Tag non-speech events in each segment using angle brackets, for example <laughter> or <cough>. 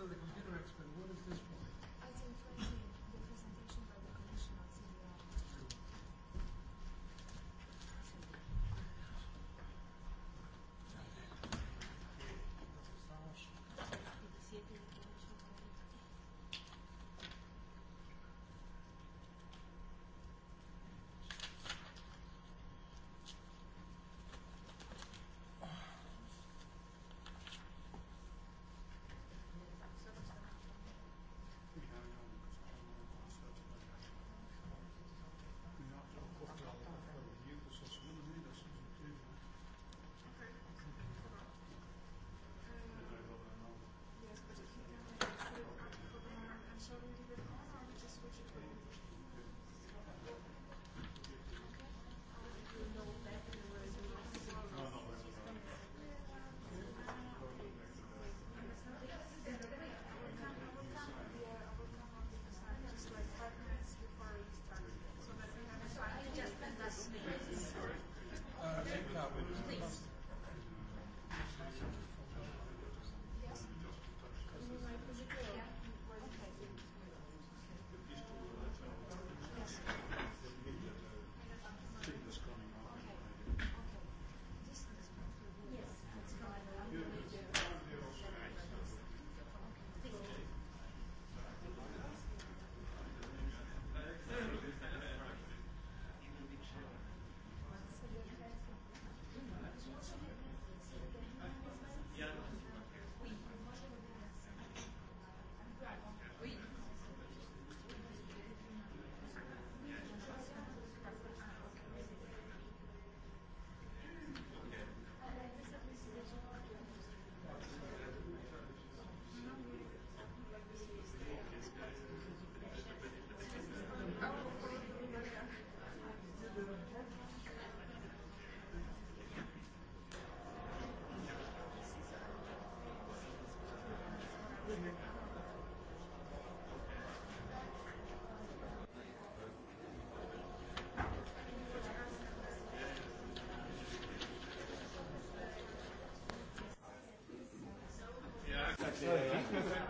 absolutely Thank you.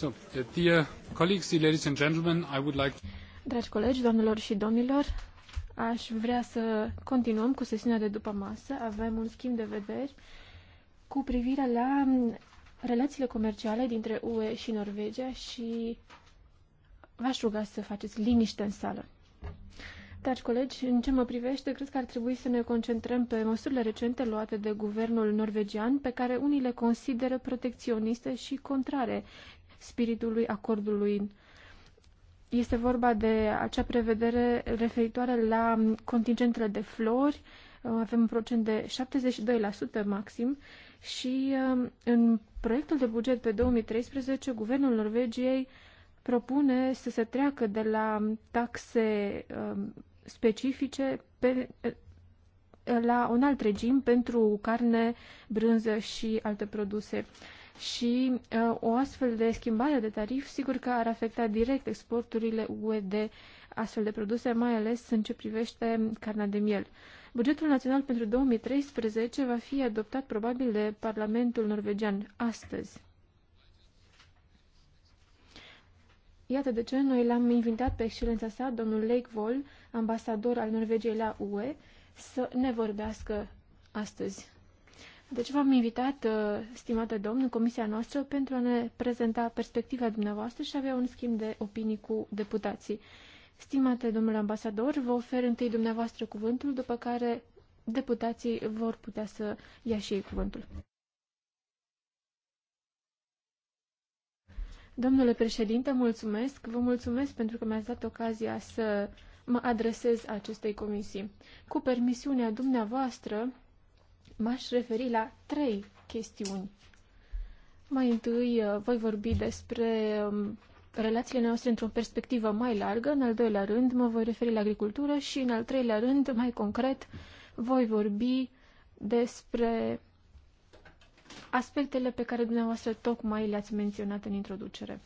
So, uh, dear colleagues, ladies and gentlemen, I would like... Dragi colegi, doamnelor și domnilor, aș vrea să continuăm cu sesiunea de după masă. Avem un schimb de vederi cu privire la relațiile comerciale dintre UE și Norvegia și v-aș ruga să faceți liniște în sală. Dragi colegi, în ce mă privește, cred că ar trebui să ne concentrăm pe măsurile recente luate de guvernul norvegian, pe care unii le consideră protecționiste și contrare spiritului acordului. Este vorba de acea prevedere referitoare la contingentele de flori. Avem un procent de 72% maxim și um, în proiectul de buget pe 2013, guvernul Norvegiei propune să se treacă de la um, taxe um, specifice pe, uh, la un alt regim pentru carne, brânză și alte produse și uh, o astfel de schimbare de tarif sigur că ar afecta direct exporturile UE de astfel de produse, mai ales în ce privește carnea de miel. Bugetul național pentru 2013 va fi adoptat probabil de Parlamentul norvegian astăzi. Iată de ce noi l-am invitat pe excelența sa, domnul Lakevold, ambasador al Norvegiei la UE, să ne vorbească astăzi. Deci v-am invitat, uh, stimată domn, în comisia noastră pentru a ne prezenta perspectiva dumneavoastră și avea un schimb de opinii cu deputații. Stimate domnule ambasador, vă ofer întâi dumneavoastră cuvântul, după care deputații vor putea să ia și ei cuvântul. Domnule președinte, mulțumesc. Vă mulțumesc pentru că mi-ați dat ocazia să mă adresez acestei comisii. Cu permisiunea dumneavoastră, m-aș referi la trei chestiuni. Mai întâi uh, voi vorbi despre um, relațiile noastre într-o perspectivă mai largă, în al doilea rând mă voi referi la agricultură și în al treilea rând, mai concret, voi vorbi despre aspectele pe care dumneavoastră tocmai le-ați menționat în introducere.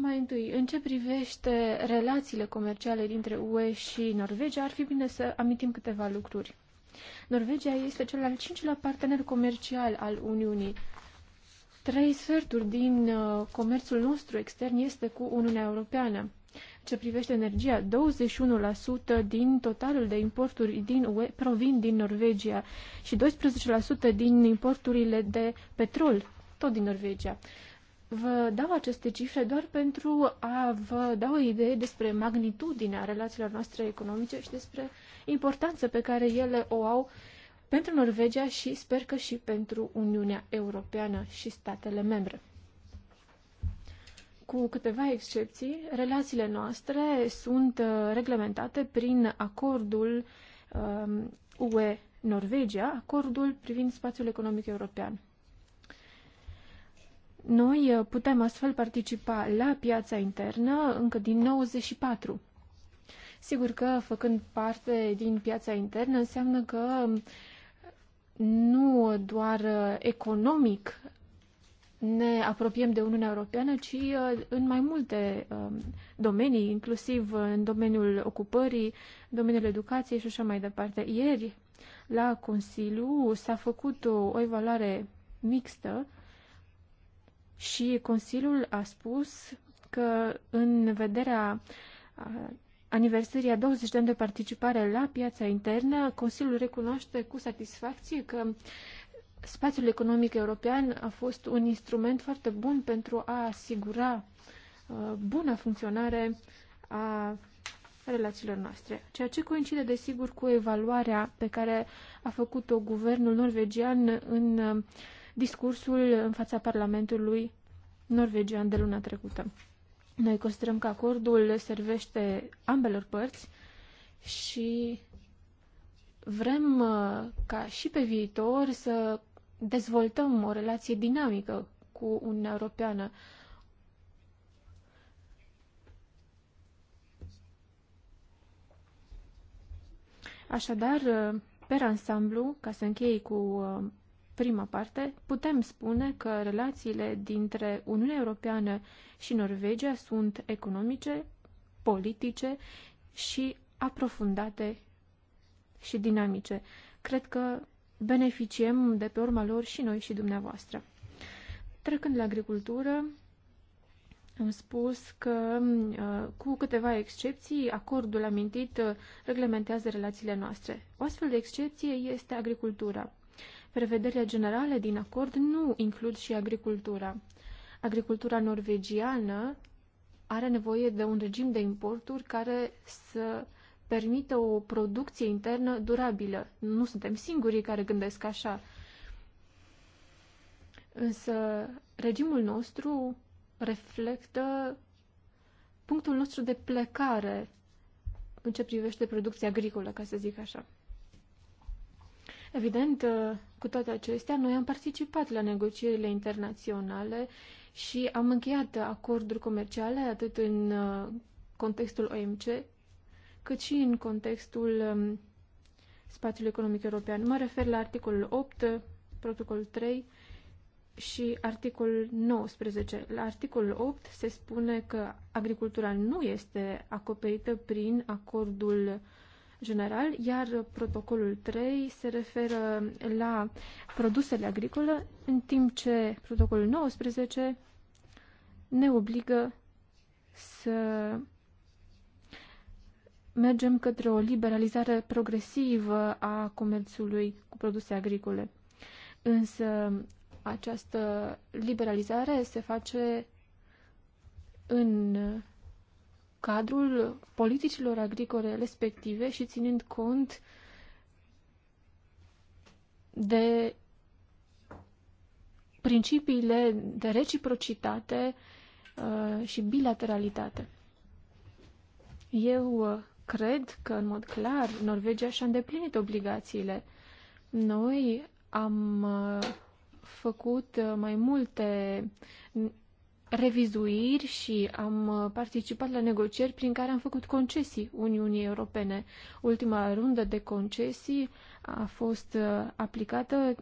Mai întâi, în ce privește relațiile comerciale dintre UE și Norvegia, ar fi bine să amintim câteva lucruri. Norvegia este cel al cincilea partener comercial al Uniunii. Trei sferturi din uh, comerțul nostru extern este cu Uniunea Europeană. Ce privește energia, 21% din totalul de importuri din UE provin din Norvegia și 12% din importurile de petrol, tot din Norvegia. Vă dau aceste cifre doar pentru a vă da o idee despre magnitudinea relațiilor noastre economice și despre importanța pe care ele o au pentru Norvegia și sper că și pentru Uniunea Europeană și statele membre. Cu câteva excepții, relațiile noastre sunt uh, reglementate prin acordul UE-Norvegia, um, acordul privind spațiul economic european. Noi uh, putem astfel participa la piața internă încă din 94. Sigur că făcând parte din piața internă înseamnă că nu doar uh, economic ne apropiem de Uniunea Europeană, ci uh, în mai multe um, domenii, inclusiv în domeniul ocupării, domeniul educației și așa mai departe. Ieri, la Consiliu, s-a făcut o, o evaluare mixtă și Consiliul a spus că în vederea aniversării a 20 de ani de participare la piața internă, Consiliul recunoaște cu satisfacție că spațiul economic european a fost un instrument foarte bun pentru a asigura buna funcționare a relațiilor noastre, ceea ce coincide desigur cu evaluarea pe care a făcut-o guvernul norvegian în discursul în fața Parlamentului norvegian de luna trecută. Noi considerăm că acordul servește ambelor părți și vrem uh, ca și pe viitor să dezvoltăm o relație dinamică cu Uniunea Europeană. Așadar, uh, per ansamblu, ca să închei cu uh, prima parte, putem spune că relațiile dintre Uniunea Europeană și Norvegia sunt economice, politice și aprofundate și dinamice. Cred că beneficiem de pe urma lor și noi și dumneavoastră. Trecând la agricultură, am spus că, uh, cu câteva excepții, acordul amintit uh, reglementează relațiile noastre. O astfel de excepție este agricultura prevederile generale din acord nu includ și agricultura. Agricultura norvegiană are nevoie de un regim de importuri care să permită o producție internă durabilă. Nu suntem singurii care gândesc așa. Însă regimul nostru reflectă punctul nostru de plecare în ce privește producția agricolă, ca să zic așa. Evident, cu toate acestea, noi am participat la negocierile internaționale și am încheiat acorduri comerciale atât în uh, contextul OMC, cât și în contextul um, spațiului economic european. Mă refer la articolul 8, protocolul 3 și articolul 19. La articolul 8 se spune că agricultura nu este acoperită prin acordul general, iar protocolul 3 se referă la produsele agricole, în timp ce protocolul 19 ne obligă să mergem către o liberalizare progresivă a comerțului cu produse agricole. Însă această liberalizare se face în cadrul politicilor agricole respective și ținând cont de principiile de reciprocitate uh, și bilateralitate. Eu uh, cred că, în mod clar, Norvegia și-a îndeplinit obligațiile. Noi am uh, făcut mai multe revizuiri și am uh, participat la negocieri prin care am făcut concesii Uniunii Europene. Ultima rundă de concesii a fost uh, aplicată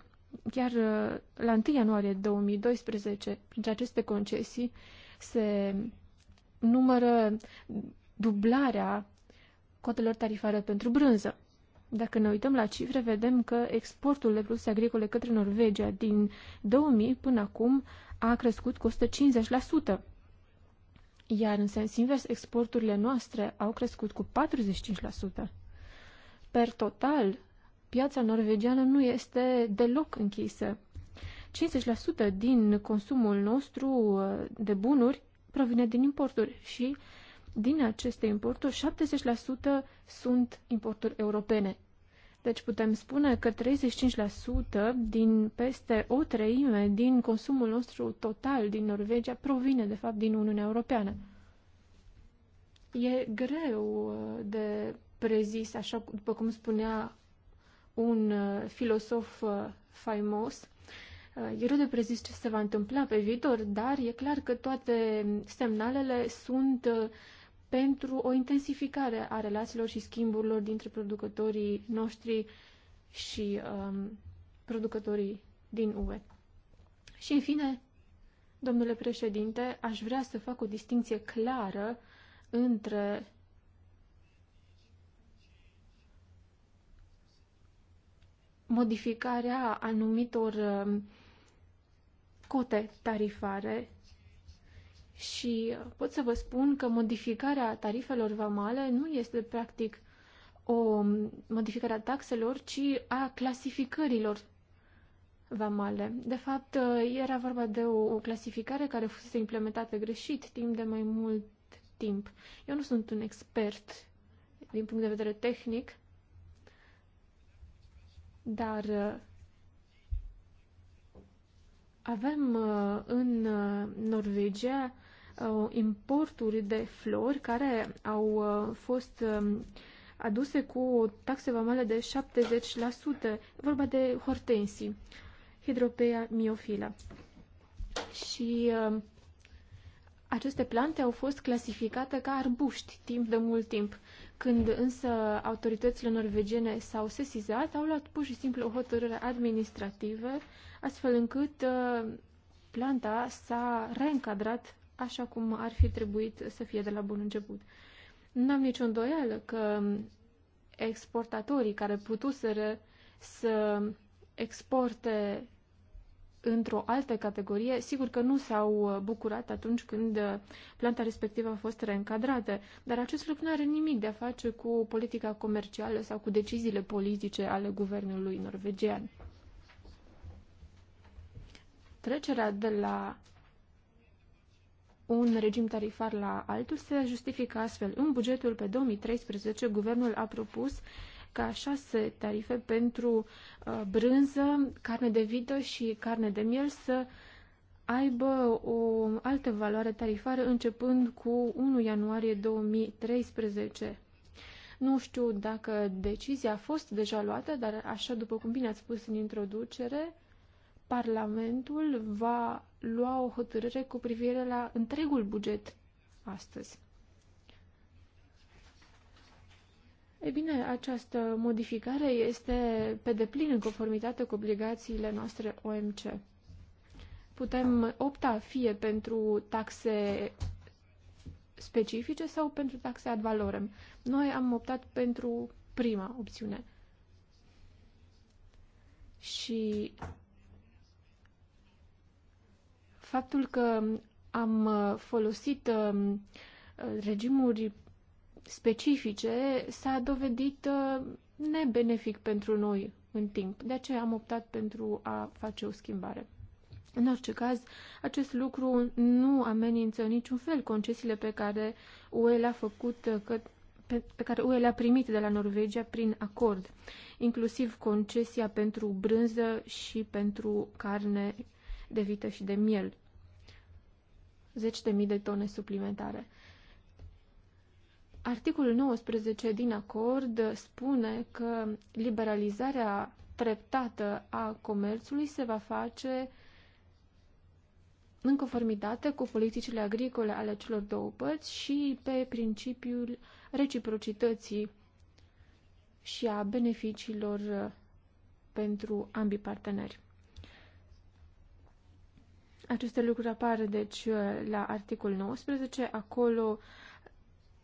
chiar uh, la 1 ianuarie 2012. Prin aceste concesii se numără dublarea cotelor tarifare pentru brânză. Dacă ne uităm la cifre, vedem că exportul de produse agricole către Norvegia din 2000 până acum a crescut cu 150%, iar în sens invers exporturile noastre au crescut cu 45%. Per total, piața norvegiană nu este deloc închisă. 50% din consumul nostru uh, de bunuri provine din importuri și din aceste importuri, 70% sunt importuri europene. Deci putem spune că 35% din peste o treime din consumul nostru total din Norvegia provine de fapt din Uniunea Europeană. E greu uh, de prezis, așa după cum spunea un uh, filosof uh, faimos, E greu de prezis ce se va întâmpla pe viitor, dar e clar că toate semnalele sunt pentru o intensificare a relațiilor și schimburilor dintre producătorii noștri și um, producătorii din UE. Și în fine, domnule președinte, aș vrea să fac o distinție clară între modificarea anumitor um, cote tarifare și pot să vă spun că modificarea tarifelor vamale nu este practic o modificare a taxelor, ci a clasificărilor vamale. De fapt, era vorba de o clasificare care fusese implementată greșit timp de mai mult timp. Eu nu sunt un expert din punct de vedere tehnic, dar uh, avem uh, în uh, Norvegia Uh, importuri de flori care au uh, fost um, aduse cu taxe vamale de 70%, vorba de hortensii, Hydropea miofila. Și um, aceste plante au fost clasificate ca arbuști timp de mult timp. Când însă autoritățile norvegiene s-au sesizat, au luat pur și simplu o hotărâre administrativă, astfel încât uh, planta s-a reîncadrat așa cum ar fi trebuit să fie de la bun început. Nu am nicio îndoială că exportatorii care putuseră să exporte într-o altă categorie, sigur că nu s-au bucurat atunci când planta respectivă a fost reîncadrată, dar acest lucru nu are nimic de a face cu politica comercială sau cu deciziile politice ale guvernului norvegian. Trecerea de la un regim tarifar la altul se justifică astfel. În bugetul pe 2013, guvernul a propus ca șase tarife pentru uh, brânză, carne de vită și carne de miel să aibă o altă valoare tarifară începând cu 1 ianuarie 2013. Nu știu dacă decizia a fost deja luată, dar așa după cum bine ați spus în introducere, Parlamentul va lua o hotărâre cu privire la întregul buget astăzi. Ei bine, această modificare este pe deplin în conformitate cu obligațiile noastre OMC. Putem opta fie pentru taxe specifice sau pentru taxe ad valorem. Noi am optat pentru prima opțiune. Și faptul că am uh, folosit um, uh, regimuri specifice s-a dovedit uh, nebenefic pentru noi în timp. De aceea am optat pentru a face o schimbare. În orice caz, acest lucru nu amenință în niciun fel concesiile pe care UE le-a făcut că, pe, pe care UE le-a primit de la Norvegia prin acord, inclusiv concesia pentru brânză și pentru carne de vită și de miel zeci de mii de tone suplimentare. Articolul 19 din acord spune că liberalizarea treptată a comerțului se va face în conformitate cu politicile agricole ale celor două părți și pe principiul reciprocității și a beneficiilor pentru ambii parteneri. Aceste lucruri apar, deci, uh, la articol 19. Acolo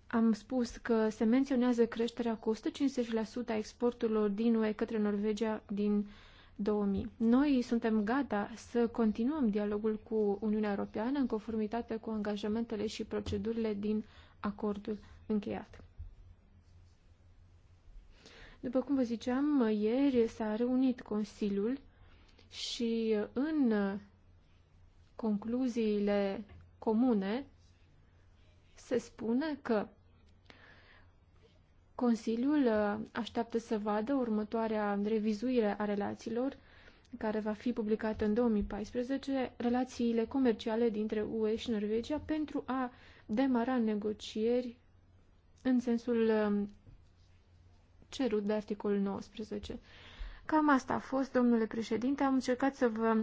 am spus că se menționează creșterea cu 150% a exporturilor din UE către Norvegia din 2000. Noi suntem gata să continuăm dialogul cu Uniunea Europeană în conformitate cu angajamentele și procedurile din acordul încheiat. După cum vă ziceam, ieri s-a reunit Consiliul și în concluziile comune, se spune că Consiliul uh, așteaptă să vadă următoarea revizuire a relațiilor, care va fi publicată în 2014, relațiile comerciale dintre UE și Norvegia pentru a demara negocieri în sensul um, cerut de articolul 19. Cam asta a fost, domnule președinte. Am încercat să vă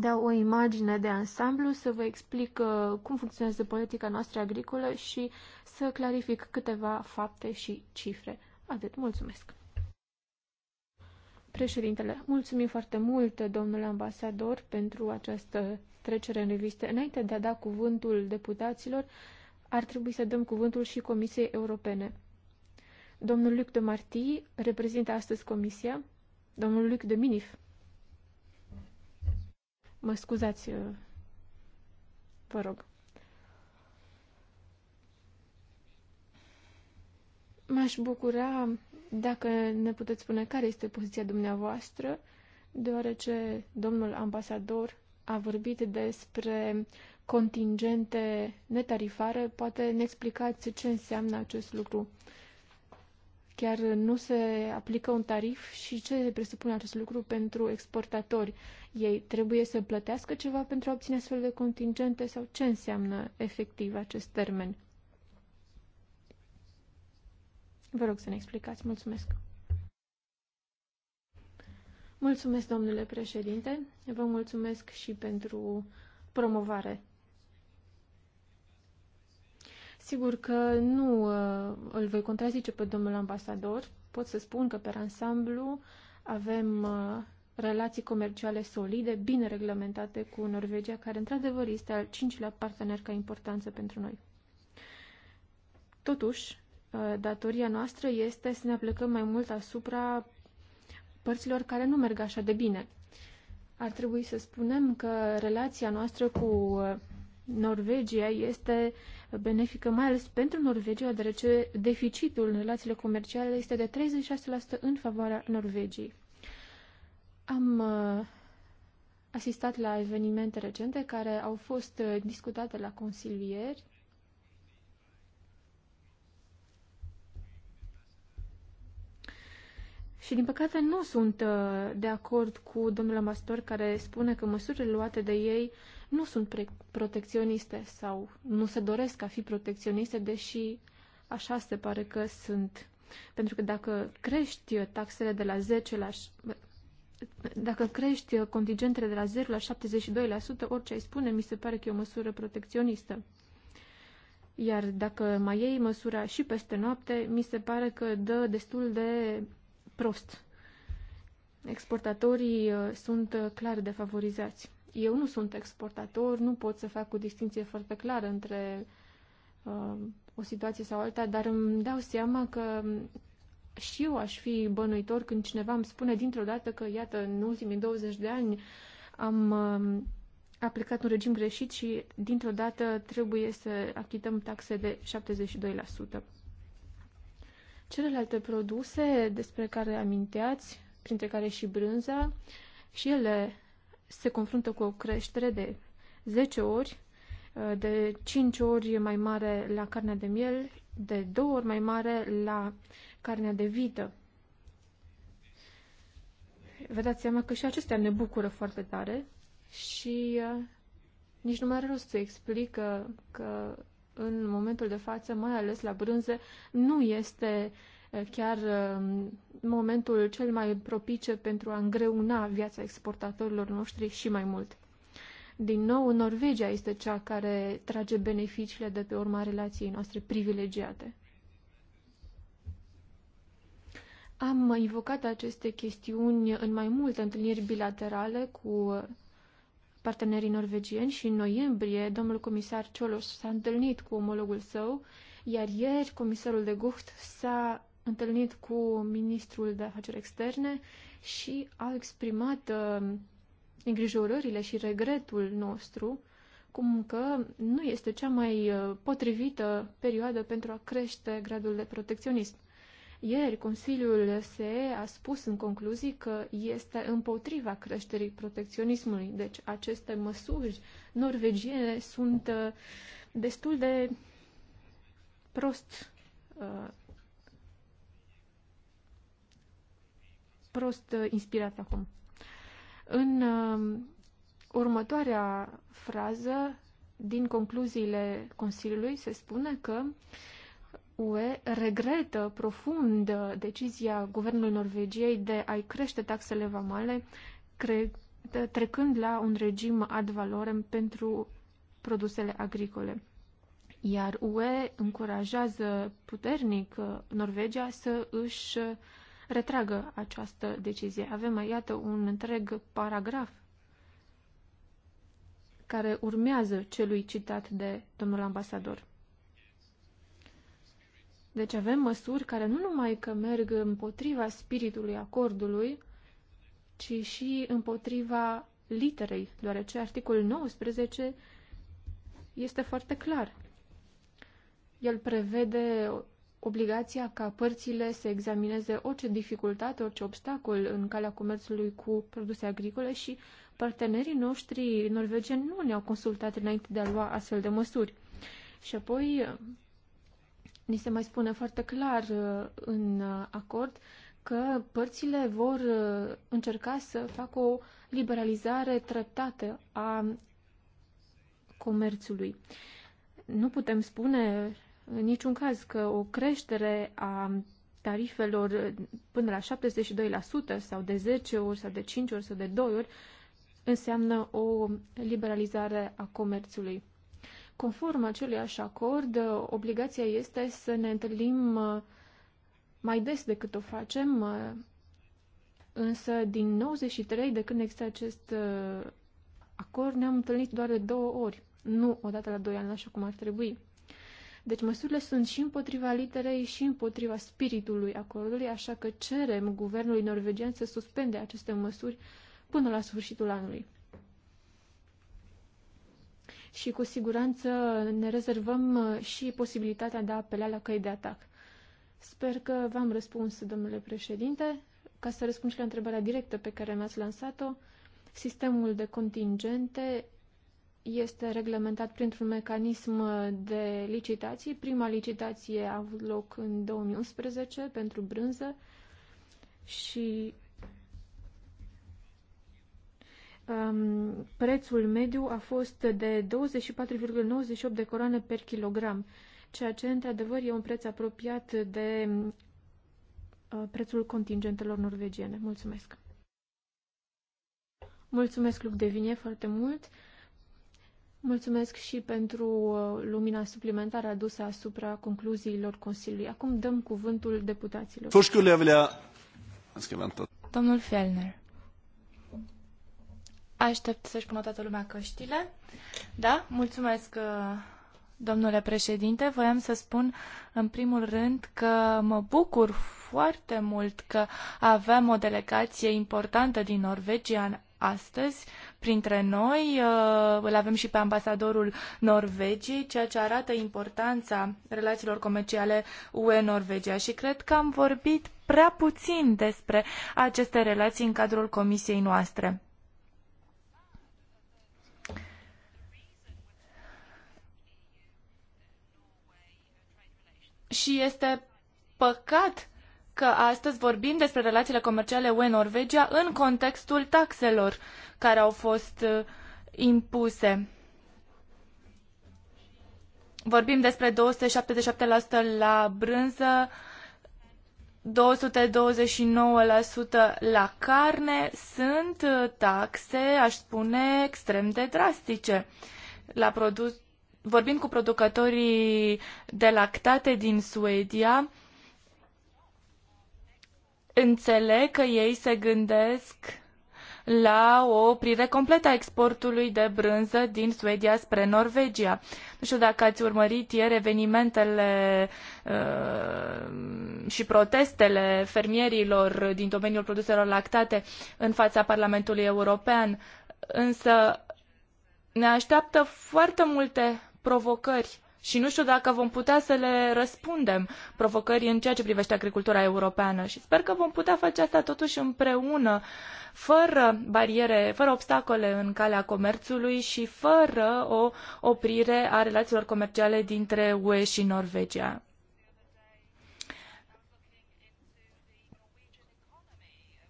dau o imagine de ansamblu, să vă explic uh, cum funcționează politica noastră agricolă și să clarific câteva fapte și cifre. Atât, mulțumesc! Președintele, mulțumim foarte mult, domnule ambasador, pentru această trecere în revistă. Înainte de a da cuvântul deputaților, ar trebui să dăm cuvântul și Comisiei Europene. Domnul Luc de Marti reprezintă astăzi Comisia, domnul Luc de Minif Mă scuzați, uh, vă rog. M-aș bucura dacă ne puteți spune care este poziția dumneavoastră, deoarece domnul ambasador a vorbit despre contingente netarifare. Poate ne explicați ce înseamnă acest lucru. Chiar nu se aplică un tarif și ce presupune acest lucru pentru exportatori? Ei trebuie să plătească ceva pentru a obține astfel de contingente sau ce înseamnă efectiv acest termen? Vă rog să ne explicați. Mulțumesc. Mulțumesc, domnule președinte. Vă mulțumesc și pentru promovare. Sigur că nu uh, îl voi contrazice pe domnul ambasador. Pot să spun că, pe ansamblu, avem uh, relații comerciale solide, bine reglementate cu Norvegia, care, într-adevăr, este al cincilea partener ca importanță pentru noi. Totuși, uh, datoria noastră este să ne aplicăm mai mult asupra părților care nu merg așa de bine. Ar trebui să spunem că relația noastră cu Norvegia este benefică, mai ales pentru Norvegia, deoarece deficitul în relațiile comerciale este de 36% în favoarea Norvegiei. Am uh, asistat la evenimente recente care au fost uh, discutate la consilieri Și, din păcate, nu sunt uh, de acord cu domnul Amastor, care spune că măsurile luate de ei nu sunt protecționiste sau nu se doresc a fi protecționiste, deși așa se pare că sunt. Pentru că dacă crești taxele de la 10 la dacă crești contingentele de la 0 la 72%, orice ai spune, mi se pare că e o măsură protecționistă. Iar dacă mai iei măsura și peste noapte, mi se pare că dă destul de prost. Exportatorii uh, sunt uh, clar defavorizați eu nu sunt exportator, nu pot să fac o distinție foarte clară între uh, o situație sau alta, dar îmi dau seama că și eu aș fi bănuitor când cineva îmi spune dintr-o dată că, iată, în ultimii 20 de ani am uh, aplicat un regim greșit și dintr-o dată trebuie să achităm taxe de 72%. Celelalte produse despre care aminteați, printre care și brânza, și ele se confruntă cu o creștere de 10 ori, uh, de 5 ori mai mare la carnea de miel, de 2 ori mai mare la carnea de vită. Vă dați seama că și acestea ne bucură foarte tare și uh, nici nu mai are rost să explică că în momentul de față, mai ales la brânză, nu este uh, chiar momentul cel mai propice pentru a îngreuna viața exportatorilor noștri și mai mult. Din nou, Norvegia este cea care trage beneficiile de pe urma relației noastre privilegiate. Am invocat aceste chestiuni în mai multe întâlniri bilaterale cu partenerii norvegieni și în noiembrie domnul comisar Cioloș s-a întâlnit cu omologul său, iar ieri comisarul de Gucht s-a întâlnit cu ministrul de afaceri externe și a exprimat uh, îngrijorările și regretul nostru cum că nu este cea mai uh, potrivită perioadă pentru a crește gradul de protecționism. Ieri, Consiliul SE a spus în concluzii că este împotriva creșterii protecționismului. Deci, aceste măsuri norvegiene sunt uh, destul de prost prost uh, inspirat acum. În uh, următoarea frază din concluziile Consiliului se spune că UE regretă profund uh, decizia guvernului Norvegiei de a-i crește taxele vamale, cre- trecând la un regim ad valorem pentru produsele agricole. Iar UE încurajează puternic uh, Norvegia să își retragă această decizie. Avem, iată, un întreg paragraf care urmează celui citat de domnul ambasador. Deci avem măsuri care nu numai că merg împotriva spiritului acordului, ci și împotriva literei, deoarece articolul 19 este foarte clar. El prevede obligația ca părțile să examineze orice dificultate, orice obstacol în calea comerțului cu produse agricole și partenerii noștri norvegeni nu ne-au consultat înainte de a lua astfel de măsuri. Și apoi ni se mai spune foarte clar uh, în acord că părțile vor uh, încerca să facă o liberalizare treptată a comerțului. Nu putem spune în niciun caz că o creștere a tarifelor până la 72% sau de 10 ori sau de 5 ori sau de 2 ori înseamnă o liberalizare a comerțului. Conform acelui așa acord, obligația este să ne întâlnim uh, mai des decât o facem, uh, însă din 93, de când există acest uh, acord, ne-am întâlnit doar de două ori, nu odată la doi ani, așa cum ar trebui. Deci măsurile sunt și împotriva literei și împotriva spiritului acordului, așa că cerem guvernului norvegian să suspende aceste măsuri până la sfârșitul anului. Și cu siguranță ne rezervăm uh, și posibilitatea de a apela la căi de atac. Sper că v-am răspuns, domnule președinte. Ca să răspund și la întrebarea directă pe care mi-ați lansat-o, sistemul de contingente este reglementat printr-un mecanism de licitații. Prima licitație a avut loc în 2011 pentru brânză și um, prețul mediu a fost de 24,98 de coroane per kilogram, ceea ce într-adevăr e un preț apropiat de uh, prețul contingentelor norvegiene. Mulțumesc! Mulțumesc, Luc Devine, foarte mult! Mulțumesc și pentru uh, lumina suplimentară adusă asupra concluziilor Consiliului. Acum dăm cuvântul deputaților. Domnul Fellner. Aștept să-și pună toată lumea căștile. Da, mulțumesc, uh, domnule președinte. Voiam să spun, în primul rând, că mă bucur foarte mult că avem o delegație importantă din Norvegia astăzi printre noi. Uh, îl avem și pe ambasadorul Norvegiei, ceea ce arată importanța relațiilor comerciale UE-Norvegia și cred că am vorbit prea puțin despre aceste relații în cadrul comisiei noastre. Și este păcat că astăzi vorbim despre relațiile comerciale UE-Norvegia în contextul taxelor care au fost uh, impuse. Vorbim despre 277% la brânză, 229% la carne sunt uh, taxe, aș spune, extrem de drastice. La produs... vorbim cu producătorii de lactate din Suedia, Înțeleg că ei se gândesc la o oprire completă a exportului de brânză din Suedia spre Norvegia. Nu știu dacă ați urmărit ieri evenimentele uh, și protestele fermierilor din domeniul produselor lactate în fața Parlamentului European, însă ne așteaptă foarte multe provocări și nu știu dacă vom putea să le răspundem provocării în ceea ce privește agricultura europeană și sper că vom putea face asta totuși împreună, fără bariere, fără obstacole în calea comerțului și fără o oprire a relațiilor comerciale dintre UE și Norvegia.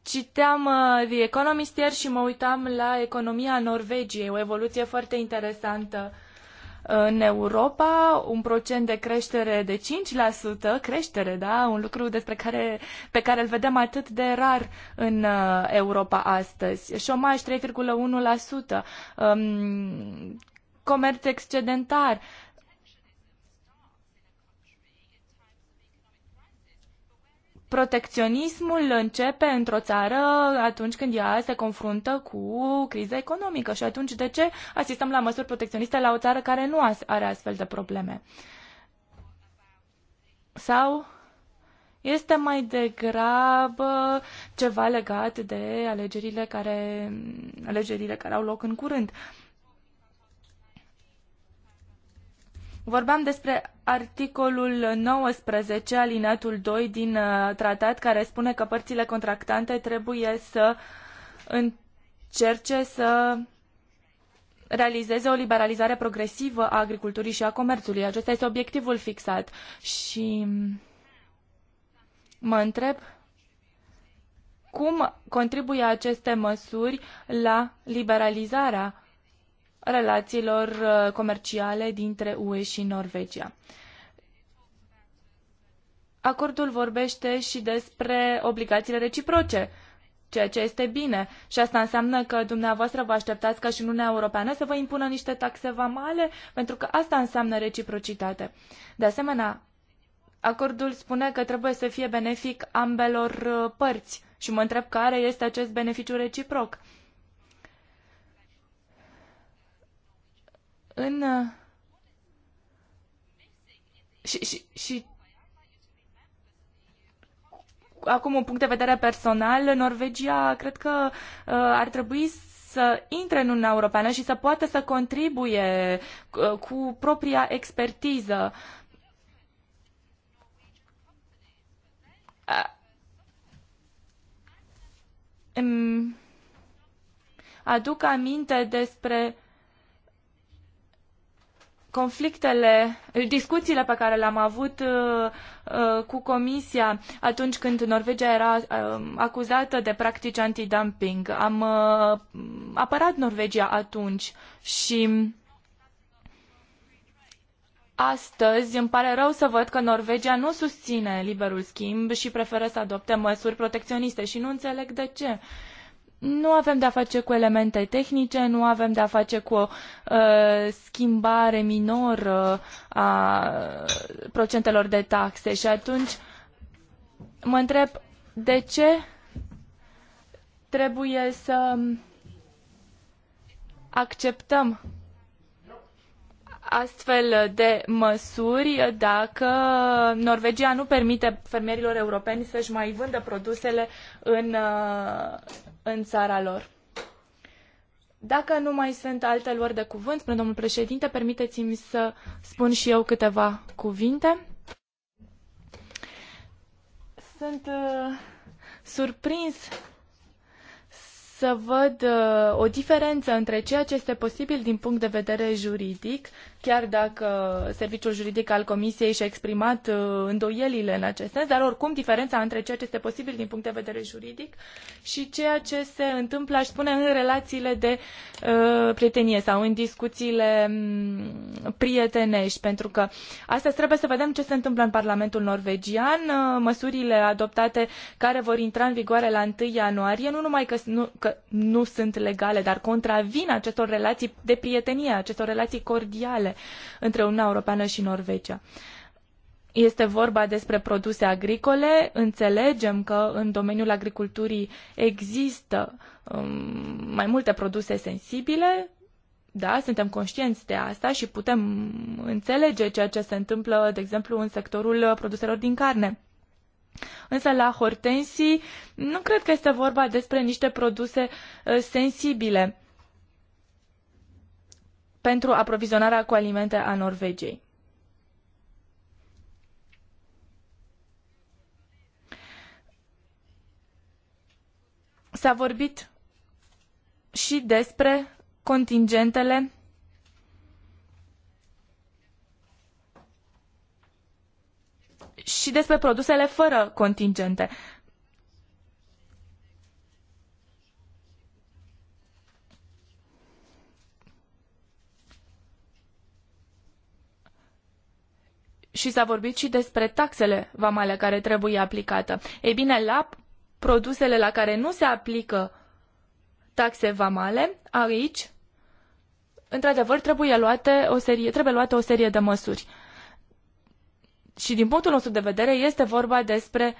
citeam uh, The Economist ieri și mă uitam la economia Norvegiei, o evoluție foarte interesantă în Europa, un procent de creștere de 5%, creștere, da, un lucru despre care, pe care îl vedem atât de rar în uh, Europa astăzi. Șomaj 3,1%, um, comerț excedentar, protecționismul începe într-o țară atunci când ea se confruntă cu criza economică și atunci de ce asistăm la măsuri protecționiste la o țară care nu are astfel de probleme? Sau este mai degrabă ceva legat de alegerile care, alegerile care au loc în curând. Uh, Vorbeam despre articolul 19, alineatul 2 din uh, tratat, care spune că părțile contractante trebuie să încerce să realizeze o liberalizare progresivă a agriculturii și a comerțului. Acesta este obiectivul fixat. Și mă întreb cum contribuie aceste măsuri la liberalizarea relațiilor uh, comerciale dintre UE și Norvegia. Acordul vorbește și despre obligațiile reciproce, ceea ce este bine. Și asta înseamnă că dumneavoastră vă așteptați ca și Uniunea Europeană să vă impună niște taxe vamale, pentru că asta înseamnă reciprocitate. De asemenea, acordul spune că trebuie să fie benefic ambelor uh, părți și mă întreb care este acest beneficiu reciproc. în uh, și, și, și acum un punct de vedere personal, Norvegia cred că uh, ar trebui să intre în Uniunea Europeană și să poată să contribuie uh, cu propria expertiză. Uh, aduc aminte despre conflictele, discuțiile pe care le-am avut uh, uh, cu Comisia atunci când Norvegia era uh, acuzată de practici antidumping. Am apărat Norvegia atunci și astăzi îmi pare rău să văd că Norvegia nu susține liberul schimb și preferă să adopte măsuri protecționiste și nu înțeleg de ce. Uh, nu avem de-a face cu elemente tehnice, nu avem de-a face cu o uh, schimbare minoră a procentelor de taxe și atunci mă întreb de ce trebuie să acceptăm astfel de măsuri dacă Norvegia nu permite fermierilor europeni să-și mai vândă produsele în, uh, în țara lor. Dacă nu mai sunt alte luări de cuvânt, spune domnul președinte, permiteți-mi să spun și eu câteva cuvinte. Sunt uh, surprins să văd uh, o diferență între ceea ce este posibil din punct de vedere juridic chiar dacă serviciul juridic al Comisiei și-a exprimat uh, îndoielile în acest sens, dar oricum diferența între ceea ce este posibil din punct de vedere juridic și ceea ce se întâmplă, aș spune, în relațiile de uh, prietenie sau în discuțiile um, prietenești, pentru că astăzi trebuie să vedem ce se întâmplă în Parlamentul norvegian, uh, măsurile adoptate care vor intra în vigoare la 1 ianuarie, nu numai că nu, că nu sunt legale, dar contravin acestor relații de prietenie, acestor relații cordiale între, Uniunea Europeană și Norvegia. Este vorba despre produse agricole. Înțelegem că în domeniul agriculturii există um, mai multe produse sensibile. Da, suntem conștienți de asta și putem înțelege ceea ce se întâmplă, de exemplu, în sectorul produselor din carne. Însă la hortensii nu cred că este vorba despre niște produse uh, sensibile pentru aprovizionarea cu alimente a Norvegiei. S-a vorbit și despre contingentele și despre produsele fără contingente. și s-a vorbit și despre taxele vamale care trebuie aplicată. Ei bine, la produsele la care nu se aplică taxe vamale, aici, într-adevăr, trebuie luate o serie, trebuie luate o serie de măsuri. Și din punctul nostru de vedere este vorba despre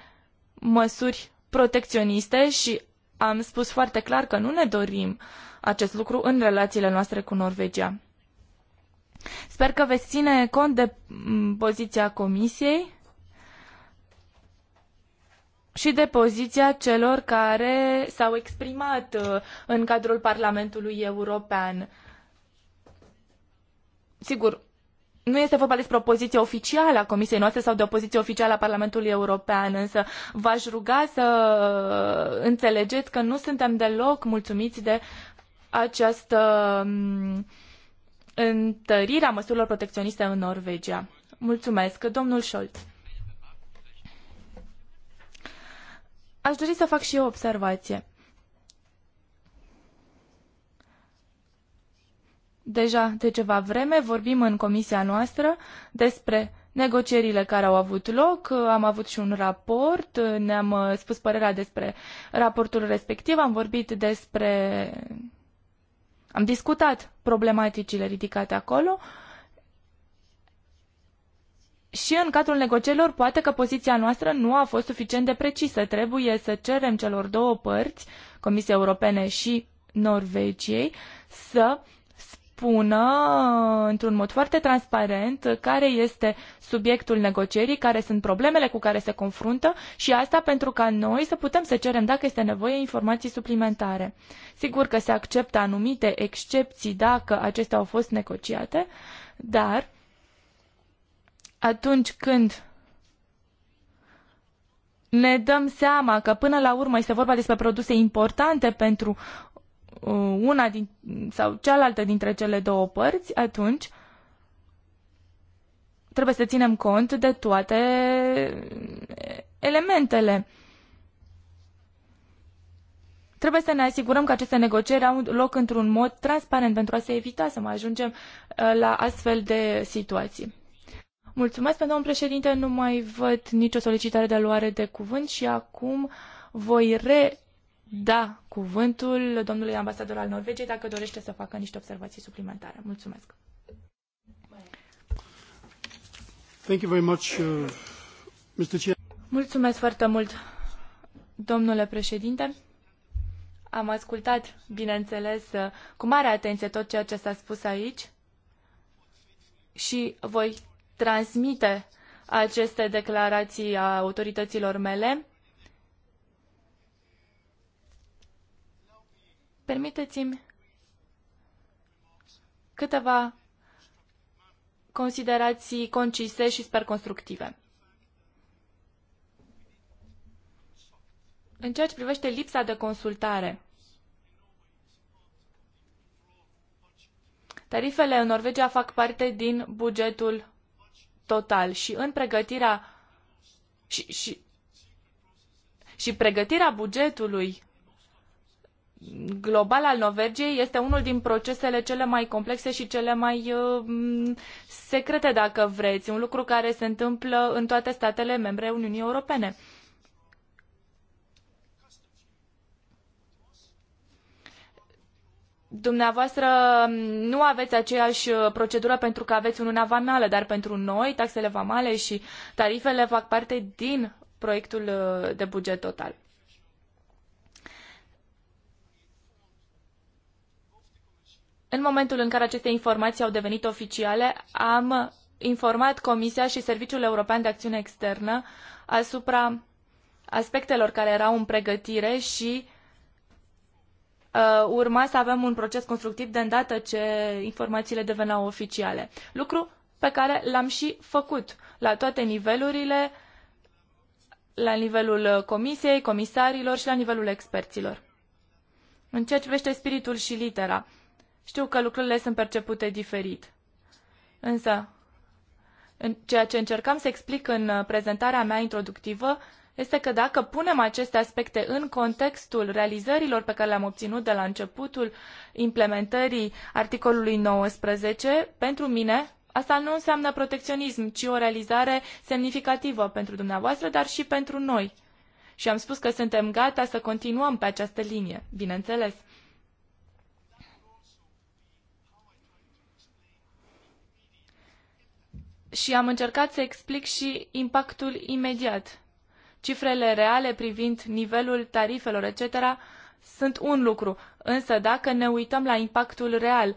măsuri protecționiste și am spus foarte clar că nu ne dorim acest lucru în relațiile noastre cu Norvegia. Sper că veți ține cont de mm, poziția Comisiei și de poziția celor care s-au exprimat uh, în cadrul Parlamentului European. Sigur, nu este vorba despre o poziție oficială a Comisiei noastre sau de o poziție oficială a Parlamentului European, însă v-aș ruga să uh, înțelegeți că nu suntem deloc mulțumiți de această mm, întărirea măsurilor protecționiste în Norvegia. Mulțumesc, domnul Scholz. Aș dori să fac și eu o observație. Deja de ceva vreme vorbim în comisia noastră despre negocierile care au avut loc, am avut și un raport, ne-am spus părerea despre raportul respectiv, am vorbit despre am discutat problematicile ridicate acolo și în cadrul negocierilor poate că poziția noastră nu a fost suficient de precisă. Trebuie să cerem celor două părți, Comisia Europene și Norvegiei, să uh, spună uh, într-un mod foarte transparent care este subiectul negocierii, care sunt problemele cu care se confruntă și asta pentru ca noi să putem să cerem, dacă este nevoie, informații suplimentare. Sigur că se acceptă anumite excepții dacă acestea au fost negociate, dar atunci când ne dăm seama că până la urmă este vorba despre produse importante pentru Uh, una din, sau cealaltă dintre cele două părți, atunci trebuie să ținem cont de toate elementele. Trebuie să ne asigurăm că aceste negocieri au loc într-un mod transparent pentru a se evita să mai ajungem uh, la astfel de situații. Mulțumesc, domnul președinte, nu mai văd nicio solicitare de luare de cuvânt și acum voi re da cuvântul domnului ambasador al Norvegiei dacă dorește să facă niște observații suplimentare. Mulțumesc. Thank you very much, uh, Mr. Chair. Mulțumesc foarte mult, domnule președinte. Am ascultat, bineînțeles, uh, cu mare atenție tot ceea ce s-a spus aici și voi transmite aceste declarații a autorităților mele Permiteți-mi câteva considerații concise și sper constructive. În ceea ce privește lipsa de consultare, tarifele în Norvegia fac parte din bugetul total și în pregătirea și, și, și pregătirea bugetului global al Norvegiei este unul din procesele cele mai complexe și cele mai uh, secrete, dacă vreți, un lucru care se întâmplă în toate statele membre Uniunii Europene. Dumneavoastră nu aveți aceeași uh, procedură pentru că aveți uniunea vamală, dar pentru noi taxele vamale și tarifele fac parte din proiectul uh, de buget total. În momentul în care aceste informații au devenit oficiale, am informat Comisia și Serviciul European de Acțiune Externă asupra aspectelor care erau în pregătire și uh, urma să avem un proces constructiv de îndată ce informațiile deveneau oficiale. Lucru pe care l-am și făcut la toate nivelurile, la nivelul comisiei, comisarilor și la nivelul experților. În ceea ce privește spiritul și litera, știu că lucrurile sunt percepute diferit. Însă, în ceea ce încercam să explic în uh, prezentarea mea introductivă este că dacă punem aceste aspecte în contextul realizărilor pe care le-am obținut de la începutul implementării articolului 19, pentru mine asta nu înseamnă protecționism, ci o realizare semnificativă pentru dumneavoastră, dar și pentru noi. Și am spus că suntem gata să continuăm pe această linie, bineînțeles. și am încercat să explic și impactul imediat. Cifrele reale privind nivelul tarifelor, etc., sunt un lucru, însă dacă ne uităm la impactul real,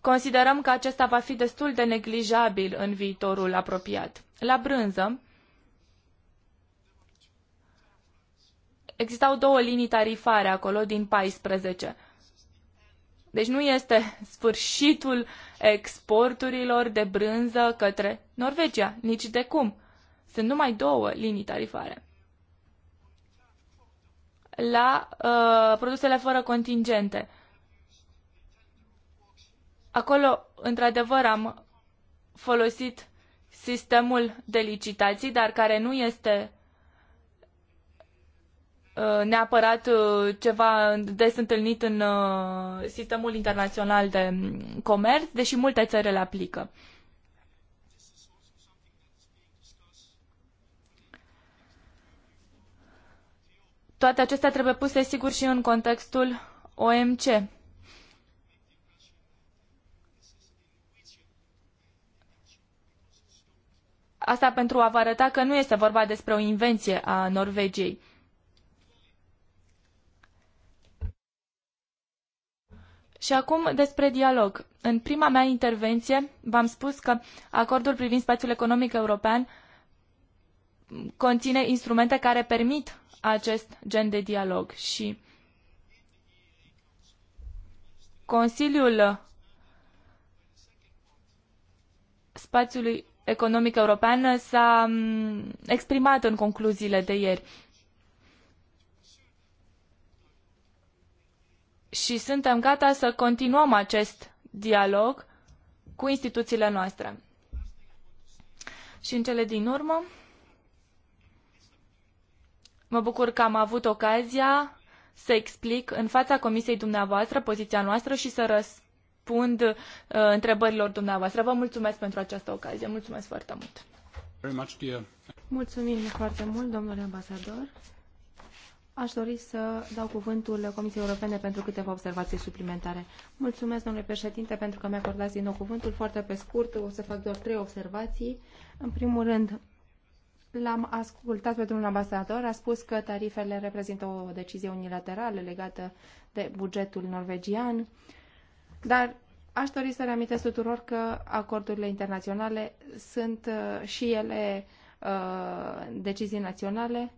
considerăm că acesta va fi destul de neglijabil în viitorul apropiat. La brânză, existau două linii tarifare acolo din 14. Deci nu este <laughs> sfârșitul exporturilor de brânză către Norvegia, nici de cum. Sunt numai două linii tarifare. La uh, produsele fără contingente. Acolo, într-adevăr, am folosit sistemul de licitații, dar care nu este Uh, neapărat uh, ceva des întâlnit în uh, sistemul internațional de um, comerț, deși multe țări le aplică. Toate acestea trebuie puse, sigur, și în contextul OMC. Asta pentru a vă arăta că nu este vorba despre o invenție a Norvegiei. Și acum despre dialog. În prima mea intervenție v-am spus că acordul privind spațiul economic european conține instrumente care permit acest gen de dialog și Consiliul Spațiului Economic European s-a mm, exprimat în concluziile de ieri. și suntem gata să continuăm acest dialog cu instituțiile noastre. Și în cele din urmă, mă bucur că am avut ocazia să explic în fața comisiei dumneavoastră poziția noastră și să răspund uh, întrebărilor dumneavoastră. Vă mulțumesc pentru această ocazie. Mulțumesc foarte mult. Mulțumim foarte mult, domnule ambasador. Aș dori să dau cuvântul Comisiei Europene pentru câteva observații suplimentare. Mulțumesc, domnule președinte, pentru că mi-a acordat din nou cuvântul. Foarte pe scurt, o să fac doar trei observații. În primul rând, l-am ascultat pe domnul ambasador, a spus că tarifele reprezintă o decizie unilaterală legată de bugetul norvegian, dar aș dori să reamintesc tuturor că acordurile internaționale sunt uh, și ele uh, decizii naționale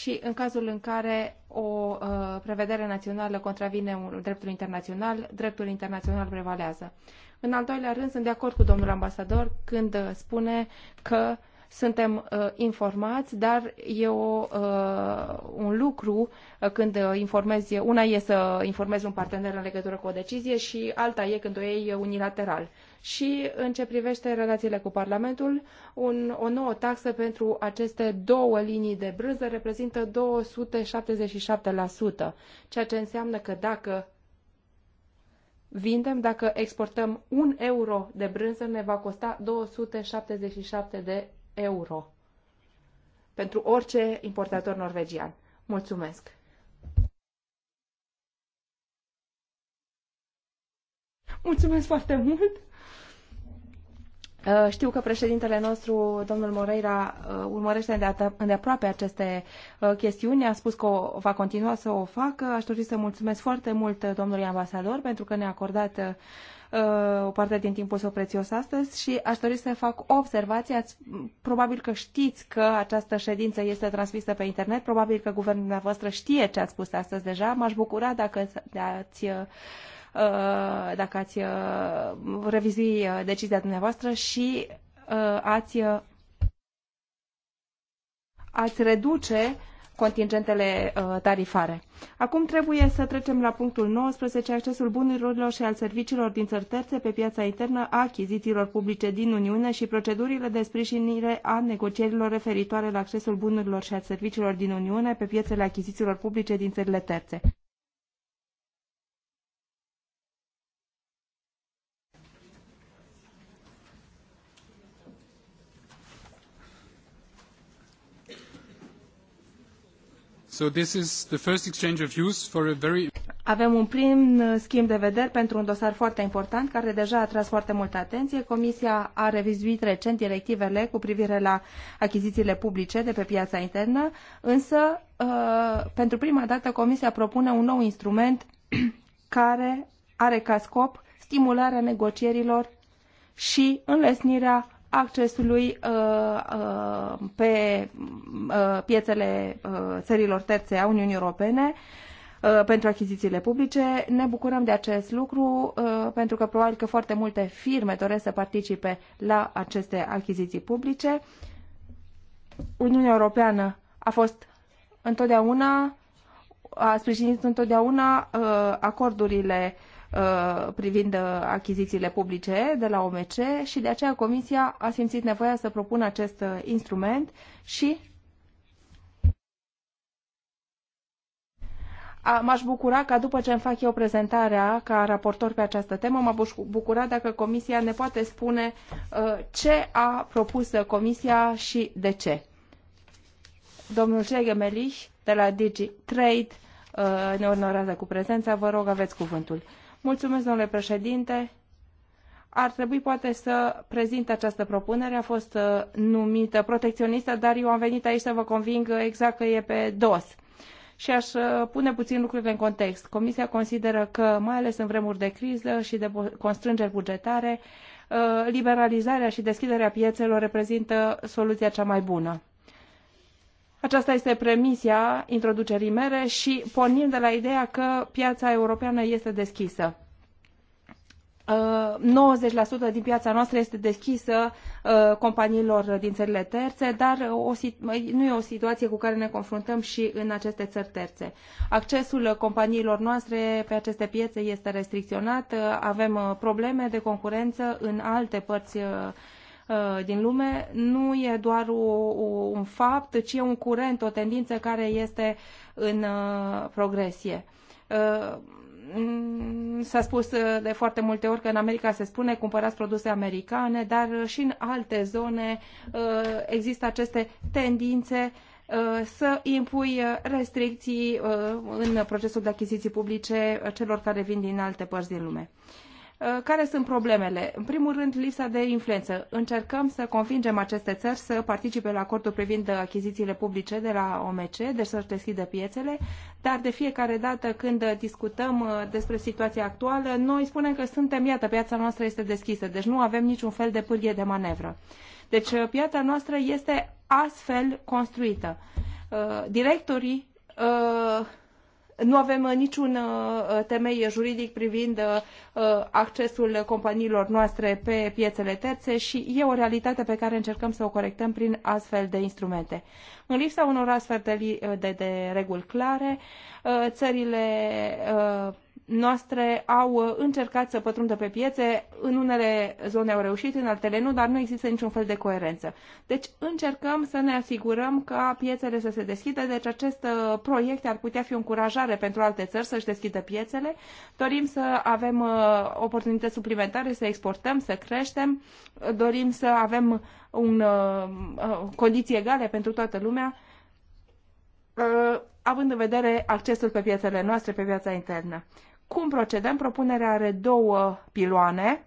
și în cazul în care o uh, prevedere națională contravine dreptul internațional, dreptul internațional prevalează. În al doilea rând, sunt de acord cu domnul ambasador când uh, spune că suntem uh, informați, dar e o, uh, un lucru uh, când uh, informezi, una e să informezi un partener în legătură cu o decizie și alta e când o iei unilateral și în ce privește relațiile cu Parlamentul, un, o nouă taxă pentru aceste două linii de brânză reprezintă 277%, ceea ce înseamnă că dacă vindem, dacă exportăm un euro de brânză, ne va costa 277 de euro pentru orice importator norvegian. Mulțumesc! Mulțumesc foarte mult! Uh, știu că președintele nostru, domnul Moreira, uh, urmărește îndeaproape aceste uh, chestiuni. A spus că o va continua să o facă. Aș dori să mulțumesc foarte mult domnului ambasador pentru că ne-a acordat o parte din timpul său prețios astăzi și aș dori să fac o observație. Ați, probabil că știți că această ședință este transmisă pe internet, probabil că guvernul dumneavoastră știe ce ați spus astăzi deja. M-aș bucura dacă ați Uh, dacă ați uh, revizui uh, decizia dumneavoastră și ați, ați reduce contingentele tarifare. Acum trebuie să trecem la punctul 19, accesul bunurilor și al serviciilor din țări terțe pe piața internă a achizițiilor publice din Uniune și procedurile de sprijinire a negocierilor referitoare la accesul bunurilor și al serviciilor din Uniune pe piețele achizițiilor publice din țările terțe. So this is the first exchange of views for a very... Avem un prim uh, schimb de vederi pentru un dosar foarte important care deja a atras foarte multă atenție. Comisia a revizuit recent directivele cu privire la achizițiile publice de pe piața internă, însă uh, pentru prima dată Comisia propune un nou instrument <clears throat> care are ca scop stimularea negocierilor și înlesnirea accesului uh, uh, pe uh, piețele țărilor terțe a Uniunii Europene pentru achizițiile publice. Ne bucurăm de acest lucru pentru că probabil că foarte multe firme doresc să participe la aceste achiziții publice. Uniunea Europeană a fost întotdeauna a sprijinit întotdeauna acordurile Uh, privind uh, achizițiile publice de la OMC și de aceea Comisia a simțit nevoia să propună acest uh, instrument și M-aș bucura ca după ce îmi fac eu prezentarea ca raportor pe această temă, m-aș bucura dacă Comisia ne poate spune ce a propus Comisia și de ce. Domnul Melich de la DigiTrade ne onorează cu prezența. Vă rog, aveți cuvântul. Mulțumesc, președinte. Ar trebui poate să prezint această propunere. A fost uh, numită protecționistă, dar eu am venit aici să vă conving exact că e pe dos. Și aș uh, pune puțin lucrurile în context. Comisia consideră că, mai ales în vremuri de criză și de constrângeri bugetare, uh, liberalizarea și deschiderea piețelor reprezintă soluția cea mai bună aceasta este premisia introducerii mere și pornim de la ideea că piața europeană este deschisă. 90% uh, din piața noastră este deschisă uh, companiilor din țările terțe, dar o, nu e o situație cu care ne confruntăm și în aceste țări terțe. Accesul companiilor noastre pe aceste piețe este restricționat, uh, avem probleme de concurență în alte părți Uh, din lume nu e doar un fapt, ci e un curent, o tendință care este în uh, progresie uh, mm, s-a spus de foarte multe ori că în America se spune cumpărați produse americane, dar și în alte zone există aceste tendințe să impui restricții în procesul de achiziții publice celor care vin din alte părți din lume. Uh, care sunt problemele? În primul rând, lipsa de influență. Încercăm să convingem aceste țări să participe la acordul privind achizițiile publice de la OMC, deci să-și deschidă piețele, dar de fiecare dată când discutăm uh, despre situația actuală, noi spunem că suntem, iată, piața noastră este deschisă, deci nu avem niciun fel de pârghie de manevră. Deci uh, piața noastră este astfel construită. Directorii nu avem uh, niciun uh, uh, temei juridic privind accesul companiilor noastre pe piețele terțe și e o realitate pe care încercăm să o corectăm prin astfel de instrumente. În lipsa unor astfel de, de, de reguli clare, țările noastre au uh, încercat să pătrundă pe piețe, în unele zone au reușit, în altele nu, dar nu există niciun fel de coerență. Deci încercăm să ne asigurăm ca piețele să se deschidă, deci acest uh, proiect ar putea fi o încurajare pentru alte țări să-și deschidă piețele. Dorim să avem uh, oportunități suplimentare, să exportăm, să creștem, dorim să avem un, condiții egale pentru toată lumea având în vedere accesul pe piețele noastre, pe piața internă cum procedăm. Propunerea are două piloane,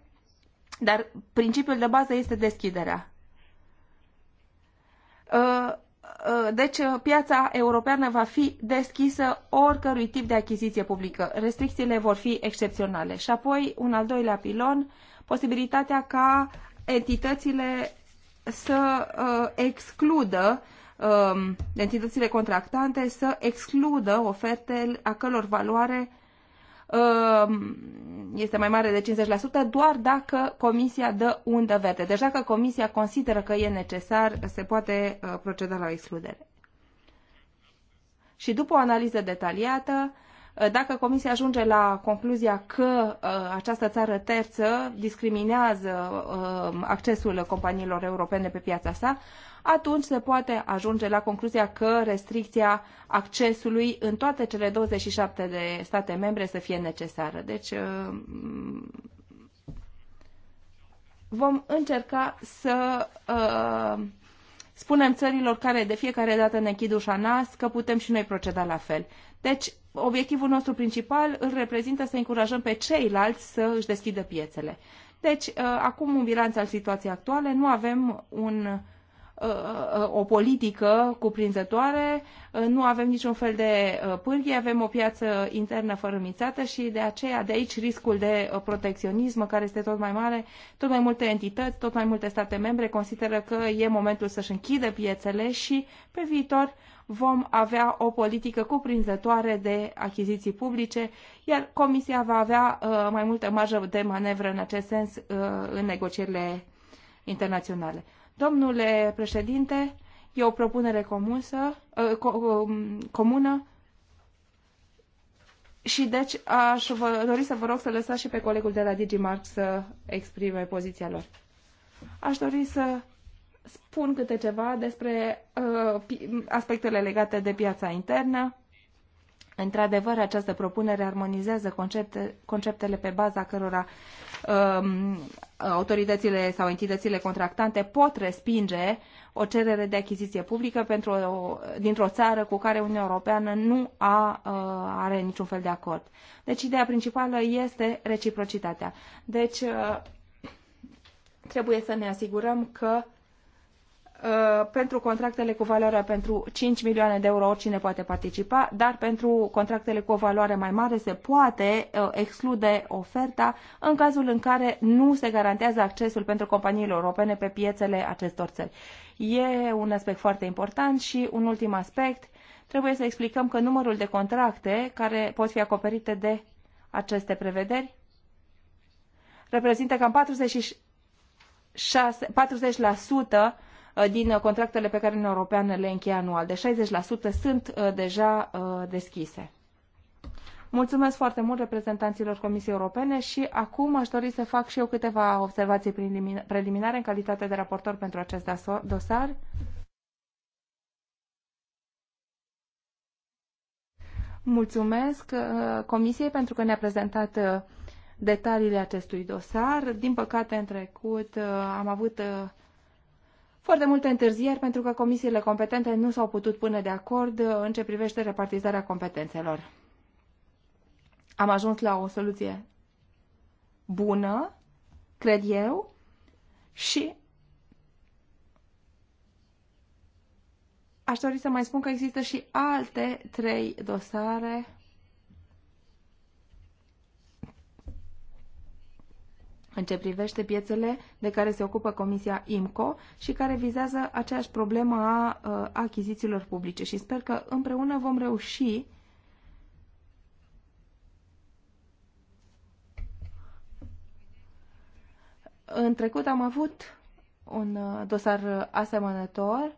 dar principiul de bază este deschiderea. Uh, uh, deci, uh, piața europeană va fi deschisă oricărui tip de achiziție publică. Restricțiile vor fi excepționale. Și apoi, un al doilea pilon, posibilitatea ca entitățile să excludă um, entitățile contractante să excludă ofertele a călor valoare Ehm, este mai mare de 50% doar dacă comisia dă undă verde. Deci dacă comisia consideră că e necesar, se poate uh, proceda la o excludere. Și după o analiză detaliată, uh, dacă Comisia ajunge la concluzia că uh, această țară terță discriminează accesul companiilor europene pe piața sa, atunci se poate ajunge la concluzia că restricția accesului în toate cele 27 de state membre să fie necesară. Deci uh, vom încerca să uh, spunem țărilor care de fiecare dată ne închid ușa nas că putem și noi proceda la fel. Deci, obiectivul nostru principal îl reprezintă să încurajăm pe ceilalți să își deschidă piețele. Deci, uh, acum în bilanț al situației actuale, nu avem un Uh, uh, o politică cuprinzătoare, uh, nu avem niciun fel de pârghie, avem o piață internă fărâmițată și de aceea de aici riscul de protecționism care este tot mai mare, tot mai multe entități, tot mai multe state membre consideră că e momentul să-și închidă piețele și pe viitor vom avea o politică cuprinzătoare de achiziții publice, iar Comisia va avea mai multă marjă de manevră în acest sens în negocierile internaționale. Domnule președinte, e o propunere comusă, ă, ă, um, comună și deci aș vă dori să vă rog să lăsați și pe colegul de la Digimark să exprime poziția lor. Aș dori să spun câte ceva despre uh, aspectele legate de piața internă Într-adevăr, această propunere armonizează concepte, conceptele pe baza cărora um, autoritățile sau entitățile contractante pot respinge o cerere de achiziție publică pentru o, dintr-o țară cu care Uniunea Europeană nu a, uh, are niciun fel de acord. Deci, ideea principală este reciprocitatea. Deci, uh, trebuie să ne asigurăm că uh, Uh, pentru contractele cu valoare pentru 5 milioane de euro oricine poate participa, dar pentru contractele cu o valoare mai mare se poate uh, exclude oferta în cazul în care nu se garantează accesul pentru companiile europene pe piețele acestor țări. E un aspect foarte important și un ultim aspect, trebuie să explicăm că numărul de contracte care pot fi acoperite de aceste prevederi reprezintă cam 46, 40% Uh, din uh, contractele pe care Uniunea Europeană le încheie anual. De deci 60% sunt uh, deja deschise. Mulțumesc foarte mult reprezentanților Comisiei Europene și acum aș dori să fac și eu câteva observații preliminare în calitate de raportor pentru acest dosar. Mulțumesc Comisiei pentru că ne-a prezentat detaliile acestui dosar. Din păcate, în trecut am avut foarte multe întârzieri pentru că comisiile competente nu s-au putut pune de acord uh, în ce privește repartizarea competențelor. Am ajuns la o soluție bună, cred eu, și aș dori să mai spun că există și alte trei dosare în ce privește piețele de care se ocupă Comisia IMCO și care vizează aceeași problemă a uh, achizițiilor publice. Și sper că împreună vom reuși În trecut am avut un uh, dosar asemănător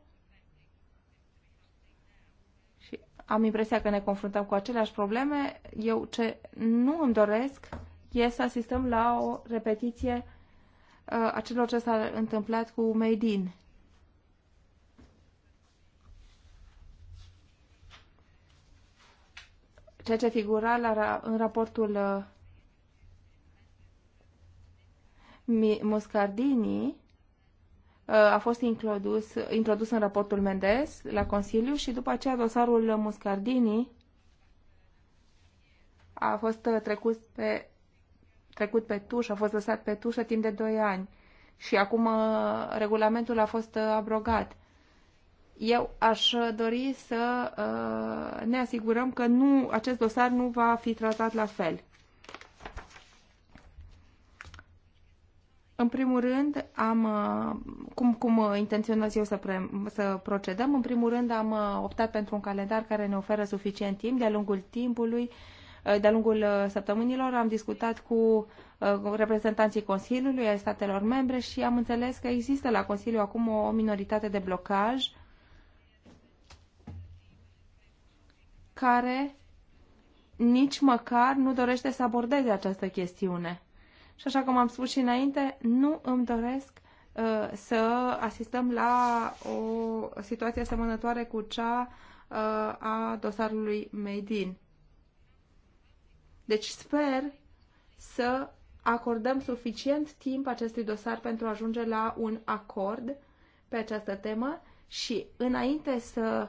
și am impresia că ne confruntăm cu aceleași probleme. Eu ce nu îmi doresc e să asistăm la o repetiție uh, a celor ce s-a întâmplat cu Meidin. Ceea ce figura la, în raportul uh, Muscardini uh, a fost introdus, introdus în raportul Mendes la Consiliu și după aceea dosarul Muscardini a fost trecut pe trecut pe tușă, a fost lăsat pe tușă timp de 2 ani și acum uh, regulamentul a fost uh, abrogat. Eu aș uh, dori să ne asigurăm că nu, acest dosar nu va fi tratat la fel. În primul rând, am, cum, cum intenționez eu să, pre, să procedăm, în primul rând am optat pentru un calendar care ne oferă suficient timp de-a lungul timpului uh, Eh, de-a lungul eh, săptămânilor am discutat eh, cu reprezentanții Consiliului, ai statelor membre și am înțeles că există la Consiliu acum o minoritate de blocaj care nici măcar nu dorește să abordeze această chestiune. Și așa cum am spus și înainte, nu îmi doresc uh, să asistăm la o situație asemănătoare cu cea uh, a dosarului Made in. Deci sper să acordăm suficient timp acestui dosar pentru a ajunge la un acord pe această temă și înainte să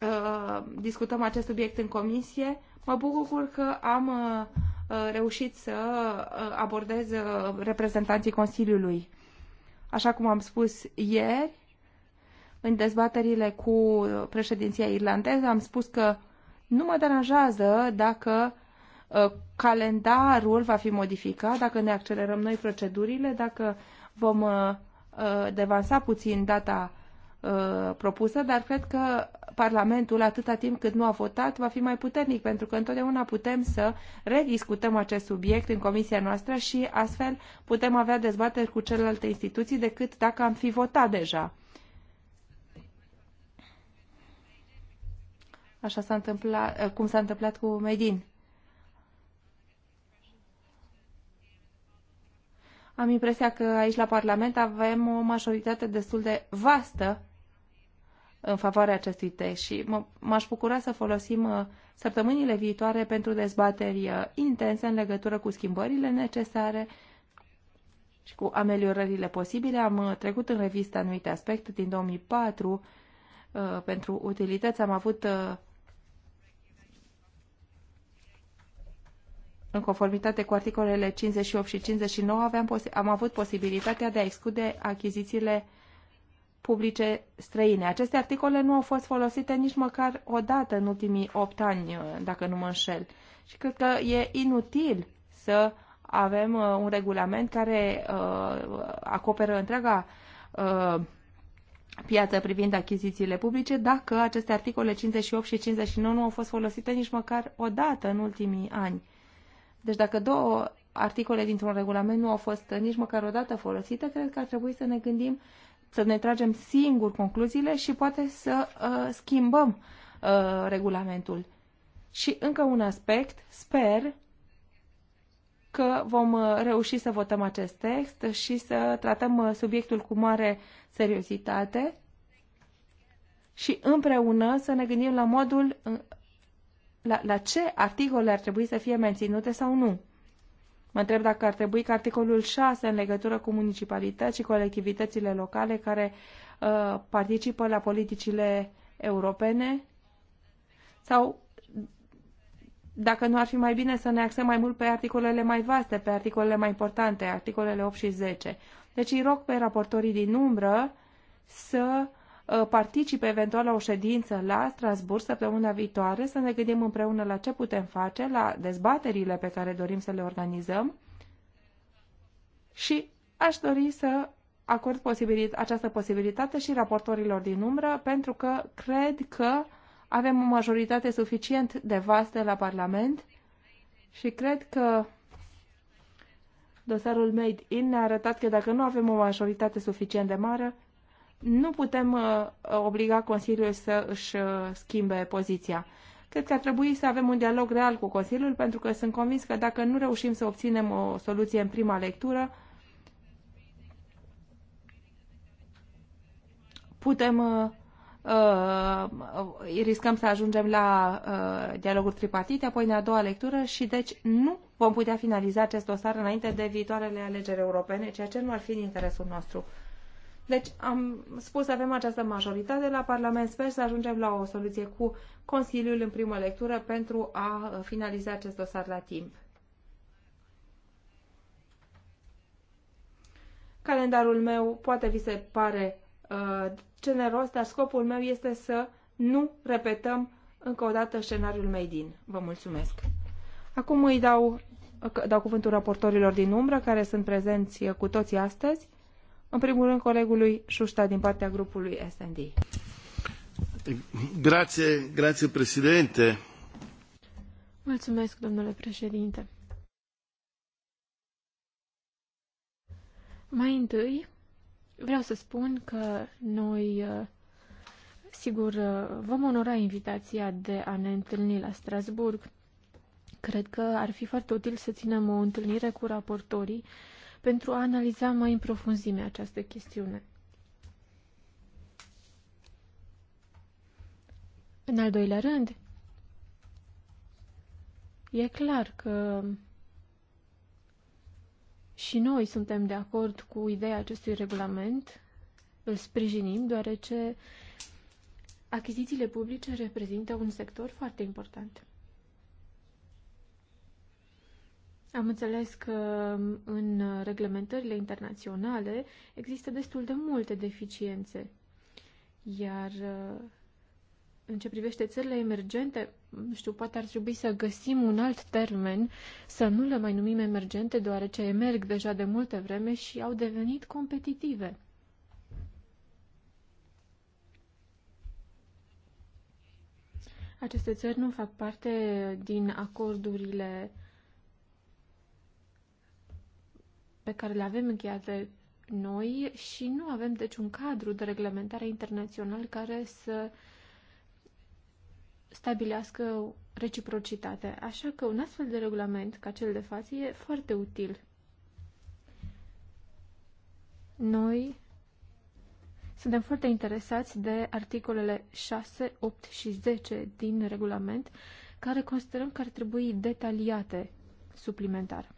uh, discutăm acest subiect în comisie, mă bucur că am uh, uh reușit să uh, abordez uh, reprezentanții Consiliului. Așa cum am spus ieri, în dezbaterile cu președinția irlandeză, am spus că nu mă deranjează dacă uh, calendarul va fi modificat, dacă ne accelerăm noi procedurile, dacă vom uh, uh, devansa puțin data propusă, dar cred că Parlamentul, atâta timp cât nu a votat, va fi mai puternic, pentru că întotdeauna putem să rediscutăm acest subiect în comisia noastră și astfel putem avea dezbateri cu celelalte instituții decât dacă am fi votat deja. așa s-a întâmplat, eh, cum s-a întâmplat cu Medin. Am impresia că aici la Parlament avem o majoritate destul de vastă în favoarea acestui text și m-aș bucura să folosim eh, săptămânile viitoare pentru dezbateri eh, intense în legătură cu schimbările necesare și cu ameliorările posibile. Am trecut în revistă anumite aspecte din 2004 pentru utilități. Am avut în conformitate cu articolele 58 și 59, aveam am avut posibilitatea de a exclude achizițiile publice străine. Aceste articole nu au fost folosite nici măcar o dată în ultimii 8 ani, dacă nu mă înșel. Și cred că e inutil să avem uh, un regulament care uh, acoperă întreaga uh, piață privind achizițiile publice dacă aceste articole 58 și 59 nu au fost folosite nici măcar o dată în ultimii ani. Deci dacă două articole dintr-un regulament nu au fost nici măcar o dată folosite, cred că ar trebui să ne gândim să ne tragem singur concluziile și poate să uh, schimbăm uh, regulamentul. Și încă un aspect, sper că vom uh, reuși să votăm acest text și să tratăm uh, subiectul cu mare seriozitate și împreună să ne gândim la modul la, la ce articole ar trebui să fie menținute sau nu. Mă întreb dacă ar trebui ca articolul 6 în legătură cu municipalități și colectivitățile locale care uh, participă la politicile europene sau dacă nu ar fi mai bine să ne axăm mai mult pe articolele mai vaste, pe articolele mai importante, articolele 8 și 10. Deci îi rog pe raportorii din umbră să uh, Uh, participe eventual la o ședință la Strasburg săptămâna viitoare, să ne gândim împreună la ce putem face, la dezbaterile pe care dorim să le organizăm și aș dori să acord posibilit- această posibilitate și raportorilor din umbră, pentru că cred că avem o majoritate suficient de vastă la Parlament și cred că dosarul Made In ne-a arătat că dacă nu avem o majoritate suficient de mare, nu putem uh, obliga Consiliul să își uh, schimbe poziția. Cred că ar trebui să avem un dialog real cu Consiliul, pentru că sunt convins că dacă nu reușim să obținem o soluție în prima lectură, putem uh, uh, riscăm să ajungem la uh, dialoguri tripartite, apoi în a doua lectură și deci nu vom putea finaliza acest dosar înainte de viitoarele alegeri europene, ceea ce nu ar fi în interesul nostru. Deci am spus, avem această majoritate la Parlament. Sper să ajungem la o soluție cu Consiliul în primă lectură pentru a uh, finaliza acest dosar la timp. Calendarul meu poate vi se pare uh, generos, dar scopul meu este să nu repetăm încă o dată scenariul din. Vă mulțumesc. Acum îi dau, uh, dau cuvântul raportorilor din umbră, care sunt prezenți uh, cu toții astăzi în primul rând, colegului Șușta din partea grupului SND. Grazie, președinte. Mulțumesc, domnule președinte. Mai întâi, vreau să spun că noi, uh, sigur, uh, vom onora invitația de a ne întâlni la Strasburg. Cred că ar fi foarte util să ținem o întâlnire cu raportorii pentru a analiza mai în profunzime această chestiune. În al doilea rând, e clar că și noi suntem de acord cu ideea acestui regulament, îl sprijinim, deoarece achizițiile publice reprezintă un sector foarte important. Am înțeles că um, în reglementările internaționale există destul de multe deficiențe, iar uh, în ce privește țările emergente, nu știu, poate ar trebui să găsim un alt termen, să nu le mai numim emergente, deoarece emerg deja de multe vreme și au devenit competitive. Aceste țări nu fac parte din acordurile uh, pe care le avem încheiate noi și nu avem deci un cadru de reglementare internațional care să stabilească reciprocitate. Așa că un astfel de regulament ca cel de față e foarte util. Noi suntem foarte interesați de articolele 6, 8 și 10 din regulament, care considerăm că ar trebui detaliate suplimentar.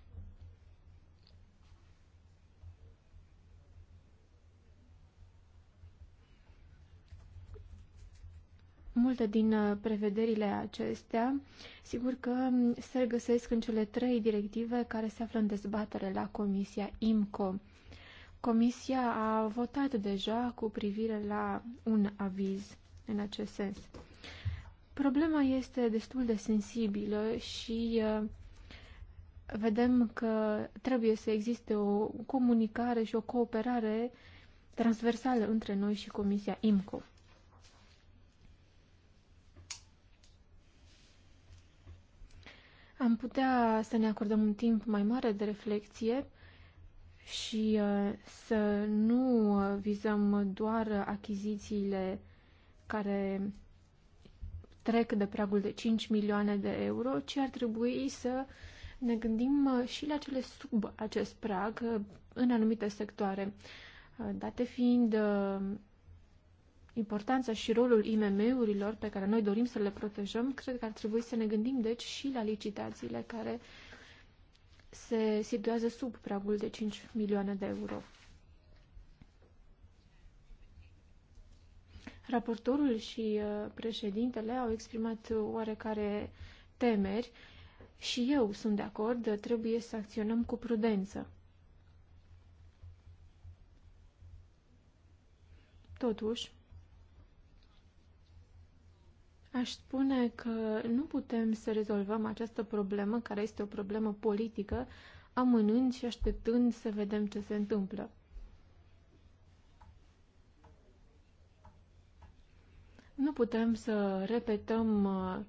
multe din uh, prevederile acestea, sigur că um, se regăsesc în cele trei directive care se află în dezbatere la Comisia IMCO. Comisia a votat deja cu privire la un aviz în acest sens. Problema este destul de sensibilă și uh, vedem că trebuie să existe o comunicare și o cooperare transversală între noi și Comisia IMCO. Am putea să ne acordăm un timp mai mare de reflexie și uh, să nu uh, vizăm doar achizițiile care trec de pragul de 5 milioane de euro, ci ar trebui să ne gândim uh, și la cele sub acest prag în anumite sectoare, date fiind importanța și rolul IMM-urilor pe care noi dorim să le protejăm, cred că ar trebui să ne gândim deci și la licitațiile care se situează sub pragul de 5 milioane de euro. Raportorul și uh, președintele au exprimat oarecare temeri și eu sunt de acord, trebuie să acționăm cu prudență. Totuși, Aș spune că nu putem să rezolvăm această problemă, care este o problemă politică, amânând și așteptând să vedem ce se întâmplă. Nu putem să repetăm uh,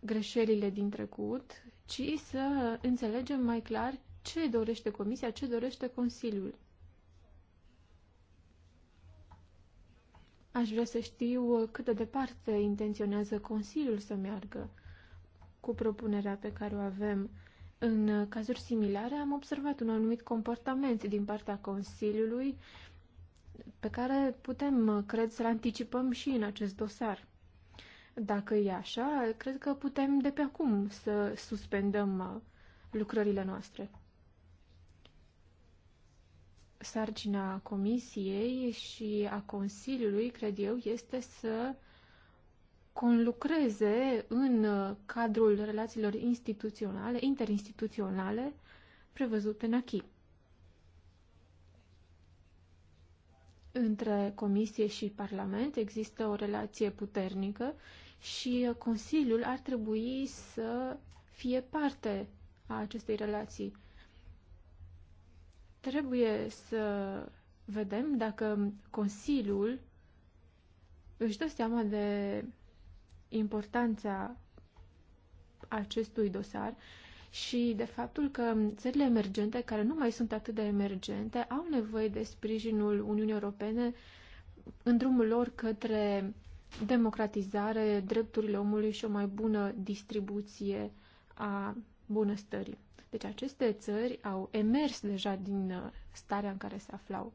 greșelile din trecut, ci să înțelegem mai clar ce dorește Comisia, ce dorește Consiliul. Aș vrea să știu cât de departe intenționează Consiliul să meargă cu propunerea pe care o avem. În cazuri similare am observat un anumit comportament din partea Consiliului pe care putem, cred, să-l anticipăm și în acest dosar. Dacă e așa, cred că putem de pe acum să suspendăm lucrările noastre sarcina Comisiei și a Consiliului, cred eu, este să conlucreze în cadrul relațiilor instituționale, interinstituționale, prevăzute în acquis. Între Comisie și Parlament există o relație puternică și Consiliul ar trebui să fie parte a acestei relații. Trebuie să vedem dacă Consiliul își dă seama de importanța acestui dosar și de faptul că țările emergente, care nu mai sunt atât de emergente, au nevoie de sprijinul Uniunii Europene în drumul lor către democratizare, drepturile omului și o mai bună distribuție a bunăstării. Deci aceste țări au emers deja din uh, starea în care se aflau.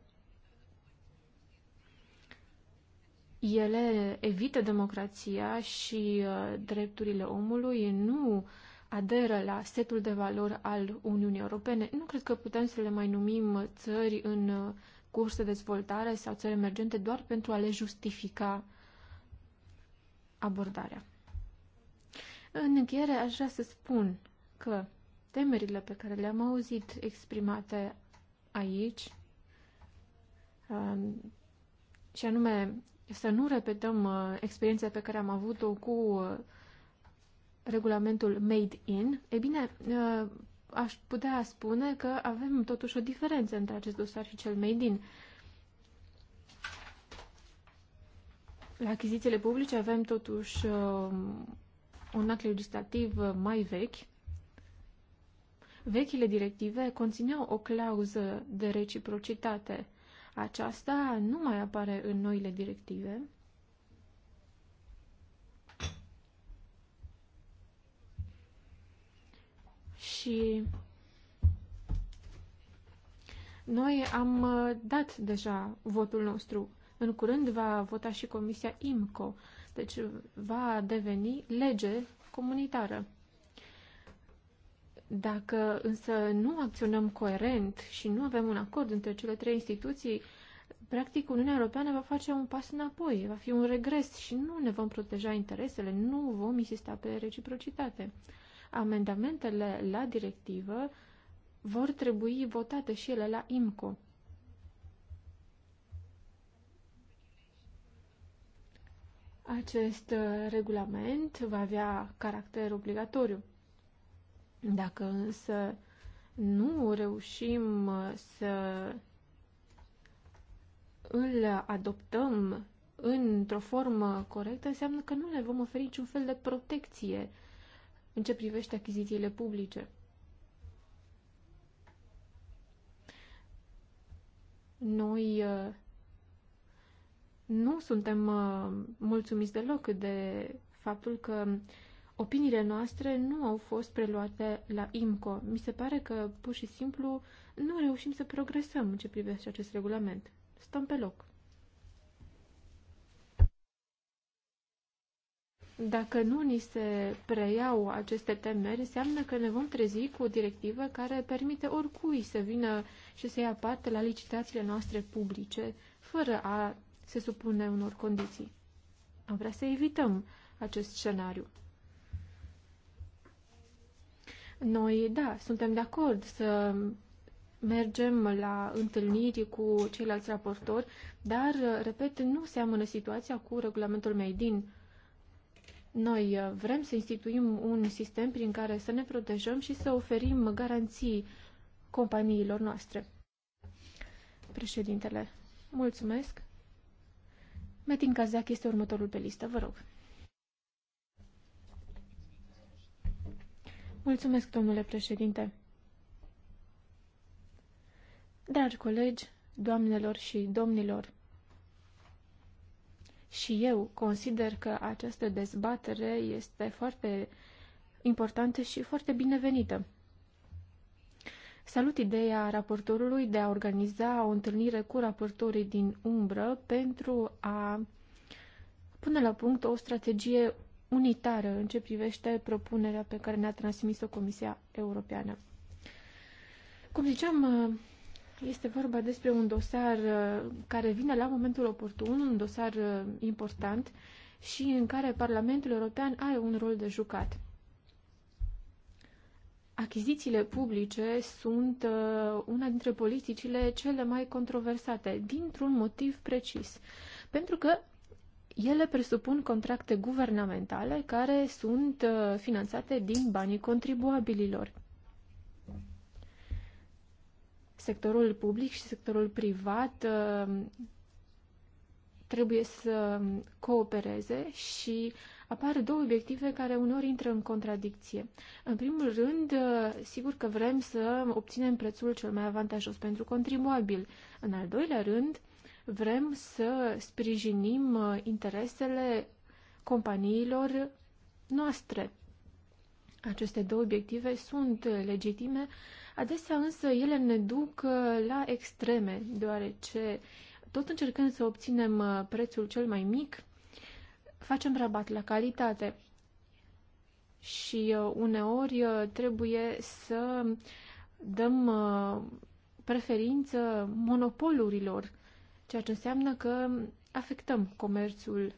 Ele evită democrația și uh, drepturile omului, nu aderă la setul de valori al Uniunii Europene. Nu cred că putem să le mai numim țări în uh, curs de dezvoltare sau țări emergente doar pentru a le justifica abordarea. În încheiere aș vrea să spun că temerile pe care le-am auzit exprimate aici, um, și anume să nu repetăm uh, experiența pe care am avut-o cu uh, regulamentul Made In, e bine, uh, aș putea spune că avem totuși o diferență între acest dosar și cel Made In. La achizițiile publice avem totuși um, un act legislativ mai vechi, Vechile directive conțineau o clauză de reciprocitate. Aceasta nu mai apare în noile directive. Și noi am uh, dat deja votul nostru. În curând va vota și Comisia IMCO, deci va deveni lege comunitară. Dacă însă nu acționăm coerent și nu avem un acord între cele trei instituții, practic Uniunea Europeană va face un pas înapoi, va fi un regres și nu ne vom proteja interesele, nu vom insista pe reciprocitate. Amendamentele la directivă vor trebui votate și ele la IMCO. Acest uh, regulament va avea caracter obligatoriu. Dacă însă nu reușim uh, să îl adoptăm într-o formă corectă, înseamnă că nu le vom oferi niciun fel de protecție în ce privește achizițiile publice. Noi uh, nu suntem uh, mulțumiți deloc de faptul că opiniile noastre nu au fost preluate la IMCO. Mi se pare că, pur și simplu, nu reușim să progresăm în ce privește acest regulament. Stăm pe loc. Dacă nu ni se preiau aceste temeri, înseamnă că ne vom trezi cu o directivă care permite oricui să vină și să ia parte la licitațiile noastre publice, fără a se supune unor condiții. Am vrea să evităm acest scenariu. Noi, da, suntem de acord să mergem la întâlniri cu ceilalți raportori, dar, repet, nu seamănă situația cu regulamentul MEIDIN. Noi uh, vrem să instituim un sistem prin care să ne protejăm și să oferim garanții companiilor noastre. Președintele, mulțumesc. Metin cazac este următorul pe listă, vă rog. Mulțumesc, domnule președinte. Dragi colegi, doamnelor și domnilor, și eu consider că această dezbatere este foarte importantă și foarte binevenită. Salut ideea raportorului de a organiza o întâlnire cu raportorii din umbră pentru a pune la punct o strategie unitară în ce privește propunerea pe care ne-a transmis-o Comisia Europeană. Cum ziceam, este vorba despre un dosar uh, care vine la momentul oportun, un dosar uh, important și în care Parlamentul European are un rol de jucat. Achizițiile publice sunt uh, una dintre politicile cele mai controversate, dintr-un motiv precis. Pentru că ele presupun contracte guvernamentale care sunt uh, finanțate din banii contribuabililor. Sectorul public și sectorul privat uh, trebuie să coopereze și apar două obiective care uneori intră în contradicție. În primul rând, uh, sigur că vrem să obținem prețul cel mai avantajos pentru contribuabil. În al doilea rând, Vrem să sprijinim uh, interesele companiilor noastre. Aceste două obiective sunt legitime, adesea însă ele ne duc uh, la extreme, deoarece tot încercând să obținem uh, prețul cel mai mic, facem rabat la calitate și uneori trebuie să dăm preferință monopolurilor ceea ce înseamnă că afectăm comerțul.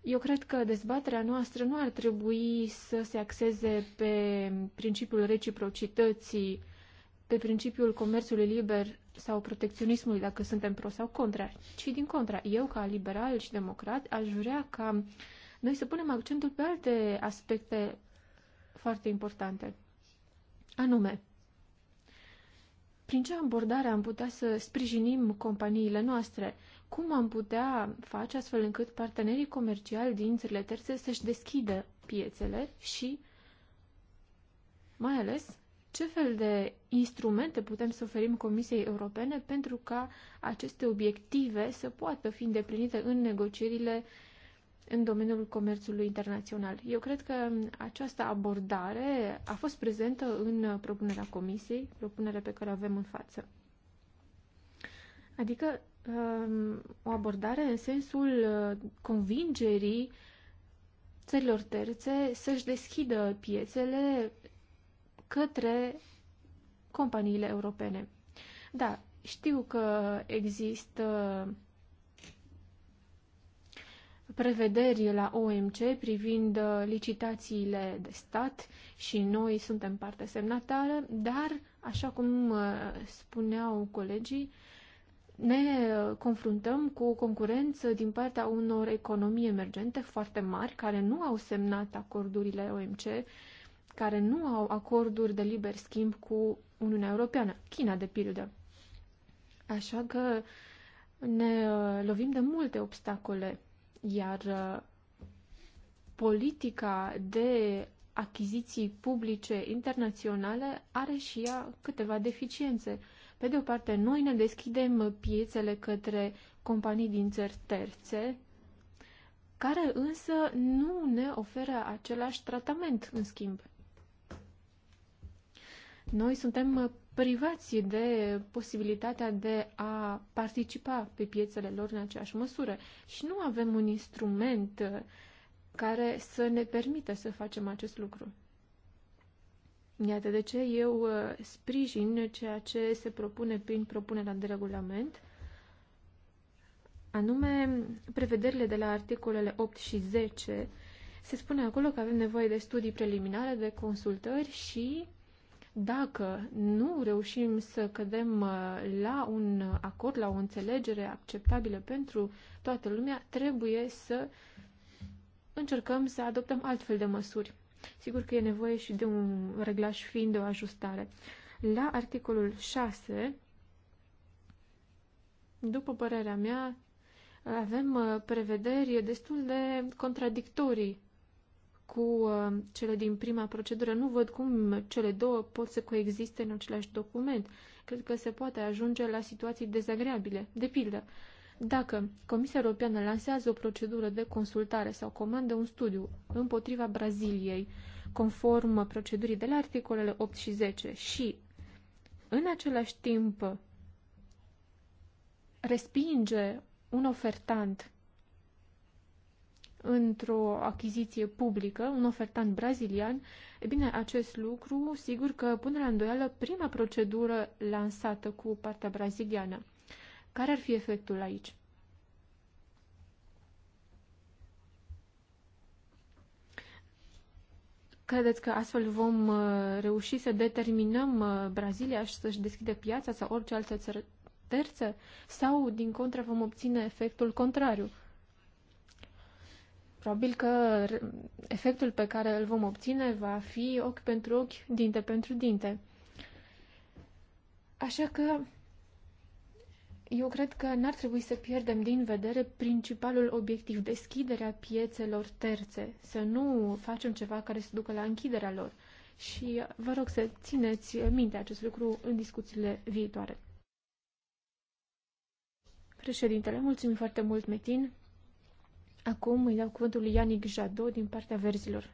Eu cred că dezbaterea noastră nu ar trebui să se axeze pe principiul reciprocității, pe principiul comerțului liber sau protecționismului, dacă suntem pro sau contra, ci din contra. Eu, ca liberal și democrat, aș vrea ca noi să punem accentul pe alte aspecte foarte importante. Anume, prin ce abordare am putea să sprijinim companiile noastre? Cum am putea face astfel încât partenerii comerciali din țările terțe să-și deschidă piețele și, mai ales, ce fel de instrumente putem să oferim Comisiei Europene pentru ca aceste obiective să poată fi îndeplinite în negocierile uh, în domeniul comerțului internațional. Eu cred că această abordare a fost prezentă în propunerea comisiei, propunerea pe care o avem în față. Adică um, o abordare în sensul uh, convingerii țărilor terțe să-și deschidă piețele către companiile europene. Da, știu că există prevederi la OMC privind uh, licitațiile de stat și noi suntem parte semnatară, dar, așa cum uh, spuneau colegii, ne uh, confruntăm cu concurență din partea unor economii emergente foarte mari care nu au semnat acordurile OMC, care nu au acorduri de liber schimb cu Uniunea Europeană, China de pildă. Așa că ne lovim de multe obstacole iar uh, politica de achiziții publice internaționale are și ea câteva deficiențe. Pe de o parte, noi ne deschidem piețele către companii din țări terțe, care însă nu ne oferă același tratament, în schimb. Noi suntem privați de posibilitatea de a participa pe piețele lor în aceeași măsură și nu avem un instrument uh, care să ne permită să facem acest lucru. Iată de ce eu uh, sprijin ceea ce se propune prin propunerea de regulament, anume prevederile de la articolele 8 și 10. Se spune acolo că avem nevoie de studii preliminare, de consultări și dacă nu reușim să cădem uh, la un acord, la o înțelegere acceptabilă pentru toată lumea, trebuie să încercăm să adoptăm altfel de măsuri. Sigur că e nevoie și de un reglaj fin, de o ajustare. La articolul 6, după părerea mea, avem uh, prevederi destul de contradictorii cu uh, cele din prima procedură. Nu văd cum cele două pot să coexiste în același document. Cred că se poate ajunge la situații dezagreabile. De pildă, dacă Comisia Europeană lansează o procedură de consultare sau comandă un studiu împotriva Braziliei, conform procedurii de la articolele 8 și 10 și în același timp respinge un ofertant într-o achiziție publică, un ofertant brazilian, e bine, acest lucru, sigur că pune la îndoială prima procedură lansată cu partea braziliană. Care ar fi efectul aici? Credeți că astfel vom uh, reuși să determinăm uh, Brazilia și să-și deschide piața sau orice altă țară terță? Sau, din contră, vom obține efectul contrariu? Probabil că efectul pe care îl vom obține va fi ochi pentru ochi, dinte pentru dinte. Așa că eu cred că n-ar trebui să pierdem din vedere principalul obiectiv, deschiderea piețelor terțe, să nu facem ceva care să ducă la închiderea lor. Și vă rog să țineți minte acest lucru în discuțiile viitoare. Președintele, mulțumim foarte mult, Metin. Acum îi dau cuvântul lui Ianic Jadot din partea verzilor.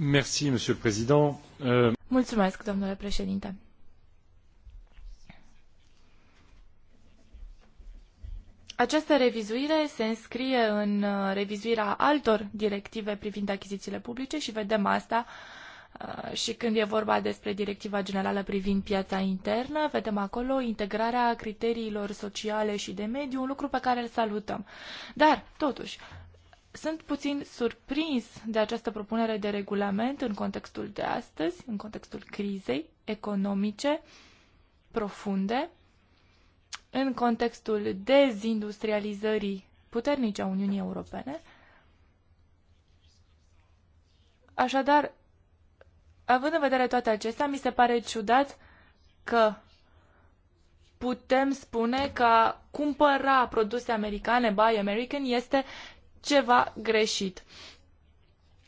Merci, monsieur président. Euh, Mulțumesc, domnule președinte. Această revizuire se înscrie în uh, revizuirea altor directive privind achizițiile publice și vedem asta uh, Uh, și când e vorba despre directiva generală privind piața internă, vedem acolo integrarea criteriilor sociale și de mediu, un lucru pe care îl salutăm. Dar, totuși, sunt puțin surprins de această propunere de regulament în contextul de astăzi, în contextul crizei economice profunde, în contextul dezindustrializării puternice a Uniunii Europene. Așadar, Având în vedere toate acestea, mi se pare ciudat că putem spune că a cumpăra produse americane, buy American, este ceva greșit.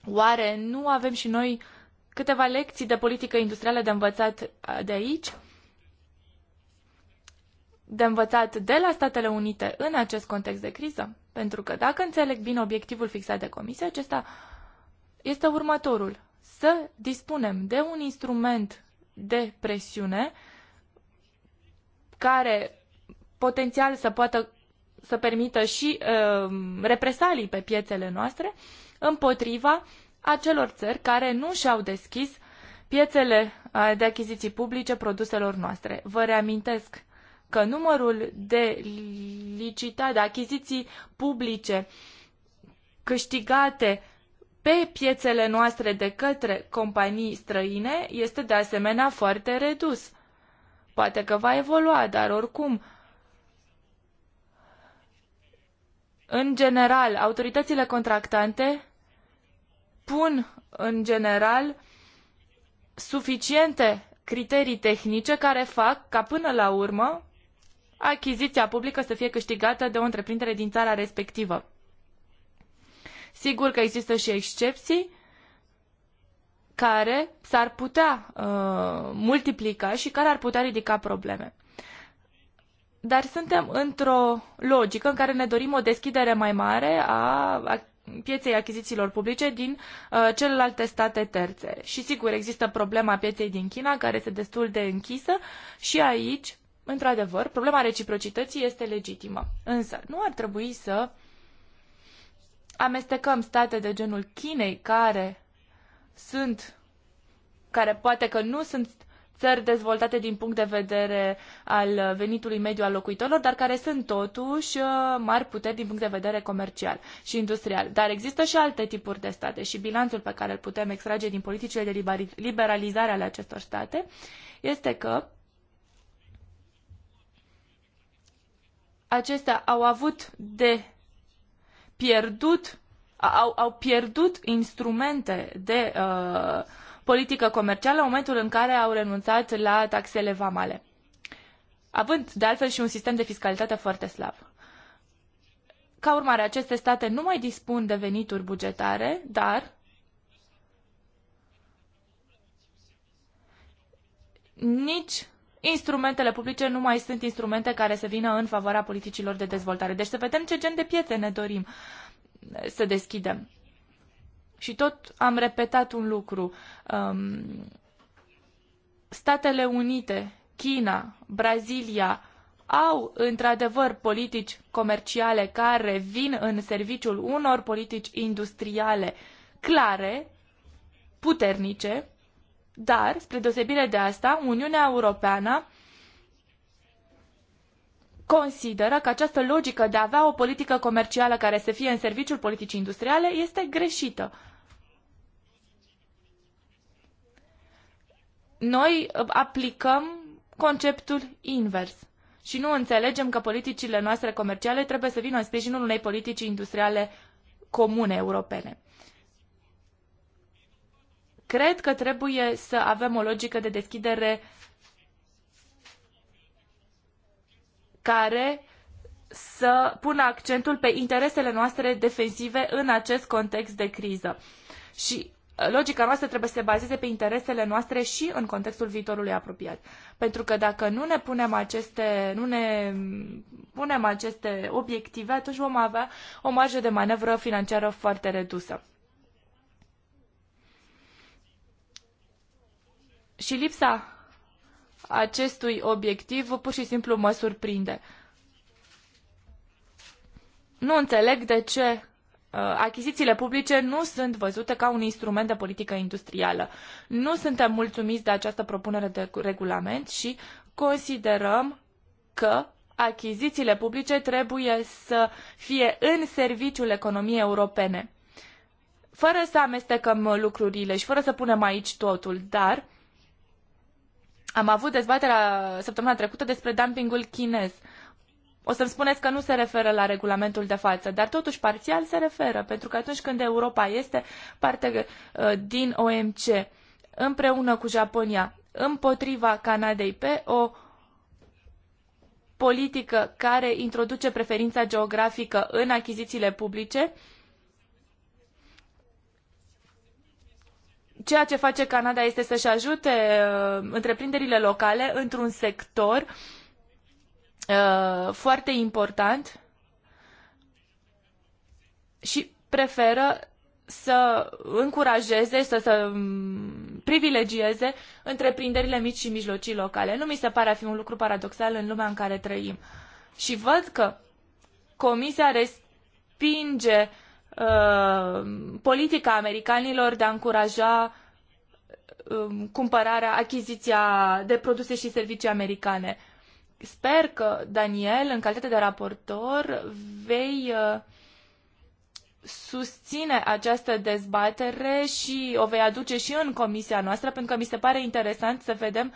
Oare nu avem și noi câteva lecții de politică industrială de învățat de aici? De învățat de la Statele Unite în acest context de criză? Pentru că dacă înțeleg bine obiectivul fixat de comisie, acesta este următorul să dispunem de un instrument de presiune care potențial să poată să permită și uh, represalii pe piețele noastre împotriva acelor țări care nu și-au deschis piețele uh, de achiziții publice produselor noastre. Vă reamintesc că numărul de licita, de achiziții publice câștigate pe piețele noastre de către companii străine este de asemenea foarte redus. Poate că va evolua, dar oricum, în general, autoritățile contractante pun în general suficiente criterii tehnice care fac ca până la urmă achiziția publică să fie câștigată de o întreprindere din țara respectivă. Sigur că există și excepții care s-ar putea uh, multiplica și care ar putea ridica probleme. Dar suntem într-o logică în care ne dorim o deschidere mai mare a pieței achizițiilor publice din uh, celelalte state terțe. Și sigur, există problema pieței din China, care este destul de închisă și aici, într-adevăr, problema reciprocității este legitimă. Însă, nu ar trebui să amestecăm state de genul Chinei care sunt care poate că nu sunt țări dezvoltate din punct de vedere al venitului mediu al locuitorilor, dar care sunt totuși uh, mari puteri din punct de vedere comercial și industrial. Dar există și alte tipuri de state și bilanțul pe care îl putem extrage din politicile de liberalizare ale acestor state este că acestea au avut de pierdut, au, au pierdut instrumente de uh, politică comercială în momentul în care au renunțat la taxele vamale, având de altfel și un sistem de fiscalitate foarte slab. Ca urmare, aceste state nu mai dispun de venituri bugetare, dar nici instrumentele publice nu mai sunt instrumente care să vină în favoarea politicilor de dezvoltare. Deci să vedem ce gen de piețe ne dorim să deschidem. Și tot am repetat un lucru. Um, Statele Unite, China, Brazilia au într-adevăr politici comerciale care vin în serviciul unor politici industriale clare, puternice, dar, spre deosebire de asta, Uniunea Europeană consideră că această logică de a avea o politică comercială care să fie în serviciul politicii industriale este greșită. Noi uh, aplicăm conceptul invers și nu înțelegem că politicile noastre comerciale trebuie să vină în sprijinul unei politici industriale comune europene. Cred că trebuie să avem o logică de deschidere care să pună accentul pe interesele noastre defensive în acest context de criză. Și uh, logica noastră trebuie să se bazeze pe interesele noastre și în contextul viitorului apropiat. Pentru că dacă nu ne punem aceste, nu ne punem aceste obiective, atunci vom avea o marjă de manevră financiară foarte redusă. și lipsa acestui obiectiv pur și simplu mă surprinde. Nu înțeleg de ce uh, achizițiile publice nu sunt văzute ca un instrument de politică industrială. Nu suntem mulțumiți de această propunere de regulament și considerăm că achizițiile publice trebuie să fie în serviciul economiei europene. Fără să amestecăm lucrurile și fără să punem aici totul, dar am avut dezbaterea săptămâna trecută despre dumpingul chinez. O să-mi spuneți că nu se referă la regulamentul de față, dar totuși parțial se referă, pentru că atunci când Europa este parte uh, din OMC, împreună cu Japonia, împotriva Canadei pe o politică care introduce preferința geografică în achizițiile publice, ceea ce face Canada este să-și ajute uh, întreprinderile locale într-un sector uh, foarte important și preferă să încurajeze, să, să mm, privilegieze întreprinderile mici și mijlocii locale. Nu mi se pare a fi un lucru paradoxal în lumea în care trăim. Și văd că Comisia respinge uh, Uh, politica americanilor de a încuraja um, cumpărarea, achiziția de produse și servicii americane. Sper că, Daniel, în calitate de raportor, vei uh, susține această dezbatere și o vei aduce și în comisia noastră, pentru că mi se pare interesant să vedem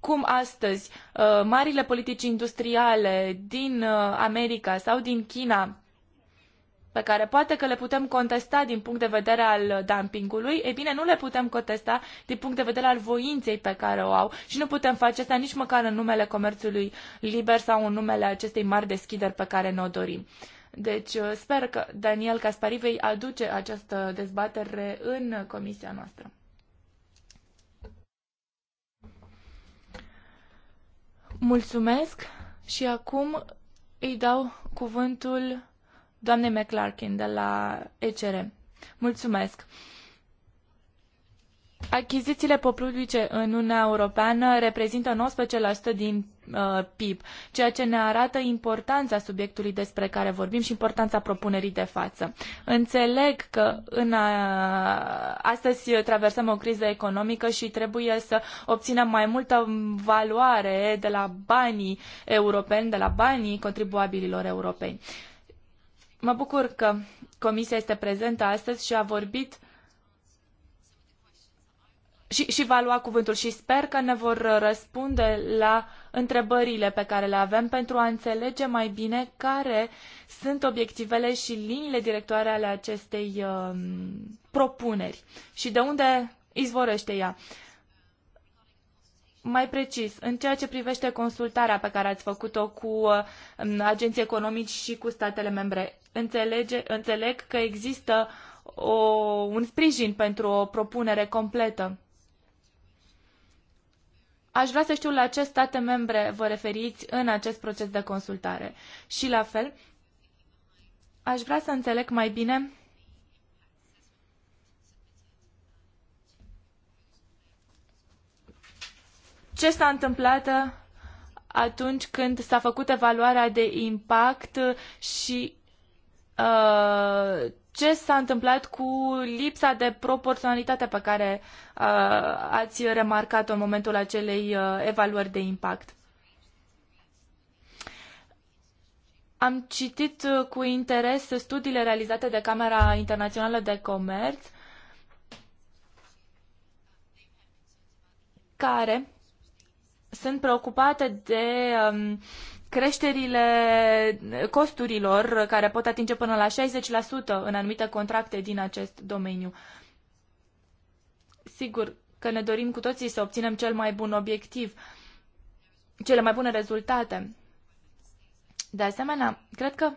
cum astăzi uh, marile politici industriale din America sau din China pe care poate că le putem contesta din punct de vedere al dumpingului, e bine, nu le putem contesta din punct de vedere al voinței pe care o au și nu putem face asta nici măcar în numele comerțului liber sau în numele acestei mari deschideri pe care ne-o dorim. Deci uh, sper că Daniel Caspari vei aduce această dezbatere în comisia noastră. Mulțumesc și acum îi dau cuvântul doamnei McClarkin de la ECR. Mulțumesc! Achizițiile publice în Uniunea Europeană reprezintă 19% din uh, PIB, ceea ce ne arată importanța subiectului despre care vorbim și importanța propunerii de față. Înțeleg că în, a, uh, astăzi traversăm o criză economică și trebuie să obținem mai multă valoare de la banii europeni, de la banii contribuabililor europeni. Uh, Mă bucur că Comisia este prezentă astăzi și a vorbit și, și va lua cuvântul și sper că ne vor răspunde la întrebările pe care le avem pentru a înțelege mai bine care sunt obiectivele și liniile directoare ale acestei uh, propuneri și de unde izvorăște ea. Uh, mai precis, în ceea ce privește consultarea pe care ați făcut-o cu um, agenții economici și cu statele membre, înțelege, înțeleg că există o, un sprijin pentru o propunere completă. Aș vrea să știu la ce state membre vă referiți în acest proces de consultare. Și la fel, aș vrea să înțeleg mai bine ce s-a întâmplat uh, atunci când s-a făcut evaluarea de impact și uh, ce s-a întâmplat cu lipsa de proporționalitate pe care uh, ați remarcat-o în momentul acelei uh, evaluări de impact. Am citit uh, cu interes studiile realizate de Camera Internațională de Comerț care sunt preocupate de um, creșterile costurilor care pot atinge până la 60% în anumite contracte din acest domeniu. Sigur că ne dorim cu toții să obținem cel mai bun obiectiv, cele mai bune rezultate. De asemenea, cred că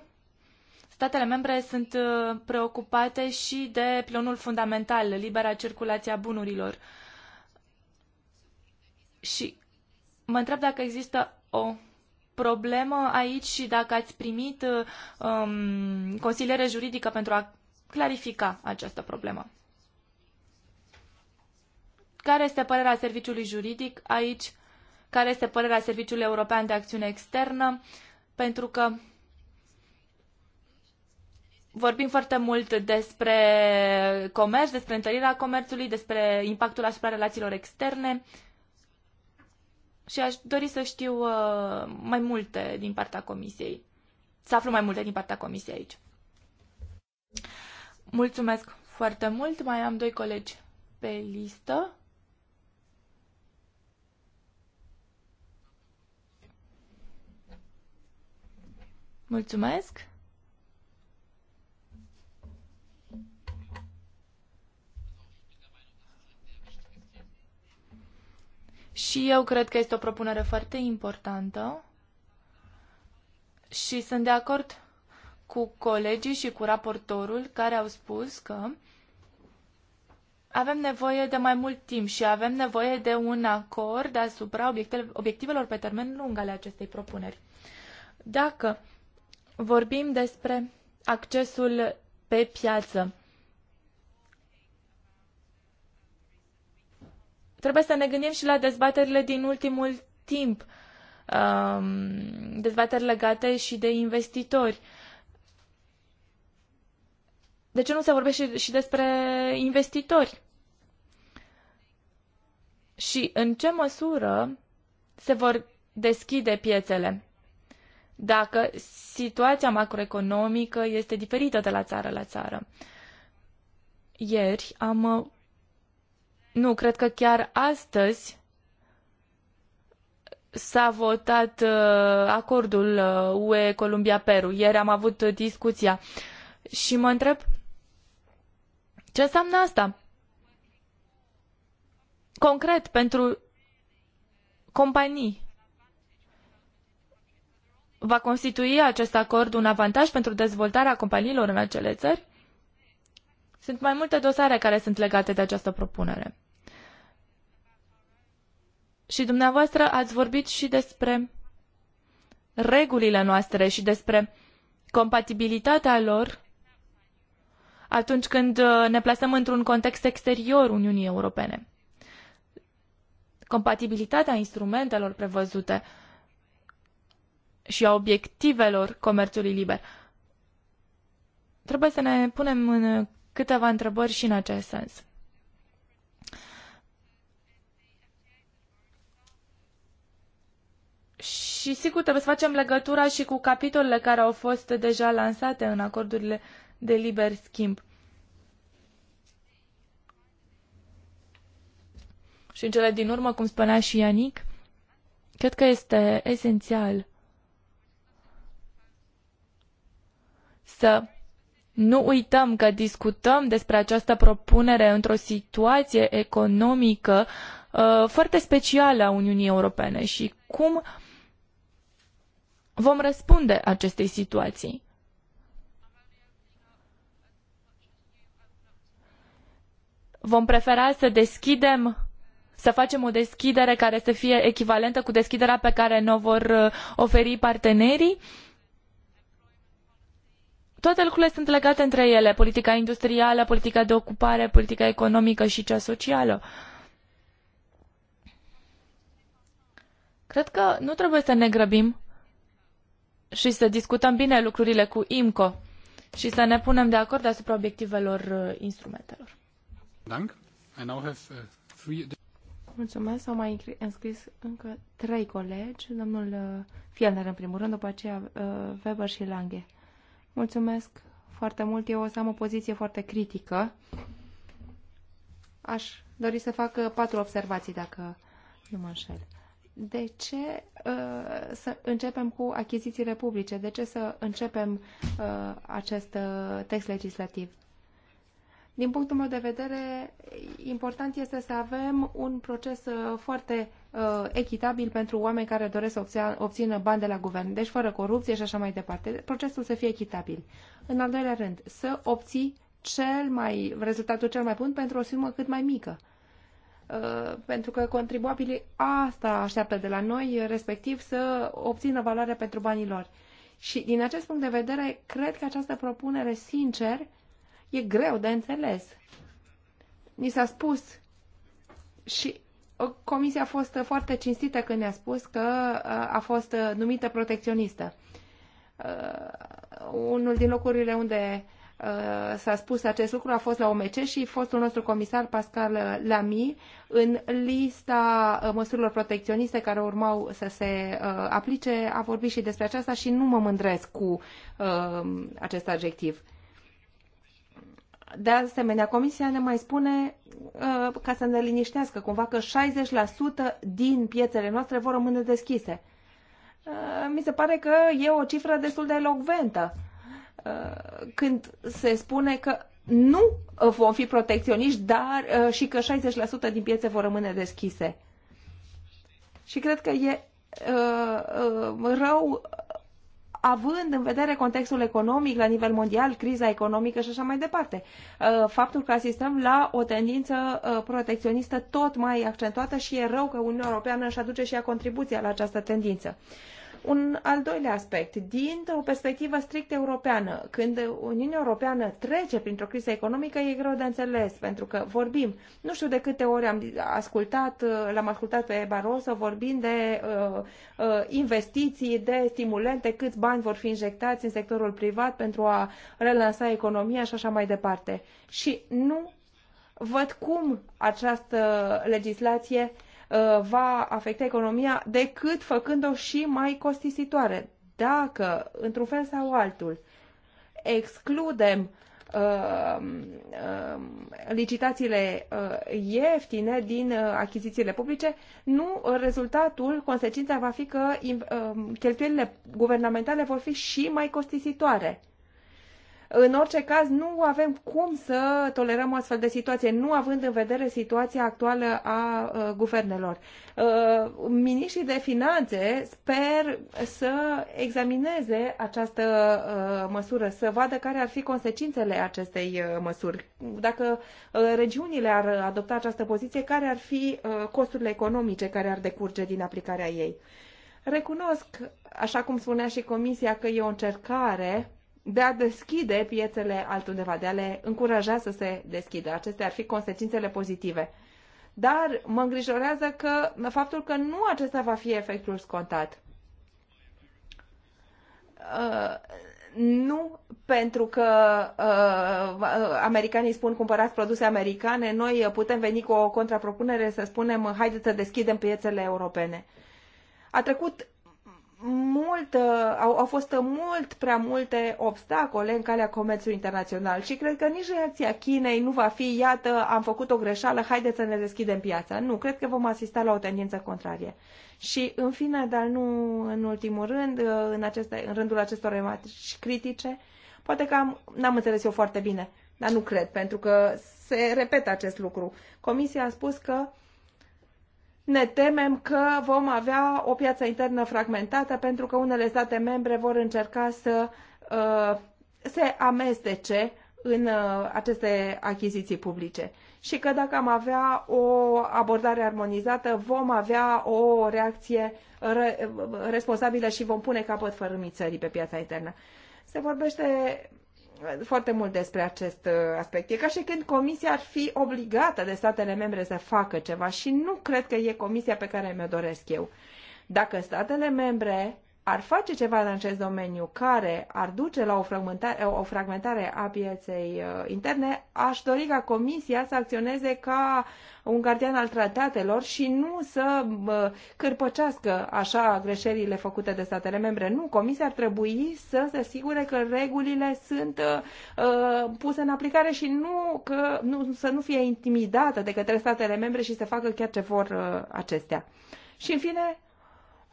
statele membre sunt uh, preocupate și de plonul fundamental, libera circulație a bunurilor. Și mă întreb dacă există o problemă aici și dacă ați primit um, consiliere juridică pentru a clarifica această problemă. Care este părerea serviciului juridic aici? Care este părerea Serviciului European de Acțiune Externă? Pentru că vorbim foarte mult despre comerț, despre întărirea comerțului, despre impactul asupra relațiilor externe. Uh, și aș dori să știu uh, mai multe din partea comisiei. Să aflu mai multe din partea comisiei aici. Mulțumesc foarte mult. Mai am doi colegi pe listă. Mulțumesc. Și eu cred că este o propunere foarte importantă și sunt de acord cu colegii și cu raportorul care au spus că avem nevoie de mai mult timp și avem nevoie de un acord asupra obiectivelor pe termen lung ale acestei propuneri. Dacă vorbim despre accesul pe piață, trebuie să ne gândim și la dezbaterile din ultimul timp, um, dezbateri legate și de investitori. De ce nu se vorbește și despre investitori? Și în ce măsură se vor deschide piețele? Dacă situația macroeconomică este diferită de la țară la țară. Ieri am nu, cred că chiar astăzi s-a votat uh, acordul UE uh, Columbia-Peru. Ieri am avut discuția și mă întreb ce înseamnă asta? Concret, pentru companii, va constitui acest acord un avantaj pentru dezvoltarea companiilor în acele țări? Sunt mai multe dosare care sunt legate de această propunere. Și dumneavoastră ați vorbit și despre regulile noastre și despre compatibilitatea lor atunci când uh, ne plasăm într-un context exterior Uniunii Europene. Compatibilitatea instrumentelor prevăzute și a obiectivelor comerțului liber. Trebuie să ne punem în câteva întrebări și în acest sens. Și sigur trebuie să facem legătura și cu capitolele care au fost deja lansate în acordurile de liber schimb. Și în cele din urmă, cum spunea și Ianic, cred că este esențial să nu uităm că discutăm despre această propunere într-o situație economică uh, foarte specială a Uniunii Europene și cum vom răspunde acestei situații. Vom prefera să deschidem să facem o deschidere care să fie echivalentă cu deschiderea pe care ne-o vor uh, oferi partenerii uh, toate lucrurile sunt legate între ele, politica industrială, politica de ocupare, politica economică și cea socială. Cred că nu trebuie să ne grăbim și să discutăm bine lucrurile cu IMCO și să ne punem de acord asupra obiectivelor uh, instrumentelor. Dank. I now have, uh, three... Mulțumesc. S-au mai înscris încă trei colegi, domnul uh, Fielner în primul rând, după aceea Weber și Lange. Mulțumesc foarte mult. Eu o să am o poziție foarte critică. Aș dori să fac uh, patru observații, dacă nu mă înșel. De ce uh, să începem cu achizițiile publice? De ce să începem uh, acest uh, text legislativ? Din punctul meu de vedere, important este să avem un proces uh, foarte Uh, echitabil pentru oameni care doresc să obțină bani de la guvern, deci fără corupție și așa mai departe. Procesul să fie echitabil. În al doilea rând, să obții cel mai, rezultatul cel mai bun pentru o sumă cât mai mică. Uh, pentru că contribuabilii asta așteaptă de la noi, respectiv să obțină valoare pentru banii lor. Și din acest punct de vedere, cred că această propunere, sincer, e greu de înțeles. Ni s-a spus și Comisia a fost foarte cinstită când ne-a spus că uh, a fost uh, numită protecționistă. Uh, unul din locurile unde s-a spus acest lucru a fost la OMC și fostul nostru comisar Pascal Lamy în lista măsurilor protecționiste care urmau să se aplice a vorbit și despre aceasta și nu mă mândresc cu acest adjectiv. De asemenea, Comisia ne mai spune, uh, ca să ne liniștească cumva, că 60% din piețele noastre vor rămâne deschise. Uh, mi se pare că e o cifră destul de elocventă uh, când se spune că nu vom fi protecționiști, dar și că 60% din piețe vor rămâne deschise. Și cred că e rău având în vedere contextul economic la nivel mondial, criza economică și așa mai departe. Uh, faptul că asistăm la o tendință uh, protecționistă tot mai accentuată și e rău că Uniunea Europeană își aduce și ea contribuția la această tendință. Un al doilea aspect, din o perspectivă strict europeană, când Uniunea Europeană trece printr-o criză economică, e greu de înțeles, pentru că vorbim, nu știu de câte ori am ascultat, uh, l-am ascultat pe Barroso vorbind de uh, uh, investiții, de stimulente, câți bani vor fi injectați în sectorul privat pentru a relansa economia și așa mai departe. Și nu văd cum această legislație uh, Uh, va afecta economia decât făcând-o și mai costisitoare. Dacă, într-un fel sau altul, excludem uh, um, licitațiile uh, ieftine din achizițiile publice, nu rezultatul, consecința va fi că cheltuielile guvernamentale vor fi și mai costisitoare. În orice caz, nu avem cum să tolerăm o astfel de situație, nu având în vedere situația actuală a uh, guvernelor. Uh, Ministrii de Finanțe sper să examineze această uh, măsură, să vadă care ar fi consecințele acestei uh, măsuri. Dacă uh, regiunile ar adopta această poziție, care ar fi uh, costurile economice care ar decurge din aplicarea ei? Recunosc, așa cum spunea și Comisia, că e o încercare de a deschide piețele altundeva, de a le încuraja să se deschidă. Acestea ar fi consecințele pozitive. Dar mă îngrijorează că faptul că nu acesta va fi efectul scontat. Uh, nu pentru că uh, americanii spun cumpărați produse americane, noi putem veni cu o contrapropunere să spunem haideți să deschidem piețele europene. A trecut mult, uh, au, au fost mult prea multe obstacole în calea comerțului internațional și cred că nici reacția Chinei nu va fi, iată, am făcut o greșeală, haideți să ne deschidem piața. Nu, cred că vom asista la o tendință contrarie. Și, în fine, dar nu în ultimul rând, uh, în, aceste, în rândul acestor remarci critice, poate că am, n-am înțeles eu foarte bine, dar nu cred, pentru că se repetă acest lucru. Comisia a spus că uh, ne temem că vom avea o piață internă fragmentată pentru că unele state membre vor încerca să uh, se amestece în uh, aceste achiziții publice și că dacă am avea o abordare armonizată, vom avea o reacție responsabilă și vom pune capăt fărâmițării pe piața internă. Se vorbește Uh, foarte mult despre acest uh, aspect. E ca și când comisia ar fi obligată de statele membre să facă ceva și nu cred că e comisia pe care mi-o doresc eu. Dacă statele membre ar face ceva în acest domeniu care ar duce la o fragmentare, o fragmentare a pieței uh, interne, aș dori ca Comisia să acționeze ca un gardian al tratatelor și nu să uh, cârpăcească așa greșelile făcute de statele membre. Nu, Comisia ar trebui să se asigure că regulile sunt uh, uh, puse în aplicare și nu, că, nu să nu fie intimidată de către statele membre și să facă chiar ce vor uh, acestea. Și în fine,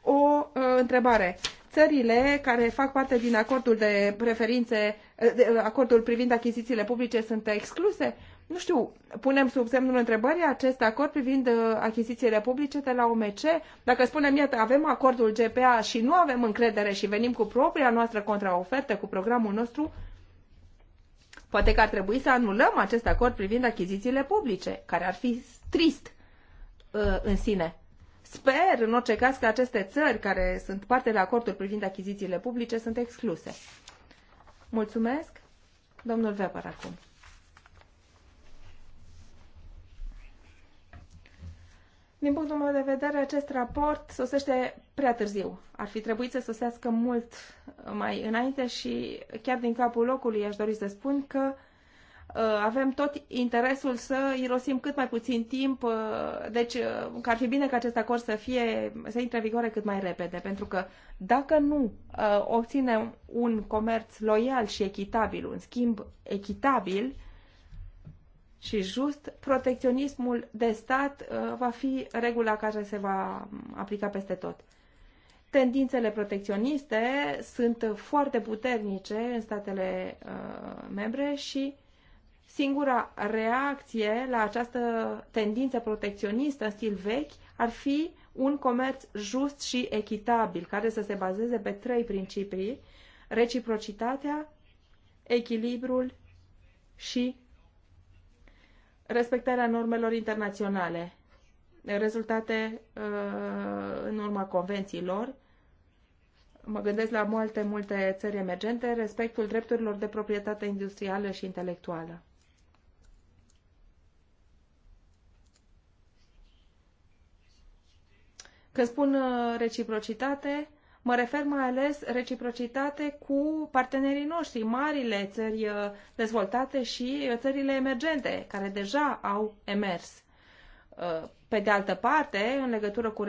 o uh, întrebare. Țările care fac parte din acordul de preferințe, uh, uh, acordul privind achizițiile publice sunt excluse? Nu știu, punem sub semnul întrebării acest acord privind achizițiile publice de la OMC? Dacă spunem, iată, avem acordul GPA și nu avem încredere și venim cu propria noastră contraofertă, cu programul nostru, poate că ar trebui să anulăm acest acord privind achizițiile publice, care ar fi trist în sine. Sper, în orice caz, că aceste țări care sunt parte de acordul privind achizițiile publice sunt excluse. Mulțumesc. Domnul Weber acum. Din punctul meu de vedere, acest raport sosește prea târziu. Ar fi trebuit să sosească mult mai înainte și chiar din capul locului aș dori să spun că Uh, avem tot interesul să irosim cât mai puțin timp, uh, deci uh, că ar fi bine ca acest acord să fie, să intre în vigoare cât mai repede, pentru că dacă nu obținem un comerț loial și echitabil, un schimb echitabil și just, protecționismul de stat va fi regula care se va um, aplica peste tot. Tendințele protecționiste sunt foarte puternice în statele membre și singura reacție la această tendință protecționistă în stil vechi ar fi un comerț just și echitabil, care să se bazeze pe trei principii, reciprocitatea, echilibrul și respectarea normelor internaționale, rezultate uh, în urma convențiilor. Mă gândesc la multe, multe țări emergente, respectul drepturilor de proprietate industrială și intelectuală. Când spun uh, reciprocitate, mă refer mai ales reciprocitate cu partenerii noștri, marile țări uh, dezvoltate și uh, țările emergente, care deja au emers. Pe de altă parte, în legătură cu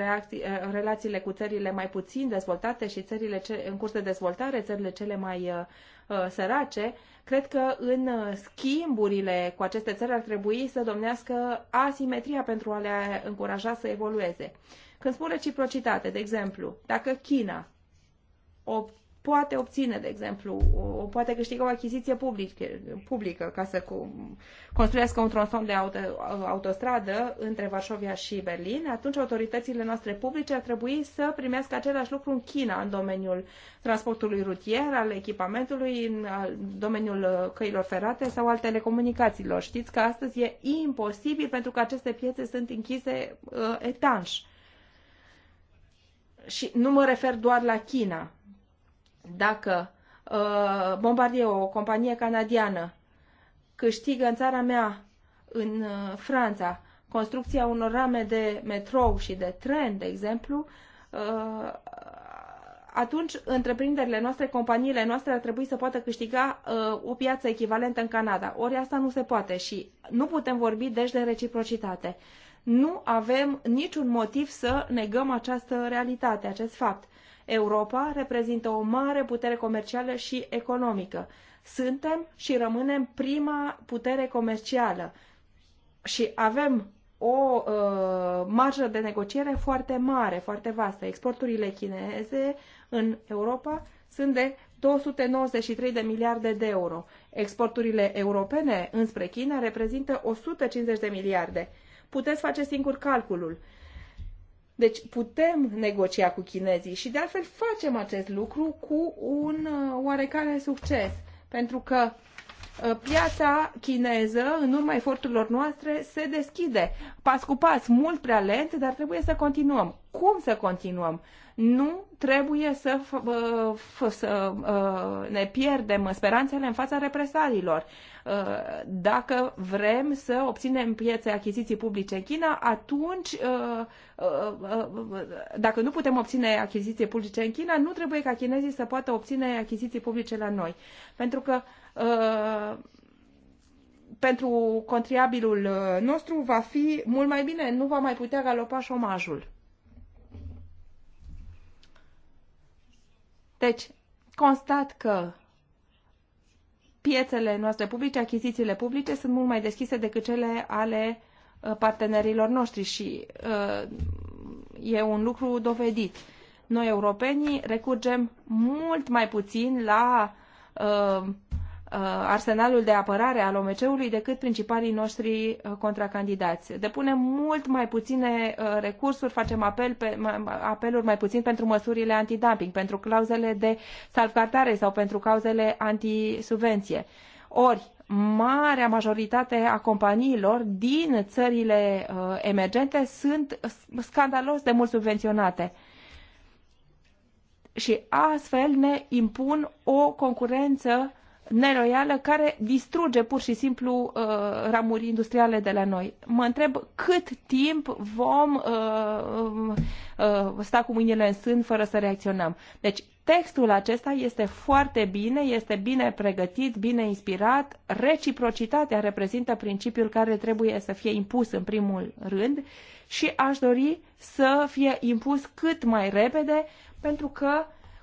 relațiile cu țările mai puțin dezvoltate și țările ce, în curs de dezvoltare, țările cele mai uh, sărace, cred că în schimburile cu aceste țări ar trebui să domnească asimetria pentru a le încuraja să evolueze. Când spun reciprocitate, de exemplu, dacă China o poate obține, de exemplu, o, poate câștiga o achiziție publică, publică ca să construiască un tronson de auto, autostradă între Varșovia și Berlin, atunci autoritățile noastre publice ar trebui să primească același lucru în China, în domeniul transportului rutier, al echipamentului, în domeniul uh, căilor ferate sau al telecomunicațiilor. Știți că astăzi e imposibil pentru că aceste piețe sunt închise uh, etanș și nu mă refer doar la China. Dacă uh, Bombardier, o companie canadiană, câștigă în țara mea, în uh, Franța, construcția unor rame de metrou și de tren, de exemplu, uh, atunci întreprinderile noastre, companiile noastre ar trebui să poată câștiga uh, o piață echivalentă în Canada. Ori asta nu se poate și nu putem vorbi deci de reciprocitate. Uh, nu avem niciun motiv să negăm această realitate, acest fapt. Europa reprezintă o mare putere comercială și economică. Suntem și rămânem prima putere comercială și avem o uh, marjă de negociere foarte mare, foarte vastă. Exporturile chineze în Europa sunt de 293 de miliarde de euro. Exporturile europene înspre China reprezintă 150 de miliarde puteți face singur calculul. Deci putem negocia cu chinezii și de altfel facem acest lucru cu un uh, oarecare succes, pentru că Uh, piața chineză, în urma eforturilor noastre, se deschide pas cu pas, mult prea lent, dar trebuie să continuăm. Cum să continuăm? Nu trebuie să, uh, să uh, ne pierdem speranțele în fața represaliilor. Dacă vrem să obținem piețe achiziții publice în China, atunci, dacă nu putem obține achiziții publice în China, nu trebuie ca chinezii să poată obține achiziții publice la noi. Pentru că Uh, pentru contriabilul uh, nostru va fi mult mai bine, nu va mai putea galopa șomajul. Deci, constat că piețele noastre publice, achizițiile publice sunt mult mai deschise decât cele ale uh, partenerilor noștri și uh, e un lucru dovedit. Noi, europenii, recurgem mult mai puțin la uh, Uh, arsenalul de apărare al OMC-ului decât principalii noștri uh, contracandidați. Depunem mult mai puține uh, recursuri, facem apel pe, apeluri mai puțin pentru măsurile antidumping, pentru clauzele de salvgardare sau pentru cauzele antisubvenție. Ori, marea majoritate a companiilor din țările emergente sunt scandalos de mult subvenționate și astfel ne impun o concurență uh, neloială care distruge pur și simplu uh, ramuri industriale de la noi. Mă întreb cât timp vom uh, um, uh, sta cu mâinile în sân fără să reacționăm. Deci textul acesta este foarte bine, este bine pregătit, bine inspirat. Reciprocitatea reprezintă principiul care trebuie să fie impus în primul rând și aș dori să fie impus cât mai repede pentru că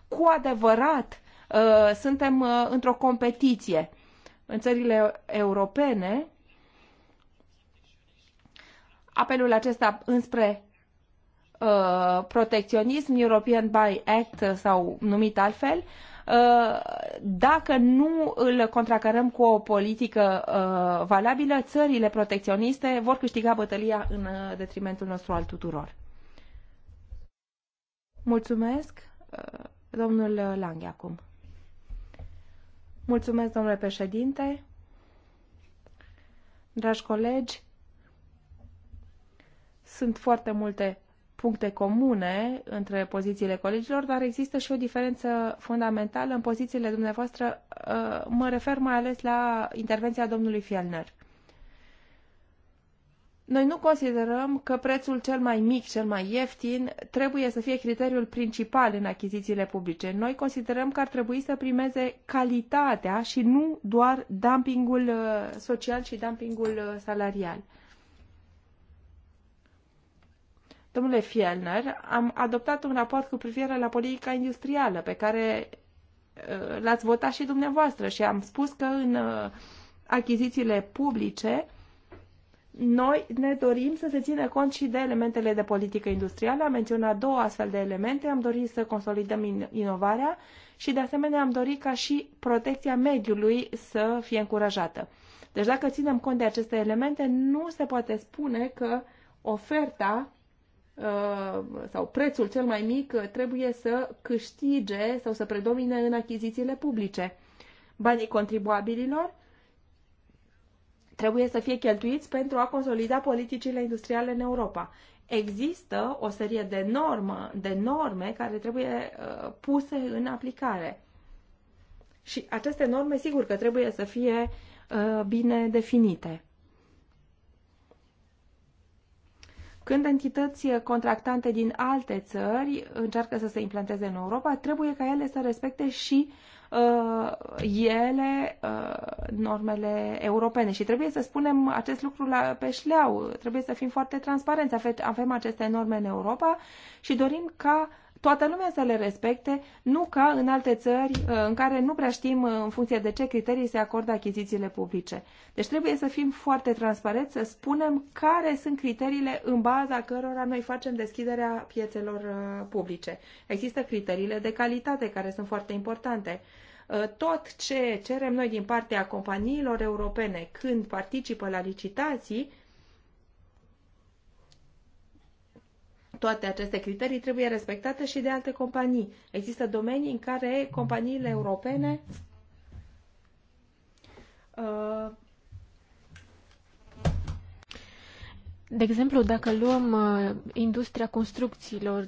cu adevărat Uh, suntem uh, într-o competiție. În țările europene, apelul acesta înspre uh, protecționism, European Buy Act sau numit altfel, dacă nu îl contracarăm cu o politică valabilă, țările protecționiste vor câștiga bătălia în detrimentul nostru al tuturor. Mulțumesc, domnul Lange, acum. Mulțumesc, domnule președinte. Dragi colegi, sunt foarte multe puncte comune între pozițiile colegilor, dar există și o diferență fundamentală în pozițiile dumneavoastră. Uh, mă refer mai ales la intervenția domnului Fielner. Noi nu considerăm că prețul cel mai mic, cel mai ieftin, trebuie să fie criteriul principal în achizițiile publice. Noi considerăm că ar trebui să primeze calitatea și nu doar dumpingul uh, social și dumpingul uh, salarial. Domnule Fielner, am adoptat un raport cu privire la politica industrială pe care uh, l-ați votat și dumneavoastră și am spus că în achizițiile publice noi ne dorim să se țină cont și de elementele de politică industrială. Am menționat două astfel de elemente. Am dorit să consolidăm inovarea și, de asemenea, am dorit ca și protecția mediului să fie încurajată. Deci, dacă ținem cont de aceste elemente, nu se poate spune că oferta uh, sau prețul cel mai mic uh, trebuie să câștige sau să predomine în achizițiile publice. Banii contribuabililor trebuie să fie cheltuiți pentru a consolida politicile industriale în Europa. Există o serie de, normă, de norme care trebuie uh, puse în aplicare. Și aceste norme, sigur că trebuie să fie uh, bine definite. Când entități contractante din alte țări încearcă să se implanteze în Europa, trebuie ca ele să respecte și uh, Uh, ele uh, normele europene. Și trebuie să spunem acest lucru la, pe șleau. Trebuie să fim foarte transparenți. Avem aceste norme în Europa și dorim ca uh, toată lumea să le respecte, nu ca în alte țări uh, în care nu prea știm uh, în funcție de ce criterii se acordă achizițiile publice. Deci trebuie să fim foarte transparenți, să spunem care sunt criteriile în baza cărora noi facem deschiderea piețelor uh, publice. Există criteriile de calitate care sunt foarte importante tot ce cerem noi din partea companiilor europene când participă la licitații toate aceste criterii trebuie respectate și de alte companii. Există domenii în care companiile europene uh, De exemplu, dacă luăm uh, industria construcțiilor,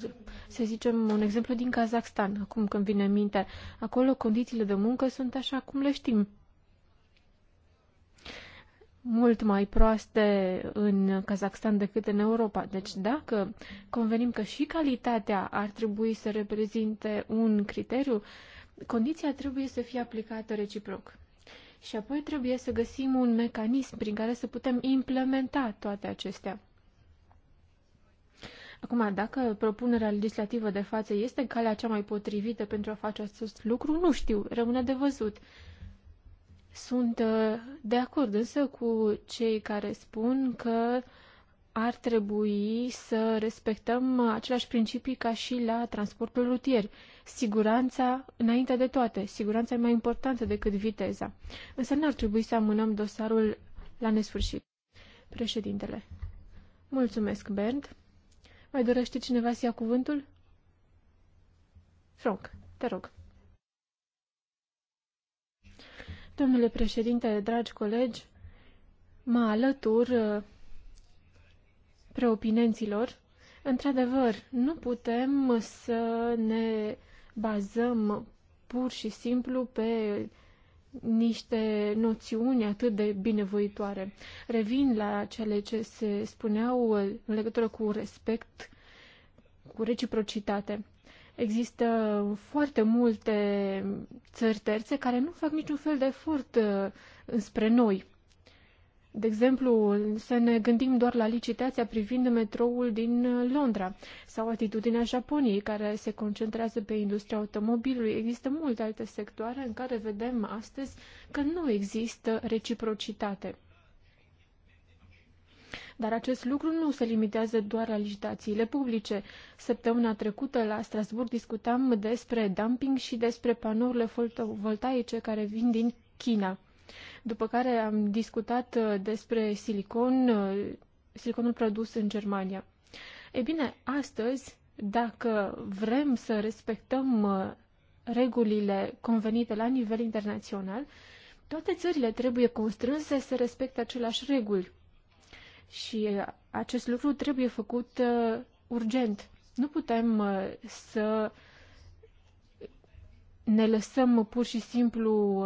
să zicem un exemplu din Kazakhstan, acum când vine în minte, acolo condițiile de muncă sunt așa cum le știm mult mai proaste în Kazakhstan decât în Europa. Deci dacă convenim că și calitatea ar trebui să reprezinte un criteriu, condiția trebuie să fie aplicată reciproc. Și apoi trebuie să găsim un mecanism prin care să putem implementa toate acestea. Acum, dacă propunerea legislativă de față este calea cea mai potrivită pentru a face acest lucru, nu știu, rămâne de văzut. Sunt uh, de acord însă cu cei care spun că ar trebui să respectăm aceleași principii ca și la transportul rutier. Siguranța înainte de toate. Siguranța e mai importantă decât viteza. Însă n-ar trebui să amânăm dosarul la nesfârșit. Președintele. Mulțumesc, Bernd. Mai dorește cineva să ia cuvântul? Frank, te rog. Domnule președinte, dragi colegi, mă alătur uh, preopinenților. Într-adevăr, nu putem să ne bazăm pur și simplu pe niște noțiuni atât de binevoitoare. Revin la cele ce se spuneau uh, în legătură cu respect, cu reciprocitate. Există foarte multe țări terțe care nu fac niciun fel de efort uh, spre noi. De exemplu, să ne gândim doar la licitația privind metroul din uh, Londra sau atitudinea Japoniei care se concentrează pe industria automobilului. Există multe alte sectoare în care vedem astăzi că nu există reciprocitate. Dar acest lucru nu se limitează doar la licitațiile publice. Săptămâna trecută la Strasburg discutam despre dumping și despre panourile fotovoltaice care vin din China. După care am discutat uh, despre silicon, uh, siliconul produs în Germania. E bine, astăzi, dacă vrem să respectăm uh, regulile convenite la nivel internațional, toate țările trebuie constrânse să respecte aceleași reguli și uh, acest lucru trebuie făcut uh, urgent. Nu putem uh, să ne lăsăm pur și simplu,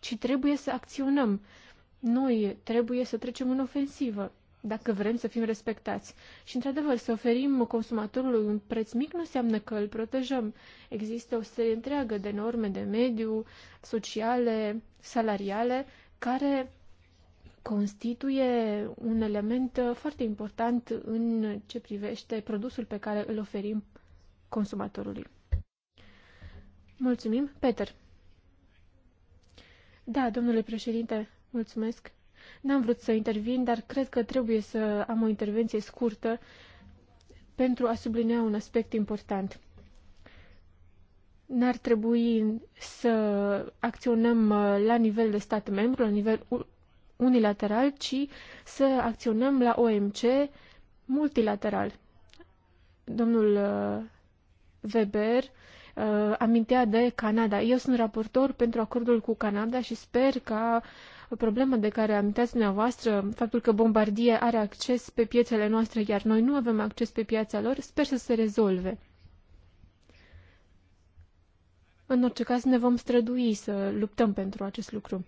ci trebuie să acționăm. Noi trebuie să trecem în ofensivă dacă vrem să fim respectați. Și, într-adevăr, să oferim consumatorului un preț mic nu înseamnă că îl protejăm. Există o serie întreagă de norme de mediu, sociale, salariale, care constituie un element uh, foarte important în ce privește produsul pe care îl oferim consumatorului. Mulțumim, Peter. Da, domnule președinte, mulțumesc. N-am vrut să intervin, dar cred că trebuie să am o intervenție scurtă pentru a sublinea un aspect important. N-ar trebui să acționăm uh, la nivel de stat membru, la nivel unilateral, ci să acționăm la OMC multilateral. Domnul uh, Weber uh, amintea de Canada. Eu sunt raportor pentru acordul cu Canada și sper ca problema de care aminteați dumneavoastră, faptul că Bombardier are acces pe piețele noastre, iar noi nu avem acces pe piața lor, sper să se rezolve. În orice caz, ne vom strădui să luptăm pentru acest lucru.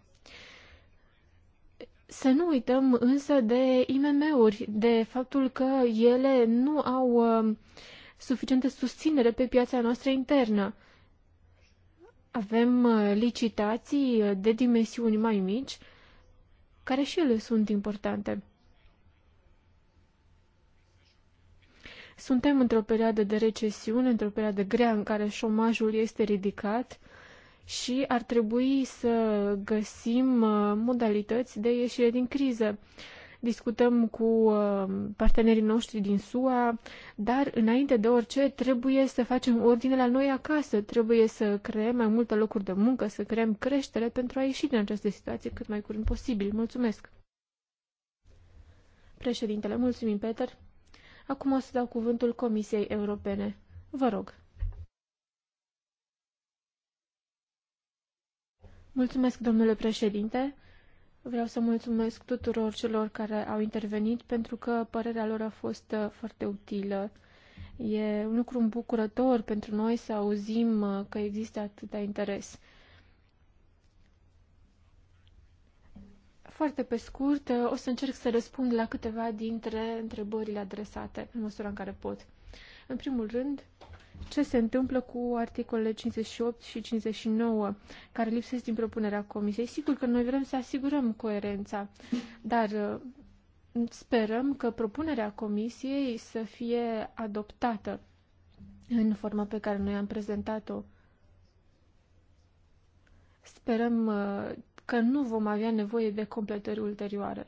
Să nu uităm însă de IMM-uri, de faptul că ele nu au um, suficientă susținere pe piața noastră internă. Avem uh, licitații uh, de dimensiuni mai mici, care și ele sunt importante. Suntem într-o perioadă de recesiune, într-o perioadă grea în care șomajul este ridicat, și ar trebui să găsim uh, modalități de ieșire din criză. Discutăm cu uh, partenerii noștri din SUA, dar înainte de orice trebuie să facem ordine la noi acasă, trebuie să creăm mai multe locuri de muncă, să creăm creștere pentru a ieși din această situație cât mai curând posibil. Mulțumesc! Președintele, mulțumim, Peter. Acum o să dau cuvântul Comisiei Europene. Vă rog. Mulțumesc, domnule președinte. Vreau să mulțumesc tuturor celor care au intervenit pentru că părerea lor a fost uh, foarte utilă. E un lucru îmbucurător pentru noi să auzim uh, că există atâta interes. Foarte pe scurt, uh, o să încerc să răspund la câteva dintre întrebările adresate, în măsura în care pot. În primul rând, ce se întâmplă cu articolele 58 și 59 care lipsesc din propunerea Comisiei. Sigur că noi vrem să asigurăm coerența, dar uh, sperăm că propunerea Comisiei să fie adoptată în forma pe care noi am prezentat-o. Sperăm uh, că nu vom avea nevoie de completări ulterioare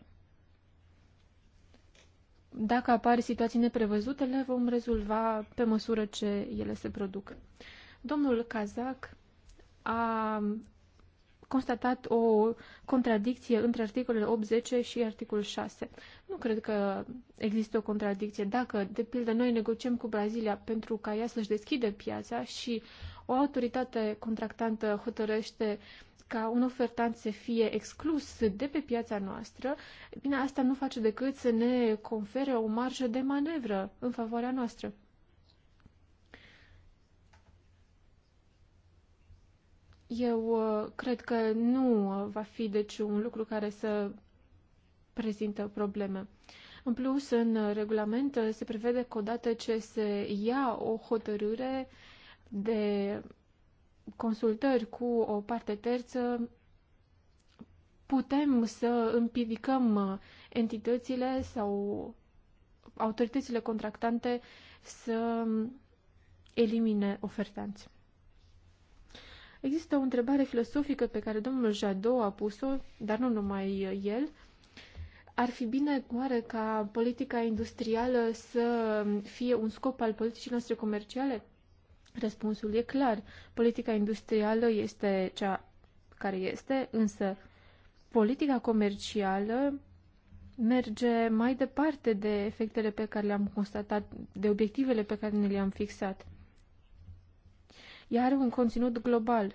dacă apar situații neprevăzute, le vom rezolva pe măsură ce ele se produc. Domnul Kazak a constatat o contradicție între articolul 80 și articolul 6. Nu cred că există o contradicție. Dacă, de pildă, noi negociem cu Brazilia pentru ca ea să-și deschidă piața și o autoritate contractantă hotărăște uh, ca un ofertant să fie exclus de pe piața noastră, bine, asta nu face decât să ne confere o marjă de manevră în favoarea noastră. Eu uh, cred că nu uh, va fi deci un lucru care să prezintă probleme. În plus, în regulament uh, se prevede că odată ce se ia o hotărâre de consultări cu o parte terță putem să împiedicăm uh, entitățile sau autoritățile contractante să um, elimine ofertanți. Există o întrebare filosofică pe care domnul Jadot a pus-o, dar nu numai uh, el. Ar fi bine oare ca politica industrială să um, fie un scop al politicii noastre comerciale? Răspunsul e clar. Politica industrială este cea care este, însă politica comercială merge mai departe de efectele pe care le-am constatat, de obiectivele pe care ne le-am fixat. Ea are un conținut global.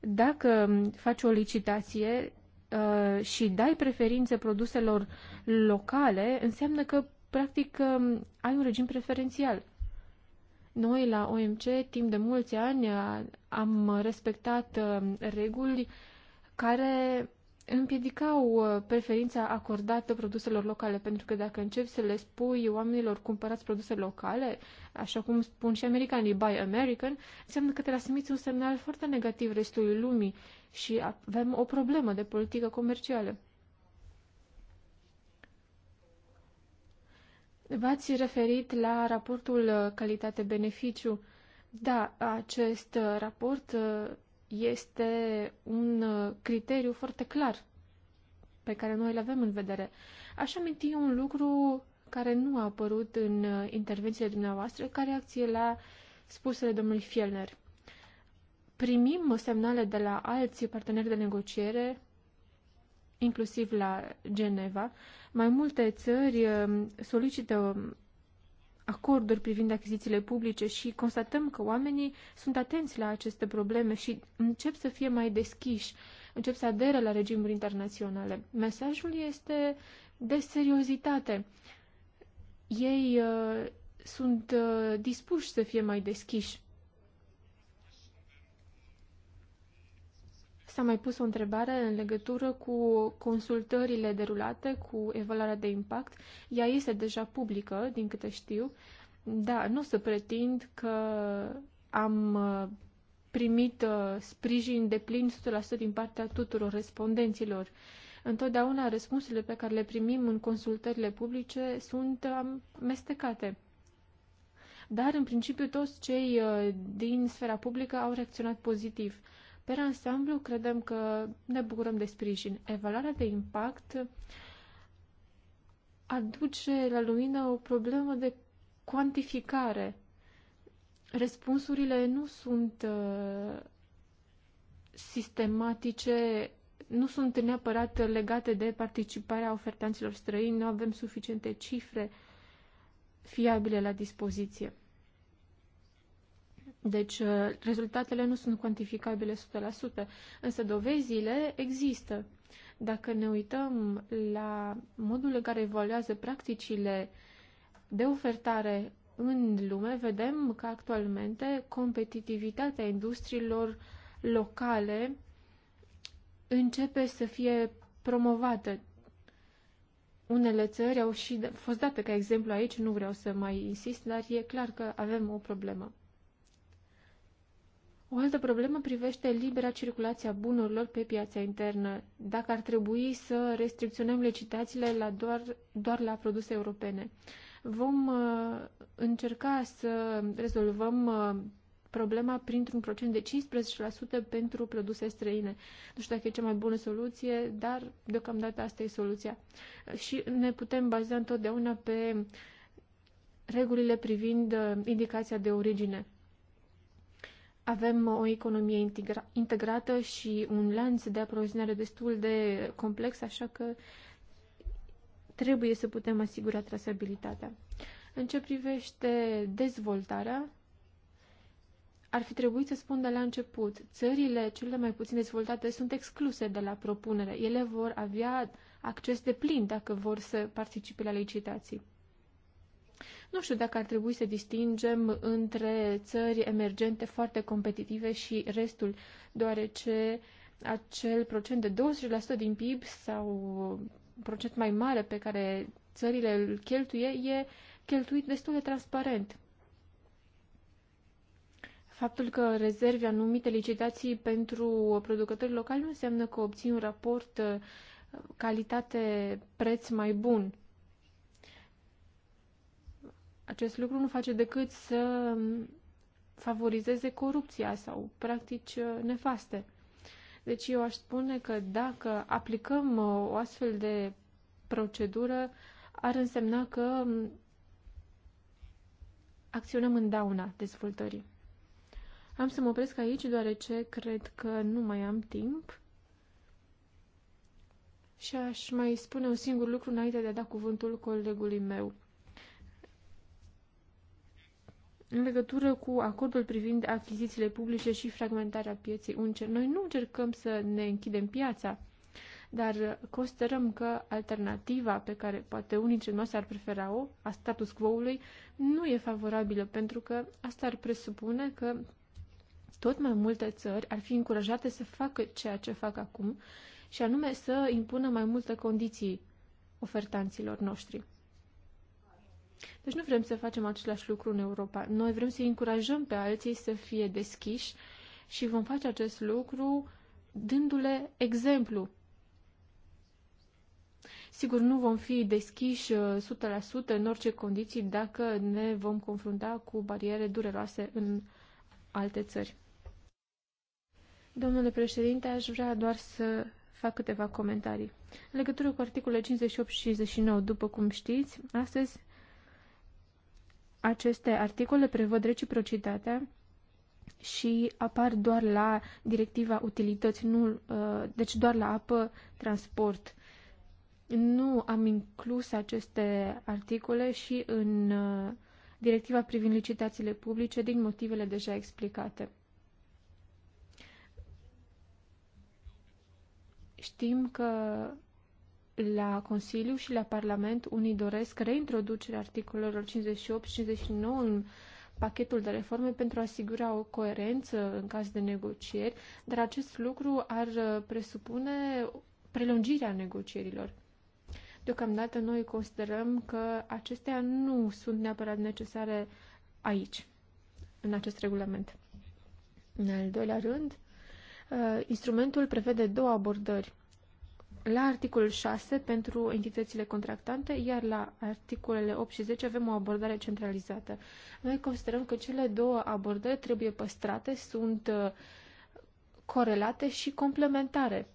Dacă faci o licitație uh, și dai preferințe produselor locale, înseamnă că, practic, uh, ai un regim preferențial. Noi la OMC, timp de mulți ani, am respectat reguli care împiedicau preferința acordată produselor locale, pentru că dacă începi să le spui oamenilor cumpărați produse locale, așa cum spun și americanii, buy American, înseamnă că transmiți un semnal foarte negativ restului lumii și avem o problemă de politică comercială. V-ați referit la raportul uh, calitate-beneficiu. Da, acest uh, raport uh, este un criteriu foarte clar pe care noi îl avem în vedere. Aș aminti un lucru care nu a apărut în intervențiile dumneavoastră, care reacție la spusele domnului Fielner. Primim semnale de la alți parteneri de negociere inclusiv la Geneva, mai multe țări um, solicită um, acorduri privind achizițiile publice și constatăm că oamenii sunt atenți la aceste probleme și încep să fie mai deschiși, încep să adere la regimuri internaționale. Mesajul este de seriozitate. Ei uh, sunt uh, dispuși să fie mai deschiși. S-a mai pus o întrebare în legătură cu consultările derulate cu evaluarea de impact. Ea este deja publică, din câte știu. Da, nu să pretind că am uh, primit uh, sprijin de plin 100% din partea tuturor respondenților. Întotdeauna răspunsurile pe care le primim în consultările publice sunt amestecate dar în principiu toți cei uh, din sfera publică au reacționat pozitiv. Pe ansamblu, credem că ne bucurăm de sprijin. Evaluarea de impact aduce la lumină o problemă de cuantificare. Răspunsurile nu sunt uh, sistematice, nu sunt neapărat legate de participarea ofertanților străini, nu avem suficiente cifre fiabile la dispoziție. Deci uh, rezultatele nu sunt cuantificabile 100%, însă dovezile există. Dacă ne uităm la modul în care evoluează practicile de ofertare în lume, vedem că actualmente competitivitatea industriilor locale începe să fie promovată. Unele țări au și fost date ca exemplu aici, nu vreau să mai insist, dar e clar că avem o problemă. O altă problemă privește libera circulație a bunurilor pe piața internă. Dacă ar trebui să restricționăm licitațiile la doar, doar la produse europene, vom uh, încerca să rezolvăm uh, problema printr-un procent de 15% pentru produse străine. Nu știu dacă e cea mai bună soluție, dar deocamdată asta e soluția. Uh, și ne putem baza întotdeauna pe regulile privind uh, indicația de origine avem o economie integra- integrată și un lanț de aprovizionare destul de complex, așa că trebuie să putem asigura trasabilitatea. În ce privește dezvoltarea, ar fi trebuit să spun de la început, țările cele mai puțin dezvoltate sunt excluse de la propunere. Ele vor avea acces de plin dacă vor să participe la licitații. Nu știu dacă ar trebui să distingem între țări emergente foarte competitive și restul, deoarece acel procent de 20% din PIB sau procent mai mare pe care țările îl cheltuie e cheltuit destul de transparent. Faptul că rezervi anumite licitații pentru producători locali nu înseamnă că obții un raport uh, calitate-preț mai bun. Acest lucru nu face decât să favorizeze corupția sau practici uh, nefaste. Deci eu aș spune că dacă aplicăm uh, o astfel de procedură, ar însemna că um, acționăm în dauna dezvoltării. Am să mă opresc aici, deoarece cred că nu mai am timp. Și aș mai spune un singur lucru înainte de a da cuvântul colegului meu. În legătură cu acordul privind achizițiile publice și fragmentarea pieței unice, noi nu încercăm să ne închidem piața, dar considerăm că alternativa pe care poate unii dintre noi ar prefera-o, a status quo-ului, nu e favorabilă, pentru că asta ar presupune că tot mai multe țări ar fi încurajate să facă ceea ce fac acum, și anume să impună mai multe condiții ofertanților noștri. Deci nu vrem să facem același lucru în Europa. Noi vrem să încurajăm pe alții să fie deschiși și vom face acest lucru dându-le exemplu. Sigur, nu vom fi deschiși 100% uh, în orice condiții dacă ne vom confrunta cu bariere dureroase în alte țări. Domnule președinte, aș vrea doar să fac câteva comentarii. În legătură cu articolele 58 și 59, după cum știți, astăzi aceste articole prevăd reciprocitatea și apar doar la directiva utilități, nu, uh, deci doar la apă, transport. Nu am inclus aceste articole și în uh, directiva privind licitațiile publice din motivele deja explicate. Știm că la Consiliu și la Parlament unii doresc reintroducerea articolelor 58 și 59 în pachetul de reforme pentru a asigura o coerență în caz de negocieri, dar acest lucru ar uh, presupune prelungirea negocierilor. Deocamdată noi considerăm că acestea nu sunt neapărat necesare aici, în acest regulament. În al doilea rând, uh, instrumentul prevede două abordări la articolul 6 pentru entitățile contractante, iar la articolele 8 și 10 avem o abordare centralizată. Noi considerăm că cele două abordări trebuie păstrate, sunt uh, corelate și complementare.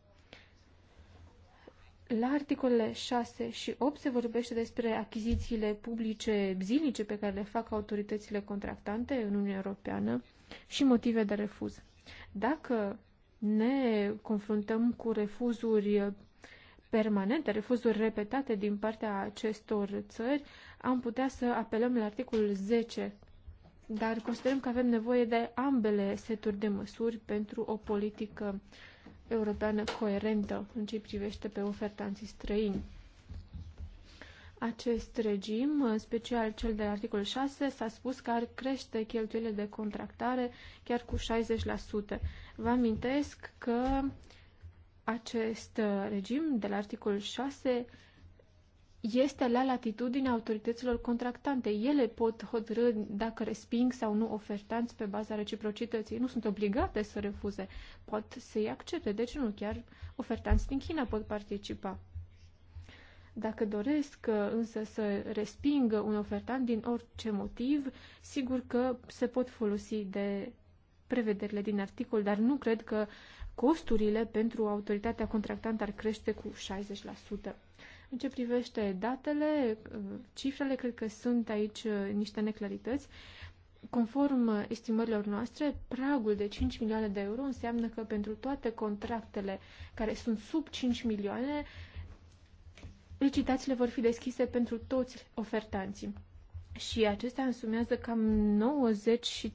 La articolele 6 și 8 se vorbește despre achizițiile publice zilnice pe care le fac autoritățile contractante în Uniunea Europeană și motive de refuz. Dacă ne confruntăm cu refuzuri permanente, refuzuri repetate din partea acestor țări, am putea să apelăm la articolul 10, dar considerăm că avem nevoie de ambele seturi de măsuri pentru o politică europeană coerentă în ce privește pe ofertanții străini. Acest regim, în special cel de articolul 6, s-a spus că ar crește cheltuielile de contractare chiar cu 60%. Vă amintesc că uh, acest uh, regim de la articol 6 este la latitudinea autorităților contractante. Ele pot hotărâ dacă resping sau nu ofertanți pe baza reciprocității. Nu sunt obligate să refuze. Pot să-i accepte. Deci nu chiar ofertanți din China pot participa. Dacă doresc uh, însă să respingă un ofertant din orice motiv, sigur că se pot folosi de prevederile din articol, dar nu cred că uh, costurile pentru autoritatea contractantă ar crește cu 60%. În ce privește datele, cifrele, cred că sunt aici uh, niște neclarități. Conform uh, estimărilor noastre, pragul de 5 milioane de euro înseamnă că pentru toate contractele care sunt sub 5 milioane, licitațiile vor fi deschise pentru toți ofertanții. Și acestea însumează cam 90 și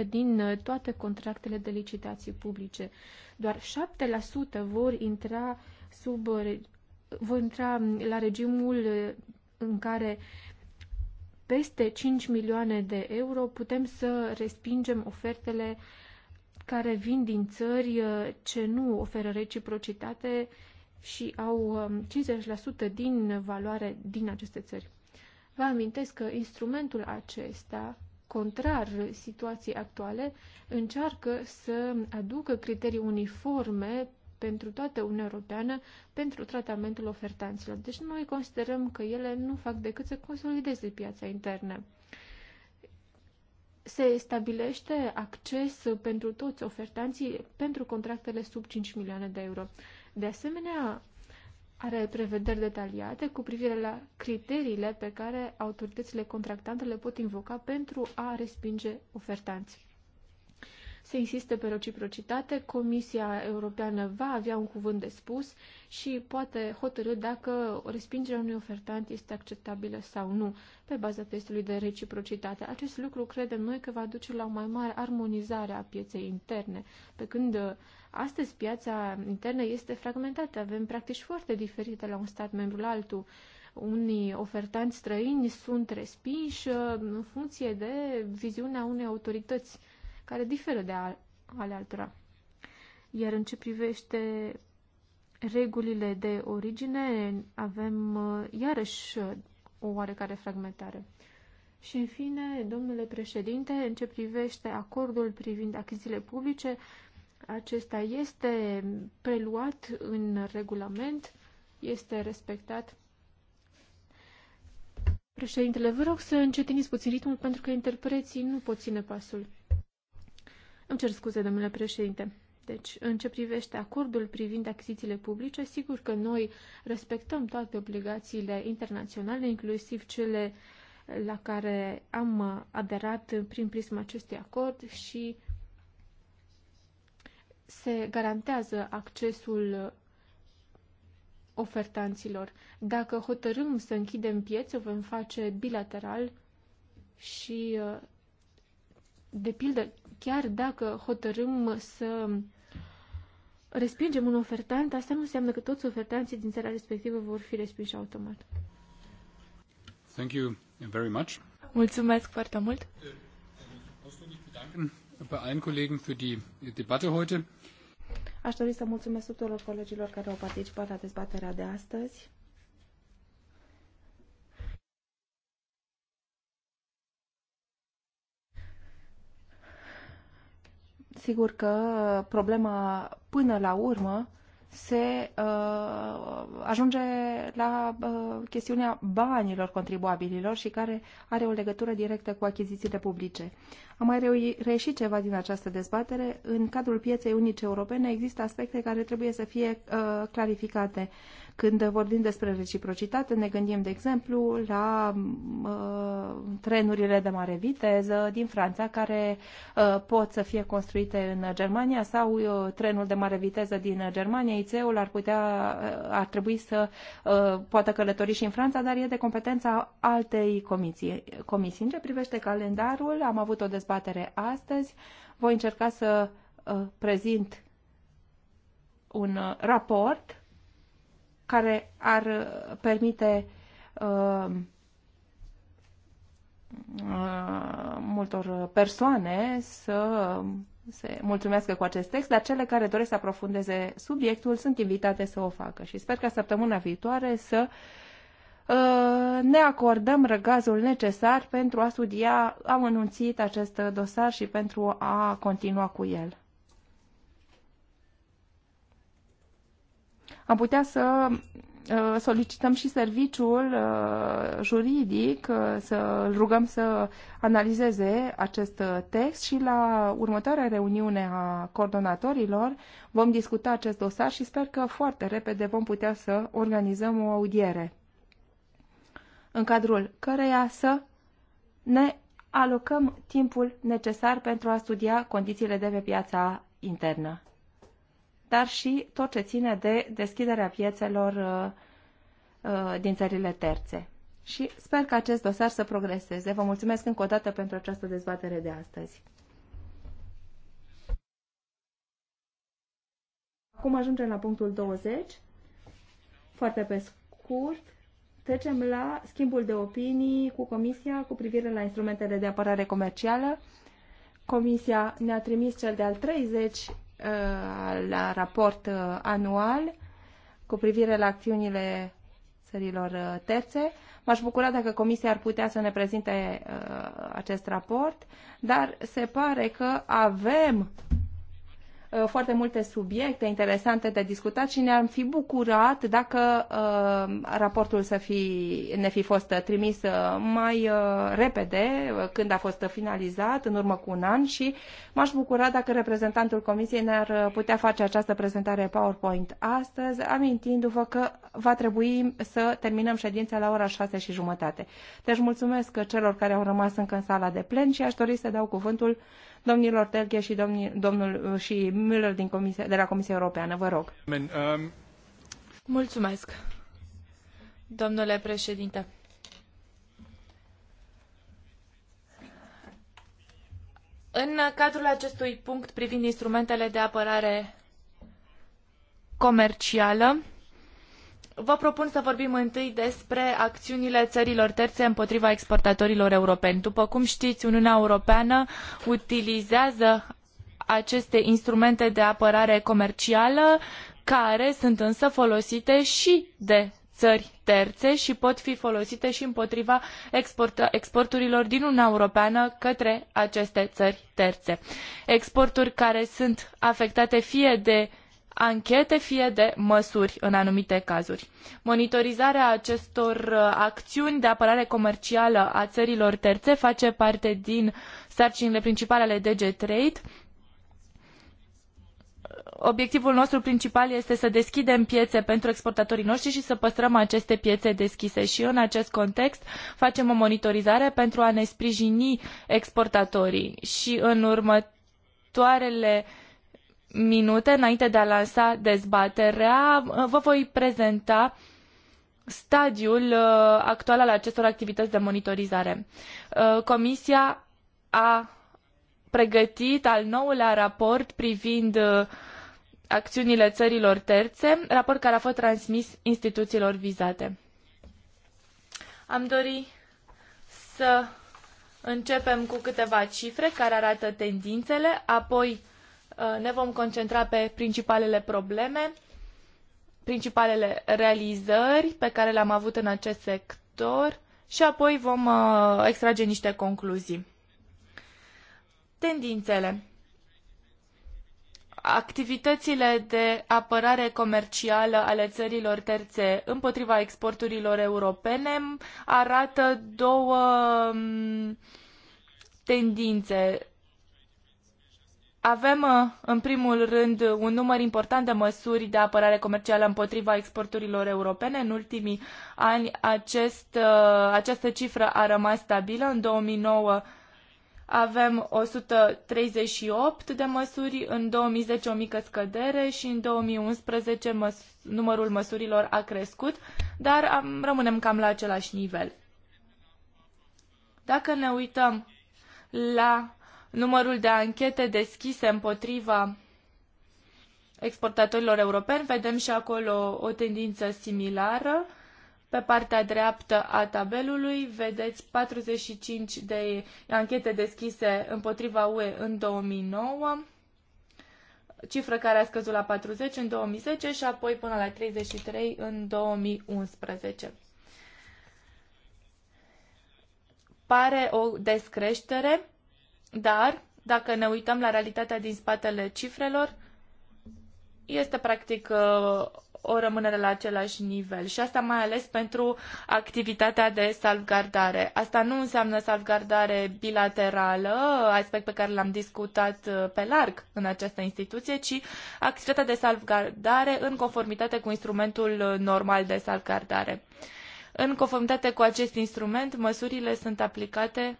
3% din uh, toate contractele de licitații publice. Doar 7% vor intra sub vor intra um, la regimul uh, în care peste 5 milioane de euro putem să respingem ofertele care vin din țări uh, ce nu oferă reciprocitate și au 50% um, din valoare din aceste țări. Vă amintesc că instrumentul acesta contrar situației actuale, încearcă să aducă criterii uniforme pentru toată Uniunea Europeană pentru tratamentul ofertanților. Deci noi considerăm că ele nu fac decât să consolideze piața internă. Se stabilește acces pentru toți ofertanții pentru contractele sub 5 milioane de euro. De asemenea, are prevederi detaliate cu privire la criteriile pe care autoritățile contractante le pot invoca pentru a respinge ofertanții. Se insistă pe reciprocitate, Comisia Europeană va avea un cuvânt de spus și poate hotărâ dacă respingerea unui ofertant este acceptabilă sau nu, pe baza testului de reciprocitate. Acest lucru credem noi că va duce la o mai mare armonizare a pieței interne, pe când Astăzi piața internă este fragmentată, avem practici foarte diferite la un stat membru la altul. Unii ofertanți străini sunt respinși uh, în funcție de viziunea unei autorități care diferă de ale altora. Iar în ce privește regulile de origine, avem uh, iarăși uh, o oarecare fragmentare. Și în fine, domnule președinte, în ce privește acordul privind achizițiile publice, acesta este preluat în regulament, este respectat. Președintele, vă rog să încetiniți puțin ritmul pentru că interpreții nu pot ține pasul. Îmi cer scuze, domnule președinte. Deci, în ce privește acordul privind achizițiile publice, sigur că noi respectăm toate obligațiile internaționale, inclusiv cele la care am aderat prin prisma acestui acord și se garantează accesul ofertanților. Dacă hotărâm să închidem piețe, o vom face bilateral și, de pildă, chiar dacă hotărâm să respingem un ofertant, asta nu înseamnă că toți ofertanții din țara respectivă vor fi respinși automat. Thank you very much. Mulțumesc foarte mult. Uh, uh bei allen Kollegen für die Debatte heute. Aș dori să mulțumesc tuturor colegilor care au participat la dezbaterea de astăzi. Sigur că problema până la urmă se uh, ajunge la uh, chestiunea banilor contribuabililor și care are o legătură directă cu achizițiile publice. Am mai reușit ceva din această dezbatere. În cadrul pieței unice europene există aspecte care trebuie să fie uh, clarificate. Uh, când vorbim despre reciprocitate, ne gândim, de exemplu, la uh, trenurile de mare viteză din Franța, care uh, pot să fie construite în Germania sau uh, trenul de mare viteză din Germania, ICE-ul ar putea, uh, ar trebui să uh, poată călători și în Franța, dar e de competența altei comisii. comisii. În ce privește calendarul, am avut o dezbatere astăzi. Voi încerca să uh, prezint un uh, raport care ar uh, permite uh, uh, multor persoane să se mulțumească cu acest text, dar cele care doresc să aprofundeze subiectul sunt invitate să o facă și sper ca săptămâna viitoare să uh, ne acordăm răgazul necesar pentru a studia, am anunțit acest dosar și pentru a continua cu el. Am putea să uh, solicităm și serviciul uh, juridic uh, să rugăm să analizeze acest text și la următoarea reuniune a coordonatorilor vom discuta acest dosar și sper că foarte repede vom putea să organizăm o audiere în cadrul căreia să ne alocăm timpul necesar pentru a studia condițiile de pe piața internă dar și tot ce ține de deschiderea piețelor uh, uh, din țările terțe. Și sper că acest dosar să progreseze. Vă mulțumesc încă o dată pentru această dezbatere de astăzi. Acum ajungem la punctul 20. Foarte pe scurt, trecem la schimbul de opinii cu Comisia cu privire la instrumentele de apărare comercială. Comisia ne-a trimis cel de-al 30 Uh, la raport uh, anual cu privire la acțiunile țărilor uh, terțe. M-aș bucura dacă Comisia ar putea să ne prezinte acest raport, dar se pare că avem Uh, foarte multe subiecte interesante de discutat și ne-am fi bucurat dacă uh, raportul să fi, ne fi fost trimis uh, mai repede când a fost finalizat, în urmă cu un an și m-aș bucura dacă reprezentantul Comisiei ne-ar putea face această prezentare PowerPoint astăzi, amintindu-vă că va trebui să terminăm ședința la ora 6 și jumătate. Deci mulțumesc celor care au rămas încă în sala de plen și aș dori să dau cuvântul domnilor Telghe și, domnul, uh, și Müller din Comisia, de la Comisia Europeană. Vă rog. Um, Mulțumesc, domnule președinte. În cadrul acestui punct privind instrumentele de apărare comercială, Vă propun să vorbim întâi despre acțiunile țărilor terțe împotriva exportatorilor europeni. După cum știți, Uniunea Europeană utilizează aceste instrumente de apărare comercială care sunt însă folosite și de țări terțe și pot fi folosite și împotriva exporturilor din Uniunea Europeană către aceste țări terțe. Exporturi care sunt afectate fie de anchete, fie de măsuri în anumite cazuri. Monitorizarea acestor uh, acțiuni de apărare comercială a țărilor terțe face parte din sarcinile principale ale DG Trade. Obiectivul nostru principal este să deschidem piețe pentru exportatorii noștri și să păstrăm aceste piețe deschise și în acest context facem o monitorizare pentru a ne sprijini exportatorii și în următoarele uh, minute, înainte de a lansa dezbaterea, vă voi prezenta stadiul uh, actual al acestor activități de monitorizare. Uh, Comisia a pregătit al nouălea raport privind uh, acțiunile țărilor terțe, raport care a fost transmis instituțiilor vizate. Am dori să începem cu câteva cifre care arată tendințele, apoi Uh, ne vom concentra pe principalele probleme, principalele realizări pe care le-am avut în acest sector și apoi vom uh, extrage niște concluzii. Tendințele activitățile de apărare comercială ale țărilor terțe împotriva exporturilor europene arată două tendințe. Avem, uh, în primul rând, un număr important de măsuri de apărare comercială împotriva exporturilor europene. În ultimii ani, acest, uh, această cifră a rămas stabilă. În 2009 avem 138 de măsuri, în 2010 o mică scădere și în 2011 măs- numărul măsurilor a crescut, dar am, rămânem cam la același nivel. Dacă ne uităm la numărul de anchete deschise împotriva exportatorilor europeni, vedem și acolo o tendință similară. Pe partea dreaptă a tabelului vedeți 45 de anchete deschise împotriva UE în 2009, cifră care a scăzut la 40 în 2010 și apoi până la 33 în 2011. Pare o descreștere dar, dacă ne uităm la realitatea din spatele cifrelor, este practic uh, o rămânere la același nivel și asta mai ales pentru activitatea de salvgardare. Asta nu înseamnă salvgardare bilaterală, aspect pe care l-am discutat uh, pe larg în această instituție, ci activitatea de salvgardare în conformitate cu instrumentul uh, normal de salvgardare. În conformitate cu acest instrument, măsurile sunt aplicate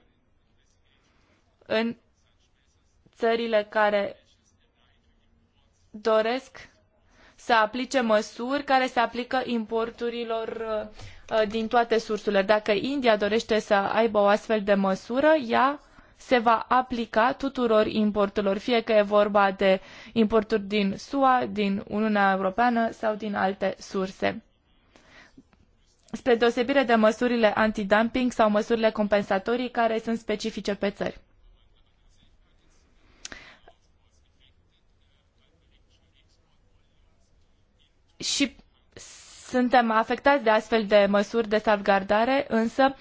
în țările care doresc să aplice măsuri care se aplică importurilor uh, uh, din toate sursele. Dacă India dorește să aibă o astfel de măsură, ea se va aplica tuturor importurilor, fie că e vorba de importuri din SUA, din Uniunea Europeană sau din alte surse. Spre deosebire de măsurile antidumping sau măsurile compensatorii care sunt specifice pe țări. și suntem afectați de astfel de măsuri de salvgardare, însă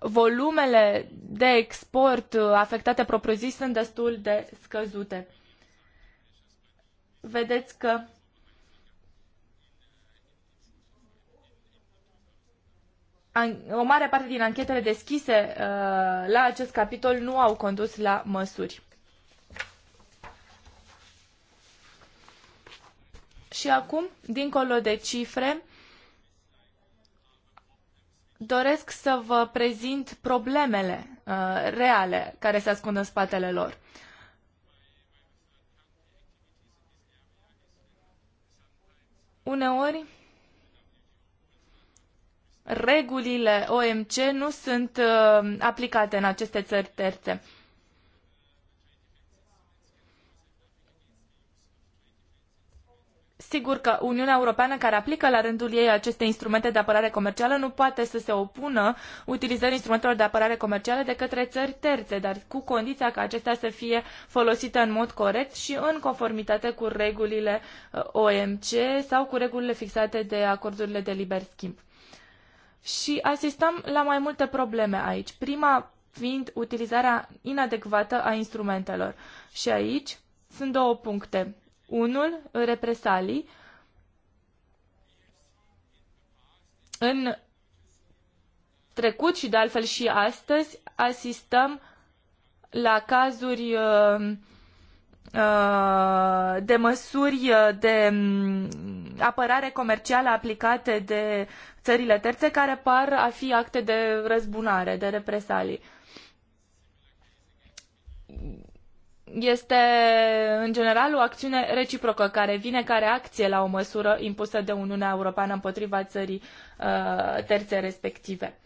volumele de export afectate propriu-zis sunt destul de scăzute. Vedeți că o mare parte din anchetele deschise uh, la acest capitol nu au condus la măsuri. Și acum, dincolo de cifre, doresc să vă prezint problemele uh, reale care se ascund în spatele lor. Uneori, regulile OMC nu sunt uh, aplicate în aceste țări terțe. Sigur că Uniunea Europeană, care aplică la rândul ei aceste instrumente de apărare comercială, nu poate să se opună utilizării instrumentelor de apărare comercială de către țări terțe, dar cu condiția ca acestea să fie folosite în mod corect și în conformitate cu regulile uh, OMC sau cu regulile fixate de acordurile de liber schimb. Și asistăm la mai multe probleme aici. Prima fiind utilizarea inadecvată a instrumentelor. Și aici sunt două puncte unul, represalii. În trecut și de altfel și astăzi asistăm la cazuri uh, uh, de măsuri de mm, apărare comercială aplicate de țările terțe care par a fi acte de răzbunare, de represalii. este în general o acțiune reciprocă care vine ca reacție la o măsură impusă de Uniunea Europeană împotriva țării uh, terțe respective.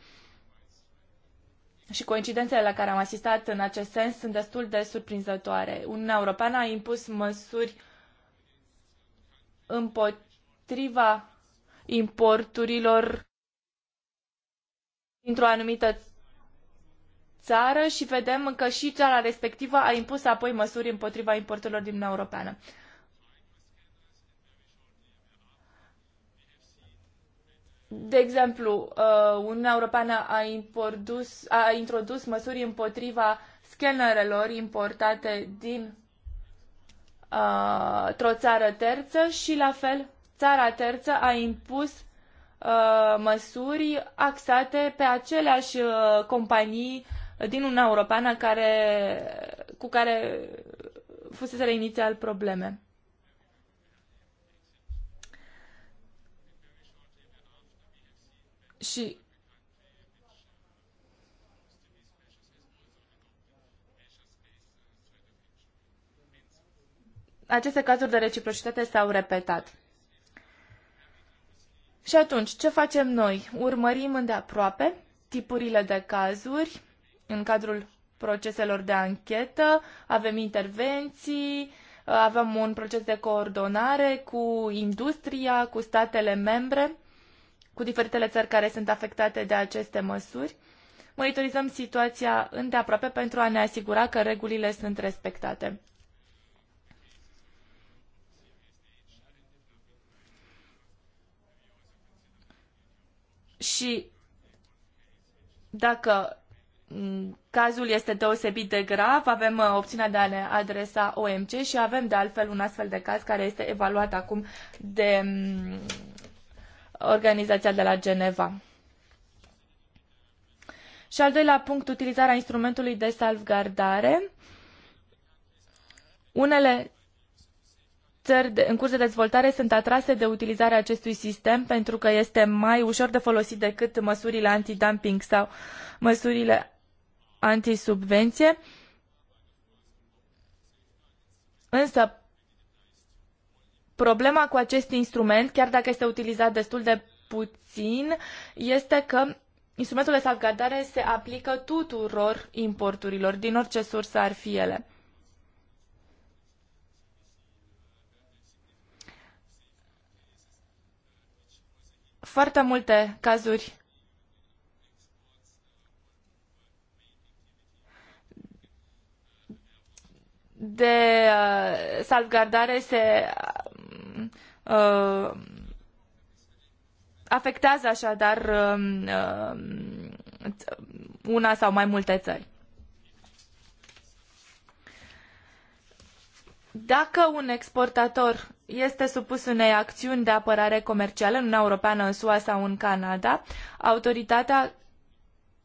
Și coincidențele la care am asistat în acest sens sunt destul de surprinzătoare. Uniunea Europeană a impus măsuri împotriva importurilor dintr-o anumită țară și vedem că și țara respectivă a impus apoi măsuri împotriva importurilor din Uniunea Europeană. De exemplu, uh, Uniunea Europeană a, impordus, a introdus măsuri împotriva scannerelor importate din uh, o țară terță și la fel țara terță a impus uh, măsuri axate pe aceleași uh, companii din Uniunea Europeană care, cu care fuseseră inițial probleme. Și aceste cazuri de reciprocitate s-au repetat. Și atunci, ce facem noi? Urmărim îndeaproape tipurile de cazuri în cadrul proceselor de anchetă, avem intervenții, avem un proces de coordonare cu industria, cu statele membre, cu diferitele țări care sunt afectate de aceste măsuri. Monitorizăm situația îndeaproape pentru a ne asigura că regulile sunt respectate. Și dacă Mm, cazul este deosebit de grav, avem uh, opțiunea de a ne adresa OMC și avem de altfel un astfel de caz care este evaluat acum de mm, organizația de la Geneva. Și al doilea punct, utilizarea instrumentului de salvgardare. Unele țări în curs de dezvoltare sunt atrase de utilizarea acestui sistem pentru că este mai ușor de folosit decât măsurile antidumping sau măsurile antisubvenție, însă problema cu acest instrument, chiar dacă este utilizat destul de puțin, este că instrumentul de salvgardare se aplică tuturor importurilor, din orice sursă ar fi ele. Foarte multe cazuri salvgardare se uh, afectează așadar um, uh, una sau mai multe țări. Dacă un exportator este supus unei acțiuni de apărare comercială în Uniunea Europeană, în SUA sau în Canada, autoritatea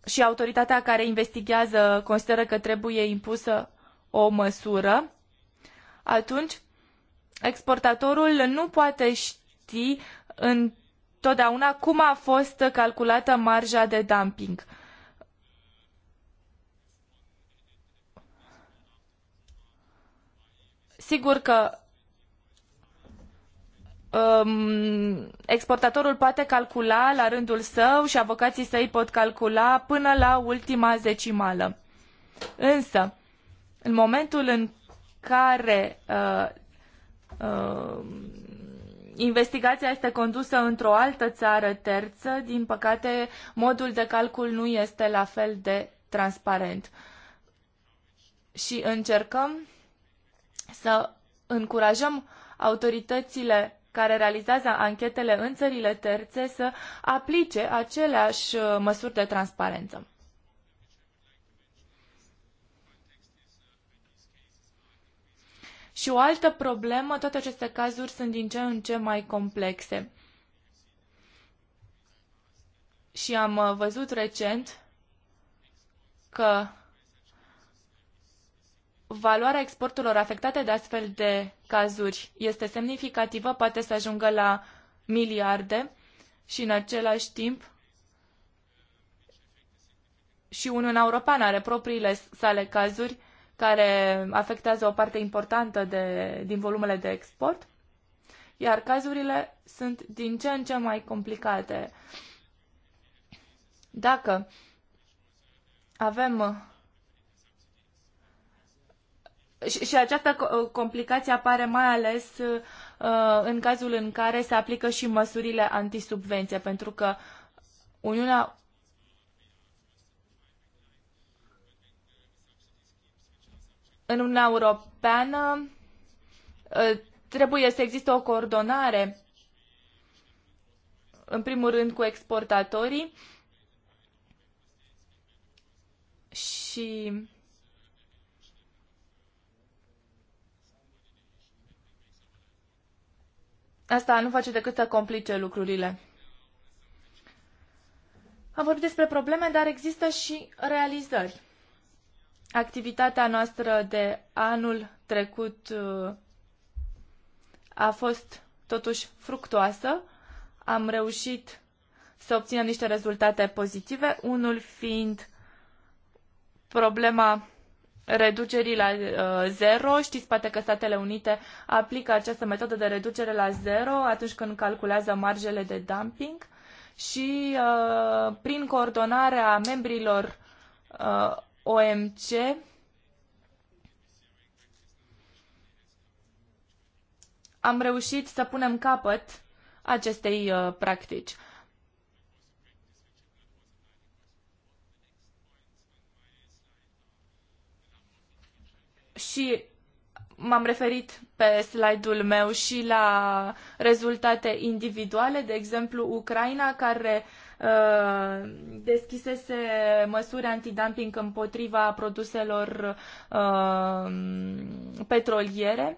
și autoritatea care investigează consideră că trebuie impusă o măsură, atunci exportatorul nu poate ști întotdeauna cum a fost calculată marja de dumping. Sigur că um, exportatorul poate calcula la rândul său și avocații săi pot calcula până la ultima zecimală. Însă, în momentul în care uh, uh, investigația este condusă într-o altă țară terță, din păcate modul de calcul nu este la fel de transparent. Și încercăm să încurajăm autoritățile care realizează anchetele în țările terțe să aplice aceleași uh, măsuri de transparență. Și o altă problemă, toate aceste cazuri sunt din ce în ce mai complexe. Și am uh, văzut recent că valoarea exporturilor afectate de astfel de cazuri este semnificativă, poate să ajungă la miliarde și în același timp și Uniunea Europeană are propriile sale cazuri care afectează o parte importantă de, din volumele de export, iar cazurile sunt din ce în ce mai complicate. Dacă avem și, și această complicație apare mai ales uh, în cazul în care se aplică și măsurile antisubvenție, pentru că Uniunea în Uniunea Europeană ă, trebuie să existe o coordonare, în primul rând cu exportatorii și asta nu face decât să complice lucrurile. Am vorbit despre probleme, dar există și realizări activitatea noastră de anul trecut uh, a fost totuși fructoasă. Am reușit să obținem niște rezultate pozitive, unul fiind problema reducerii la uh, zero. Știți poate că Statele Unite aplică această metodă de reducere la zero atunci când calculează marjele de dumping și uh, prin coordonarea membrilor uh, OMC am reușit să punem capăt acestei uh, practici. Și m-am referit pe slide-ul meu și la rezultate individuale, de exemplu Ucraina, care Uh, deschisese măsuri antidumping împotriva produselor uh, petroliere.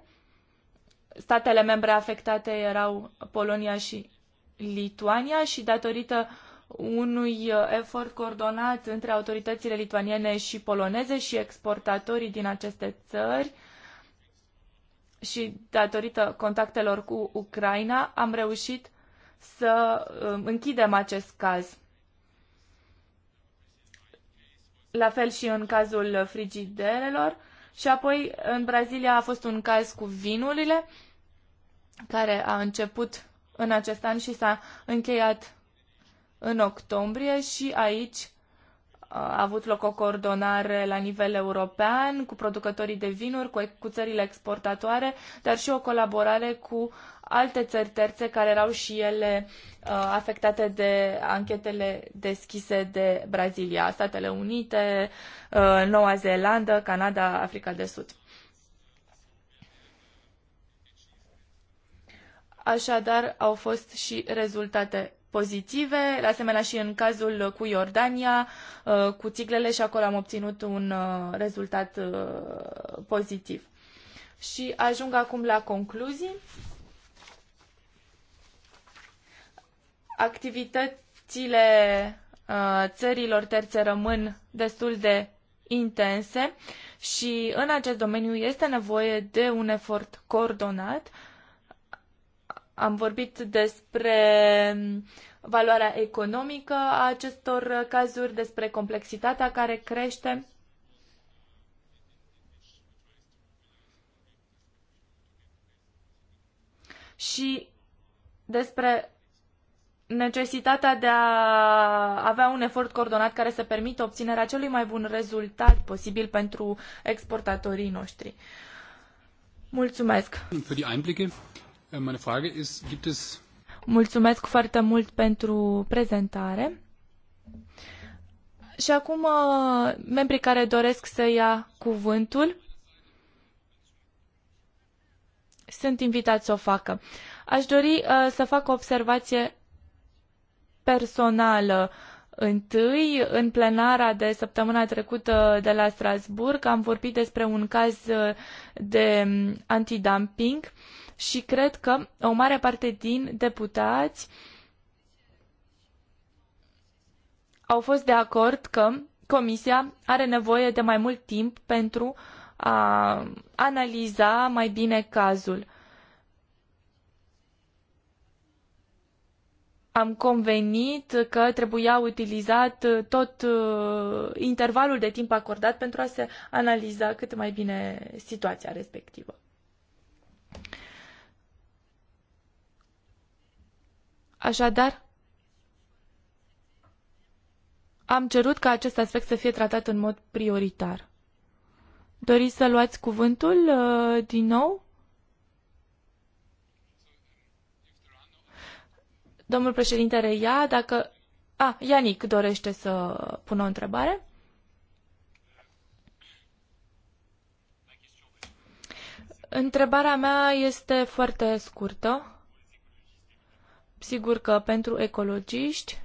Statele membre afectate erau Polonia și Lituania și datorită unui efort coordonat între autoritățile lituaniene și poloneze și exportatorii din aceste țări și datorită contactelor cu Ucraina am reușit să um, închidem acest caz. La fel și în cazul frigiderelor. Și apoi în Brazilia a fost un caz cu vinurile care a început în acest an și s-a încheiat în octombrie și aici a avut loc o coordonare la nivel european cu producătorii de vinuri, cu, cu țările exportatoare, dar și o colaborare cu alte țări terțe care erau și ele uh, afectate de anchetele deschise de Brazilia, Statele Unite, uh, Noua Zeelandă, Canada, Africa de Sud. Așadar, au fost și rezultate pozitive, la asemenea și în cazul cu Iordania, uh, cu țiglele și acolo am obținut un uh, rezultat uh, pozitiv. Și ajung acum la concluzii. Activitățile țărilor terțe rămân destul de intense și în acest domeniu este nevoie de un efort coordonat uh, am vorbit despre mm, valoarea economică a acestor cazuri, despre complexitatea care crește. Și despre necesitatea de a avea un efort coordonat care să permită obținerea celui mai bun rezultat posibil pentru exportatorii noștri. Mulțumesc! Äh, meine Frage ist, gibt es... Mulțumesc foarte mult pentru prezentare. Și acum, uh, membrii care doresc să ia cuvântul sunt invitați să o facă. Aș dori uh, să fac o observație personală. Întâi, în plenara de săptămâna trecută de la Strasburg, am vorbit despre un caz uh, de mm, antidumping uh, și cred că o mare parte din deputați au fost de acord că Comisia are nevoie de mai mult timp pentru a analiza mai bine cazul. am convenit că trebuia utilizat tot uh, intervalul de timp acordat pentru a se analiza cât mai bine situația respectivă. Așadar, am cerut ca acest aspect să fie tratat în mod prioritar. Doriți să luați cuvântul uh, din nou? Domnul președinte reia, dacă... A, ah, Ianic dorește să pună o întrebare. Întrebarea mea este foarte scurtă. Sigur că pentru ecologiști,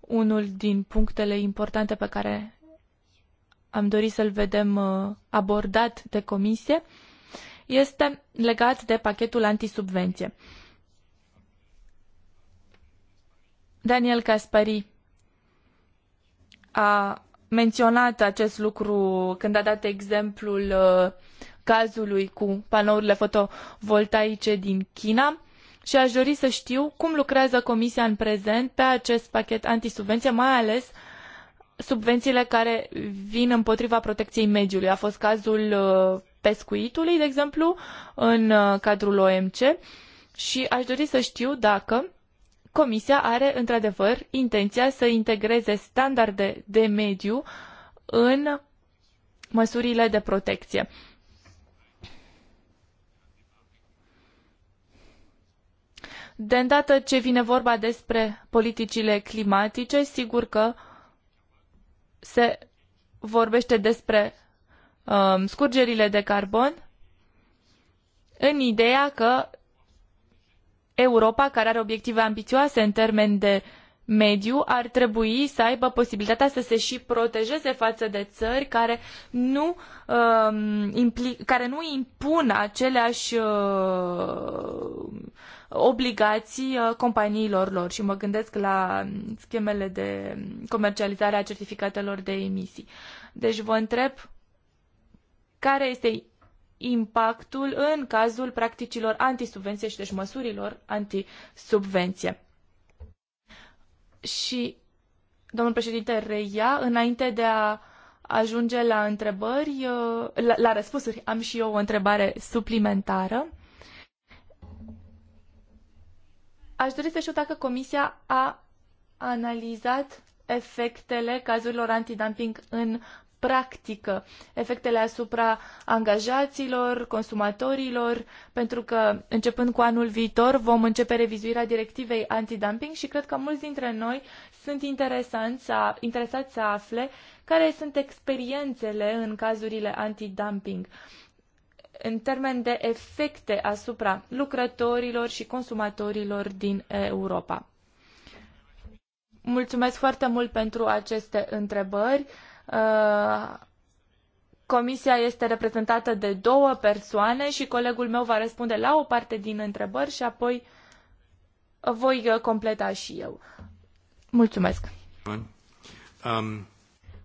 unul din punctele importante pe care am dorit să-l vedem uh, abordat de comisie este legat de pachetul antisubvenție. Daniel Caspari a menționat acest lucru când a dat exemplul uh, cazului cu panourile fotovoltaice din China și aș dori să știu cum lucrează Comisia în prezent pe acest pachet antisubvenție, mai ales subvențiile care vin împotriva protecției mediului. A fost cazul uh, pescuitului, de exemplu, în uh, cadrul OMC și aș dori să știu dacă Comisia are într-adevăr intenția să integreze standarde de mediu în măsurile de protecție. De îndată ce vine vorba despre politicile climatice, sigur că se vorbește despre um, scurgerile de carbon în ideea că Europa, care are obiective ambițioase în termen de mediu, ar trebui să aibă posibilitatea să se și protejeze față de țări care nu, um, impli- care nu impun aceleași uh, obligații uh, companiilor lor și mă gândesc la um, schemele de comercializare a certificatelor de emisii. Deci vă întreb care este impactul în cazul practicilor antisubvenție și deci măsurilor antisubvenție. Și domnul președinte reia, înainte de a ajunge la întrebări, uh, la, la răspunsuri, am și eu o întrebare suplimentară. Aș dori să știu dacă Comisia a analizat efectele cazurilor antidumping în practică, efectele asupra angajaților, consumatorilor, pentru că începând cu anul viitor vom începe revizuirea directivei antidumping și cred că mulți dintre noi sunt interesanți să, interesați să afle care sunt experiențele în cazurile antidumping. dumping în termen de efecte asupra lucrătorilor și consumatorilor din eh, Europa. Mulțumesc foarte mult pentru aceste întrebări. Eh, comisia este reprezentată de două persoane și colegul meu va răspunde la o parte din întrebări și apoi voi eh, completa și eu. Mulțumesc. Um.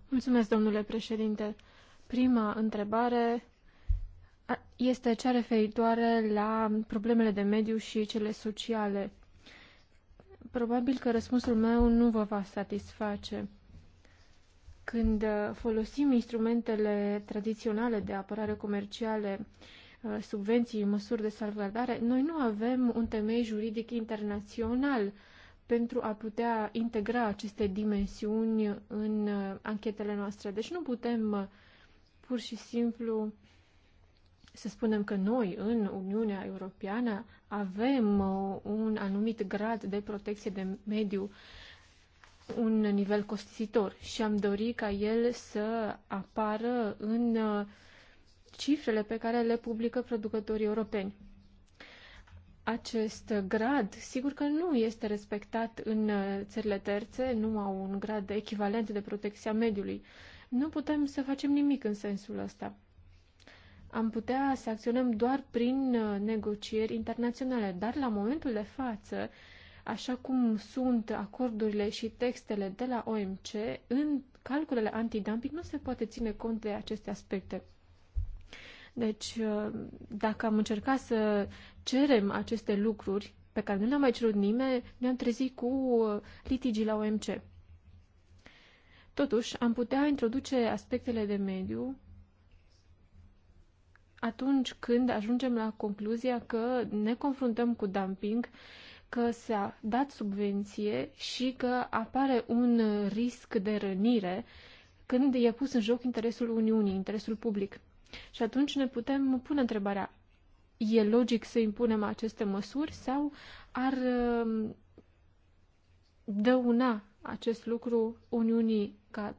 Mulțumesc, domnule președinte. Prima întrebare este cea referitoare la problemele de mediu și cele sociale. Probabil că răspunsul meu nu vă va satisface. Când uh, folosim instrumentele tradiționale de apărare comerciale, uh, subvenții, măsuri de salvgardare, noi nu avem un temei juridic internațional pentru a putea integra aceste dimensiuni în uh, anchetele noastre. Deci nu putem pur și simplu să spunem că noi, în Uniunea Europeană, avem uh, un anumit grad de protecție de mediu, un nivel costisitor și am dorit ca el să apară în uh, cifrele pe care le publică producătorii europeni. Acest grad, sigur că nu este respectat în uh, țările terțe, nu au un grad echivalent de protecția mediului. Nu putem să facem nimic în sensul ăsta am putea să acționăm doar prin uh, negocieri internaționale, dar la momentul de față, așa cum sunt acordurile și textele de la OMC, în calculele antidumping nu se poate ține cont de aceste aspecte. Deci, uh, dacă am încercat să cerem aceste lucruri pe care nu le-a mai cerut nimeni, ne-am trezit cu uh, litigii la OMC. Totuși, am putea introduce aspectele de mediu atunci când ajungem la concluzia că ne confruntăm cu dumping, că s-a dat subvenție și că apare un risc de rănire când e pus în joc interesul Uniunii, interesul public. Și atunci ne putem pune întrebarea, e logic să impunem aceste măsuri sau ar um, dăuna acest lucru Uniunii ca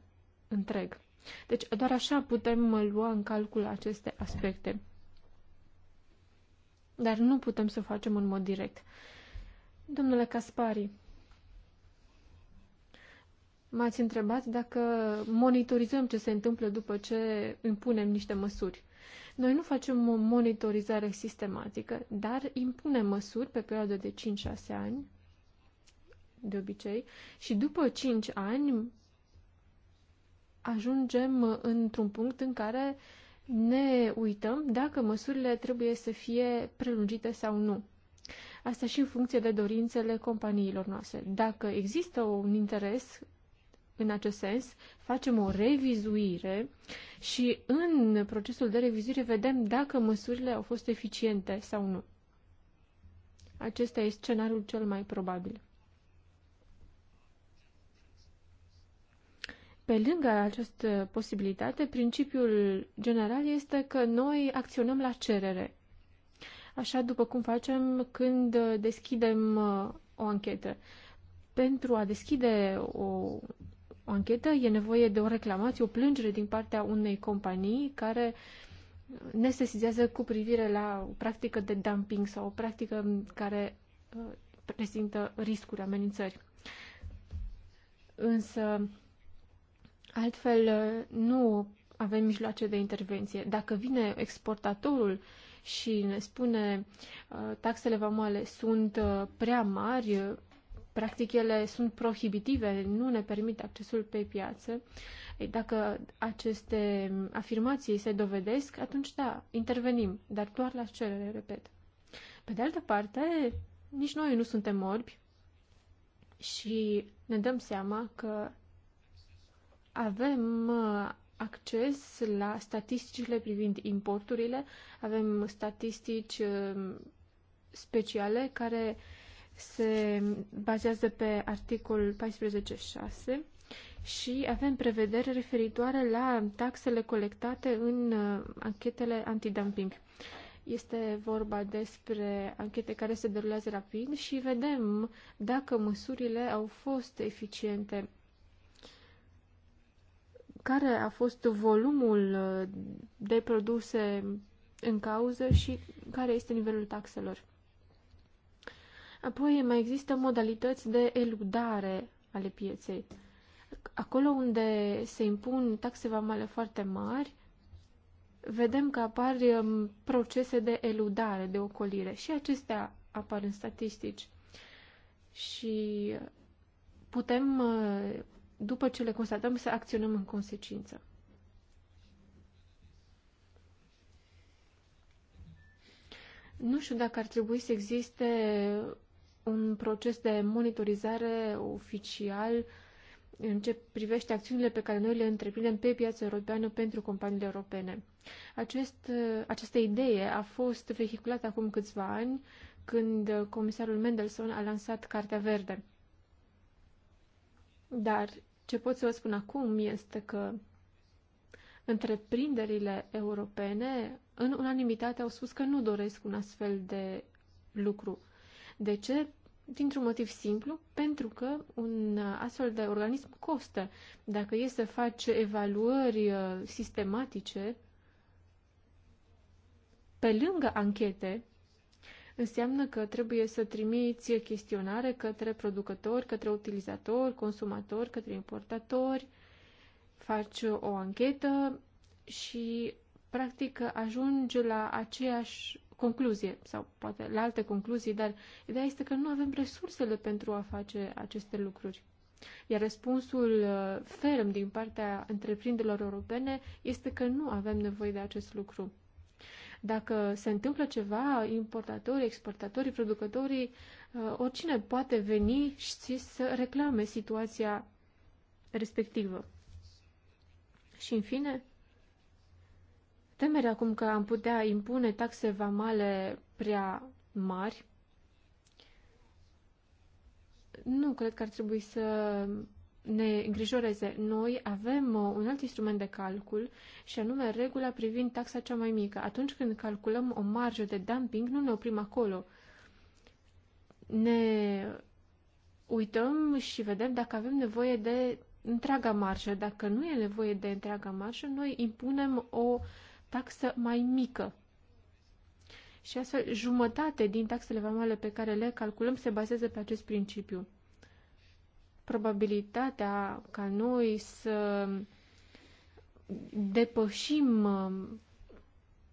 întreg? Deci doar așa putem lua în calcul aceste aspecte. Dar nu putem să o facem în mod direct. Domnule Caspari, m-ați întrebat dacă monitorizăm ce se întâmplă după ce impunem niște măsuri. Noi nu facem o monitorizare sistematică, dar impunem măsuri pe perioadă de 5-6 ani, de obicei, și după 5 ani ajungem într-un punct în care ne uităm dacă măsurile trebuie să fie prelungite sau nu. Asta și în funcție de dorințele companiilor noastre. Dacă există un interes în acest sens, facem o revizuire și în procesul de revizuire vedem dacă măsurile au fost eficiente sau nu. Acesta este scenariul cel mai probabil. Pe lângă această posibilitate, principiul general este că noi acționăm la cerere. Așa după cum facem când deschidem uh, o anchetă. Pentru a deschide o, o anchetă e nevoie de o reclamație, o plângere din partea unei companii care ne sesizează cu privire la o practică de dumping sau o practică care uh, prezintă riscuri, amenințări. Însă, Altfel, uh, nu avem mijloace de intervenție. Dacă vine exportatorul și ne spune uh, taxele vamale sunt uh, prea mari, practic ele sunt prohibitive, nu ne permit accesul pe piață, dacă aceste afirmații se dovedesc, atunci da, intervenim, dar doar la cerere, repet. Pe de altă parte, nici noi nu suntem orbi și ne dăm seama că avem uh, acces la statisticile privind importurile, avem statistici uh, speciale care se bazează pe articol 14.6 și avem prevedere referitoare la taxele colectate în uh, anchetele antidumping. Este vorba despre anchete care se derulează rapid și vedem dacă măsurile au fost eficiente care a fost volumul uh, de produse în cauză și care este nivelul taxelor. Apoi mai există modalități de eludare ale pieței. Acolo unde se impun taxe vamale foarte mari, vedem că apar um, procese de eludare, de ocolire și acestea apar în statistici. Și putem uh, după ce le constatăm, să acționăm în consecință. Nu știu dacă ar trebui să existe un proces de monitorizare oficial în ce privește acțiunile pe care noi le întreprindem pe piața europeană pentru companiile europene. Acest, această idee a fost vehiculată acum câțiva ani când comisarul Mendelssohn a lansat Cartea Verde. Dar ce pot să vă spun acum este că întreprinderile europene în unanimitate au spus că nu doresc un astfel de lucru. De ce? Dintr-un motiv simplu, pentru că un astfel de organism costă. Dacă e să faci evaluări uh, sistematice, pe lângă anchete, înseamnă că trebuie să trimiți chestionare către producători, către utilizatori, consumatori, către importatori, faci o anchetă și practic ajungi la aceeași concluzie sau poate la alte concluzii, dar ideea este că nu avem resursele pentru a face aceste lucruri. Iar răspunsul uh, ferm din partea întreprinderilor europene este că nu avem nevoie de acest lucru. Dacă se întâmplă ceva, importatorii, exportatorii, producătorii, uh, oricine poate veni și să reclame situația respectivă. Și în fine, temerea acum că am putea impune taxe vamale prea mari, nu cred că ar trebui să ne îngrijoreze. Noi avem uh, un alt instrument de calcul și anume regula privind taxa cea mai mică. Atunci când calculăm o marjă de dumping, nu ne oprim acolo. Ne uităm și vedem dacă avem nevoie de întreaga marjă. Dacă nu e nevoie de întreaga marjă, noi impunem o taxă mai mică. Și astfel, jumătate din taxele vamale pe care le calculăm se bazează pe acest principiu probabilitatea ca noi să depășim um,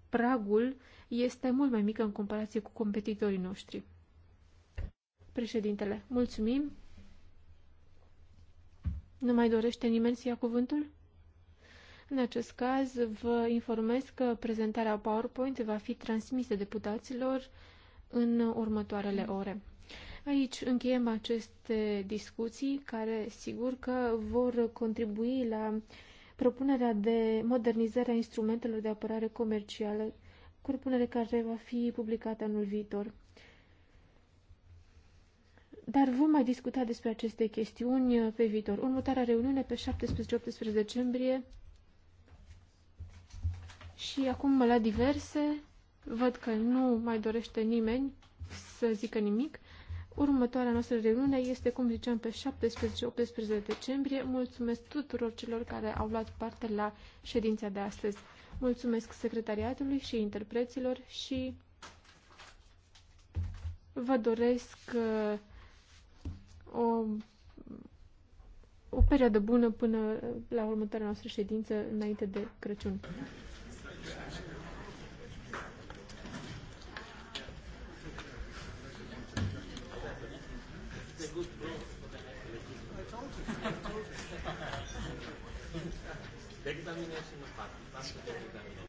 pragul este mult mai mică în comparație cu competitorii noștri. Președintele, mulțumim. Nu mai dorește nimeni să ia cuvântul? În acest caz, vă informez că prezentarea PowerPoint va fi transmisă deputaților în următoarele ore. Aici încheiem aceste discuții care sigur că vor contribui la propunerea de modernizare a instrumentelor de apărare comercială, propunere care va fi publicată anul viitor. Dar vom mai discuta despre aceste chestiuni pe viitor. Următoarea reuniune pe 17-18 decembrie și acum la diverse, văd că nu mai dorește nimeni să zică nimic. Următoarea noastră reuniune este, cum ziceam, pe 17-18 decembrie. Mulțumesc tuturor celor care au luat parte la ședința de astăzi. Mulțumesc secretariatului și interpreților și vă doresc uh, o, o perioadă bună până la următoarea noastră ședință înainte de Crăciun. mine și nu fac. Asta e de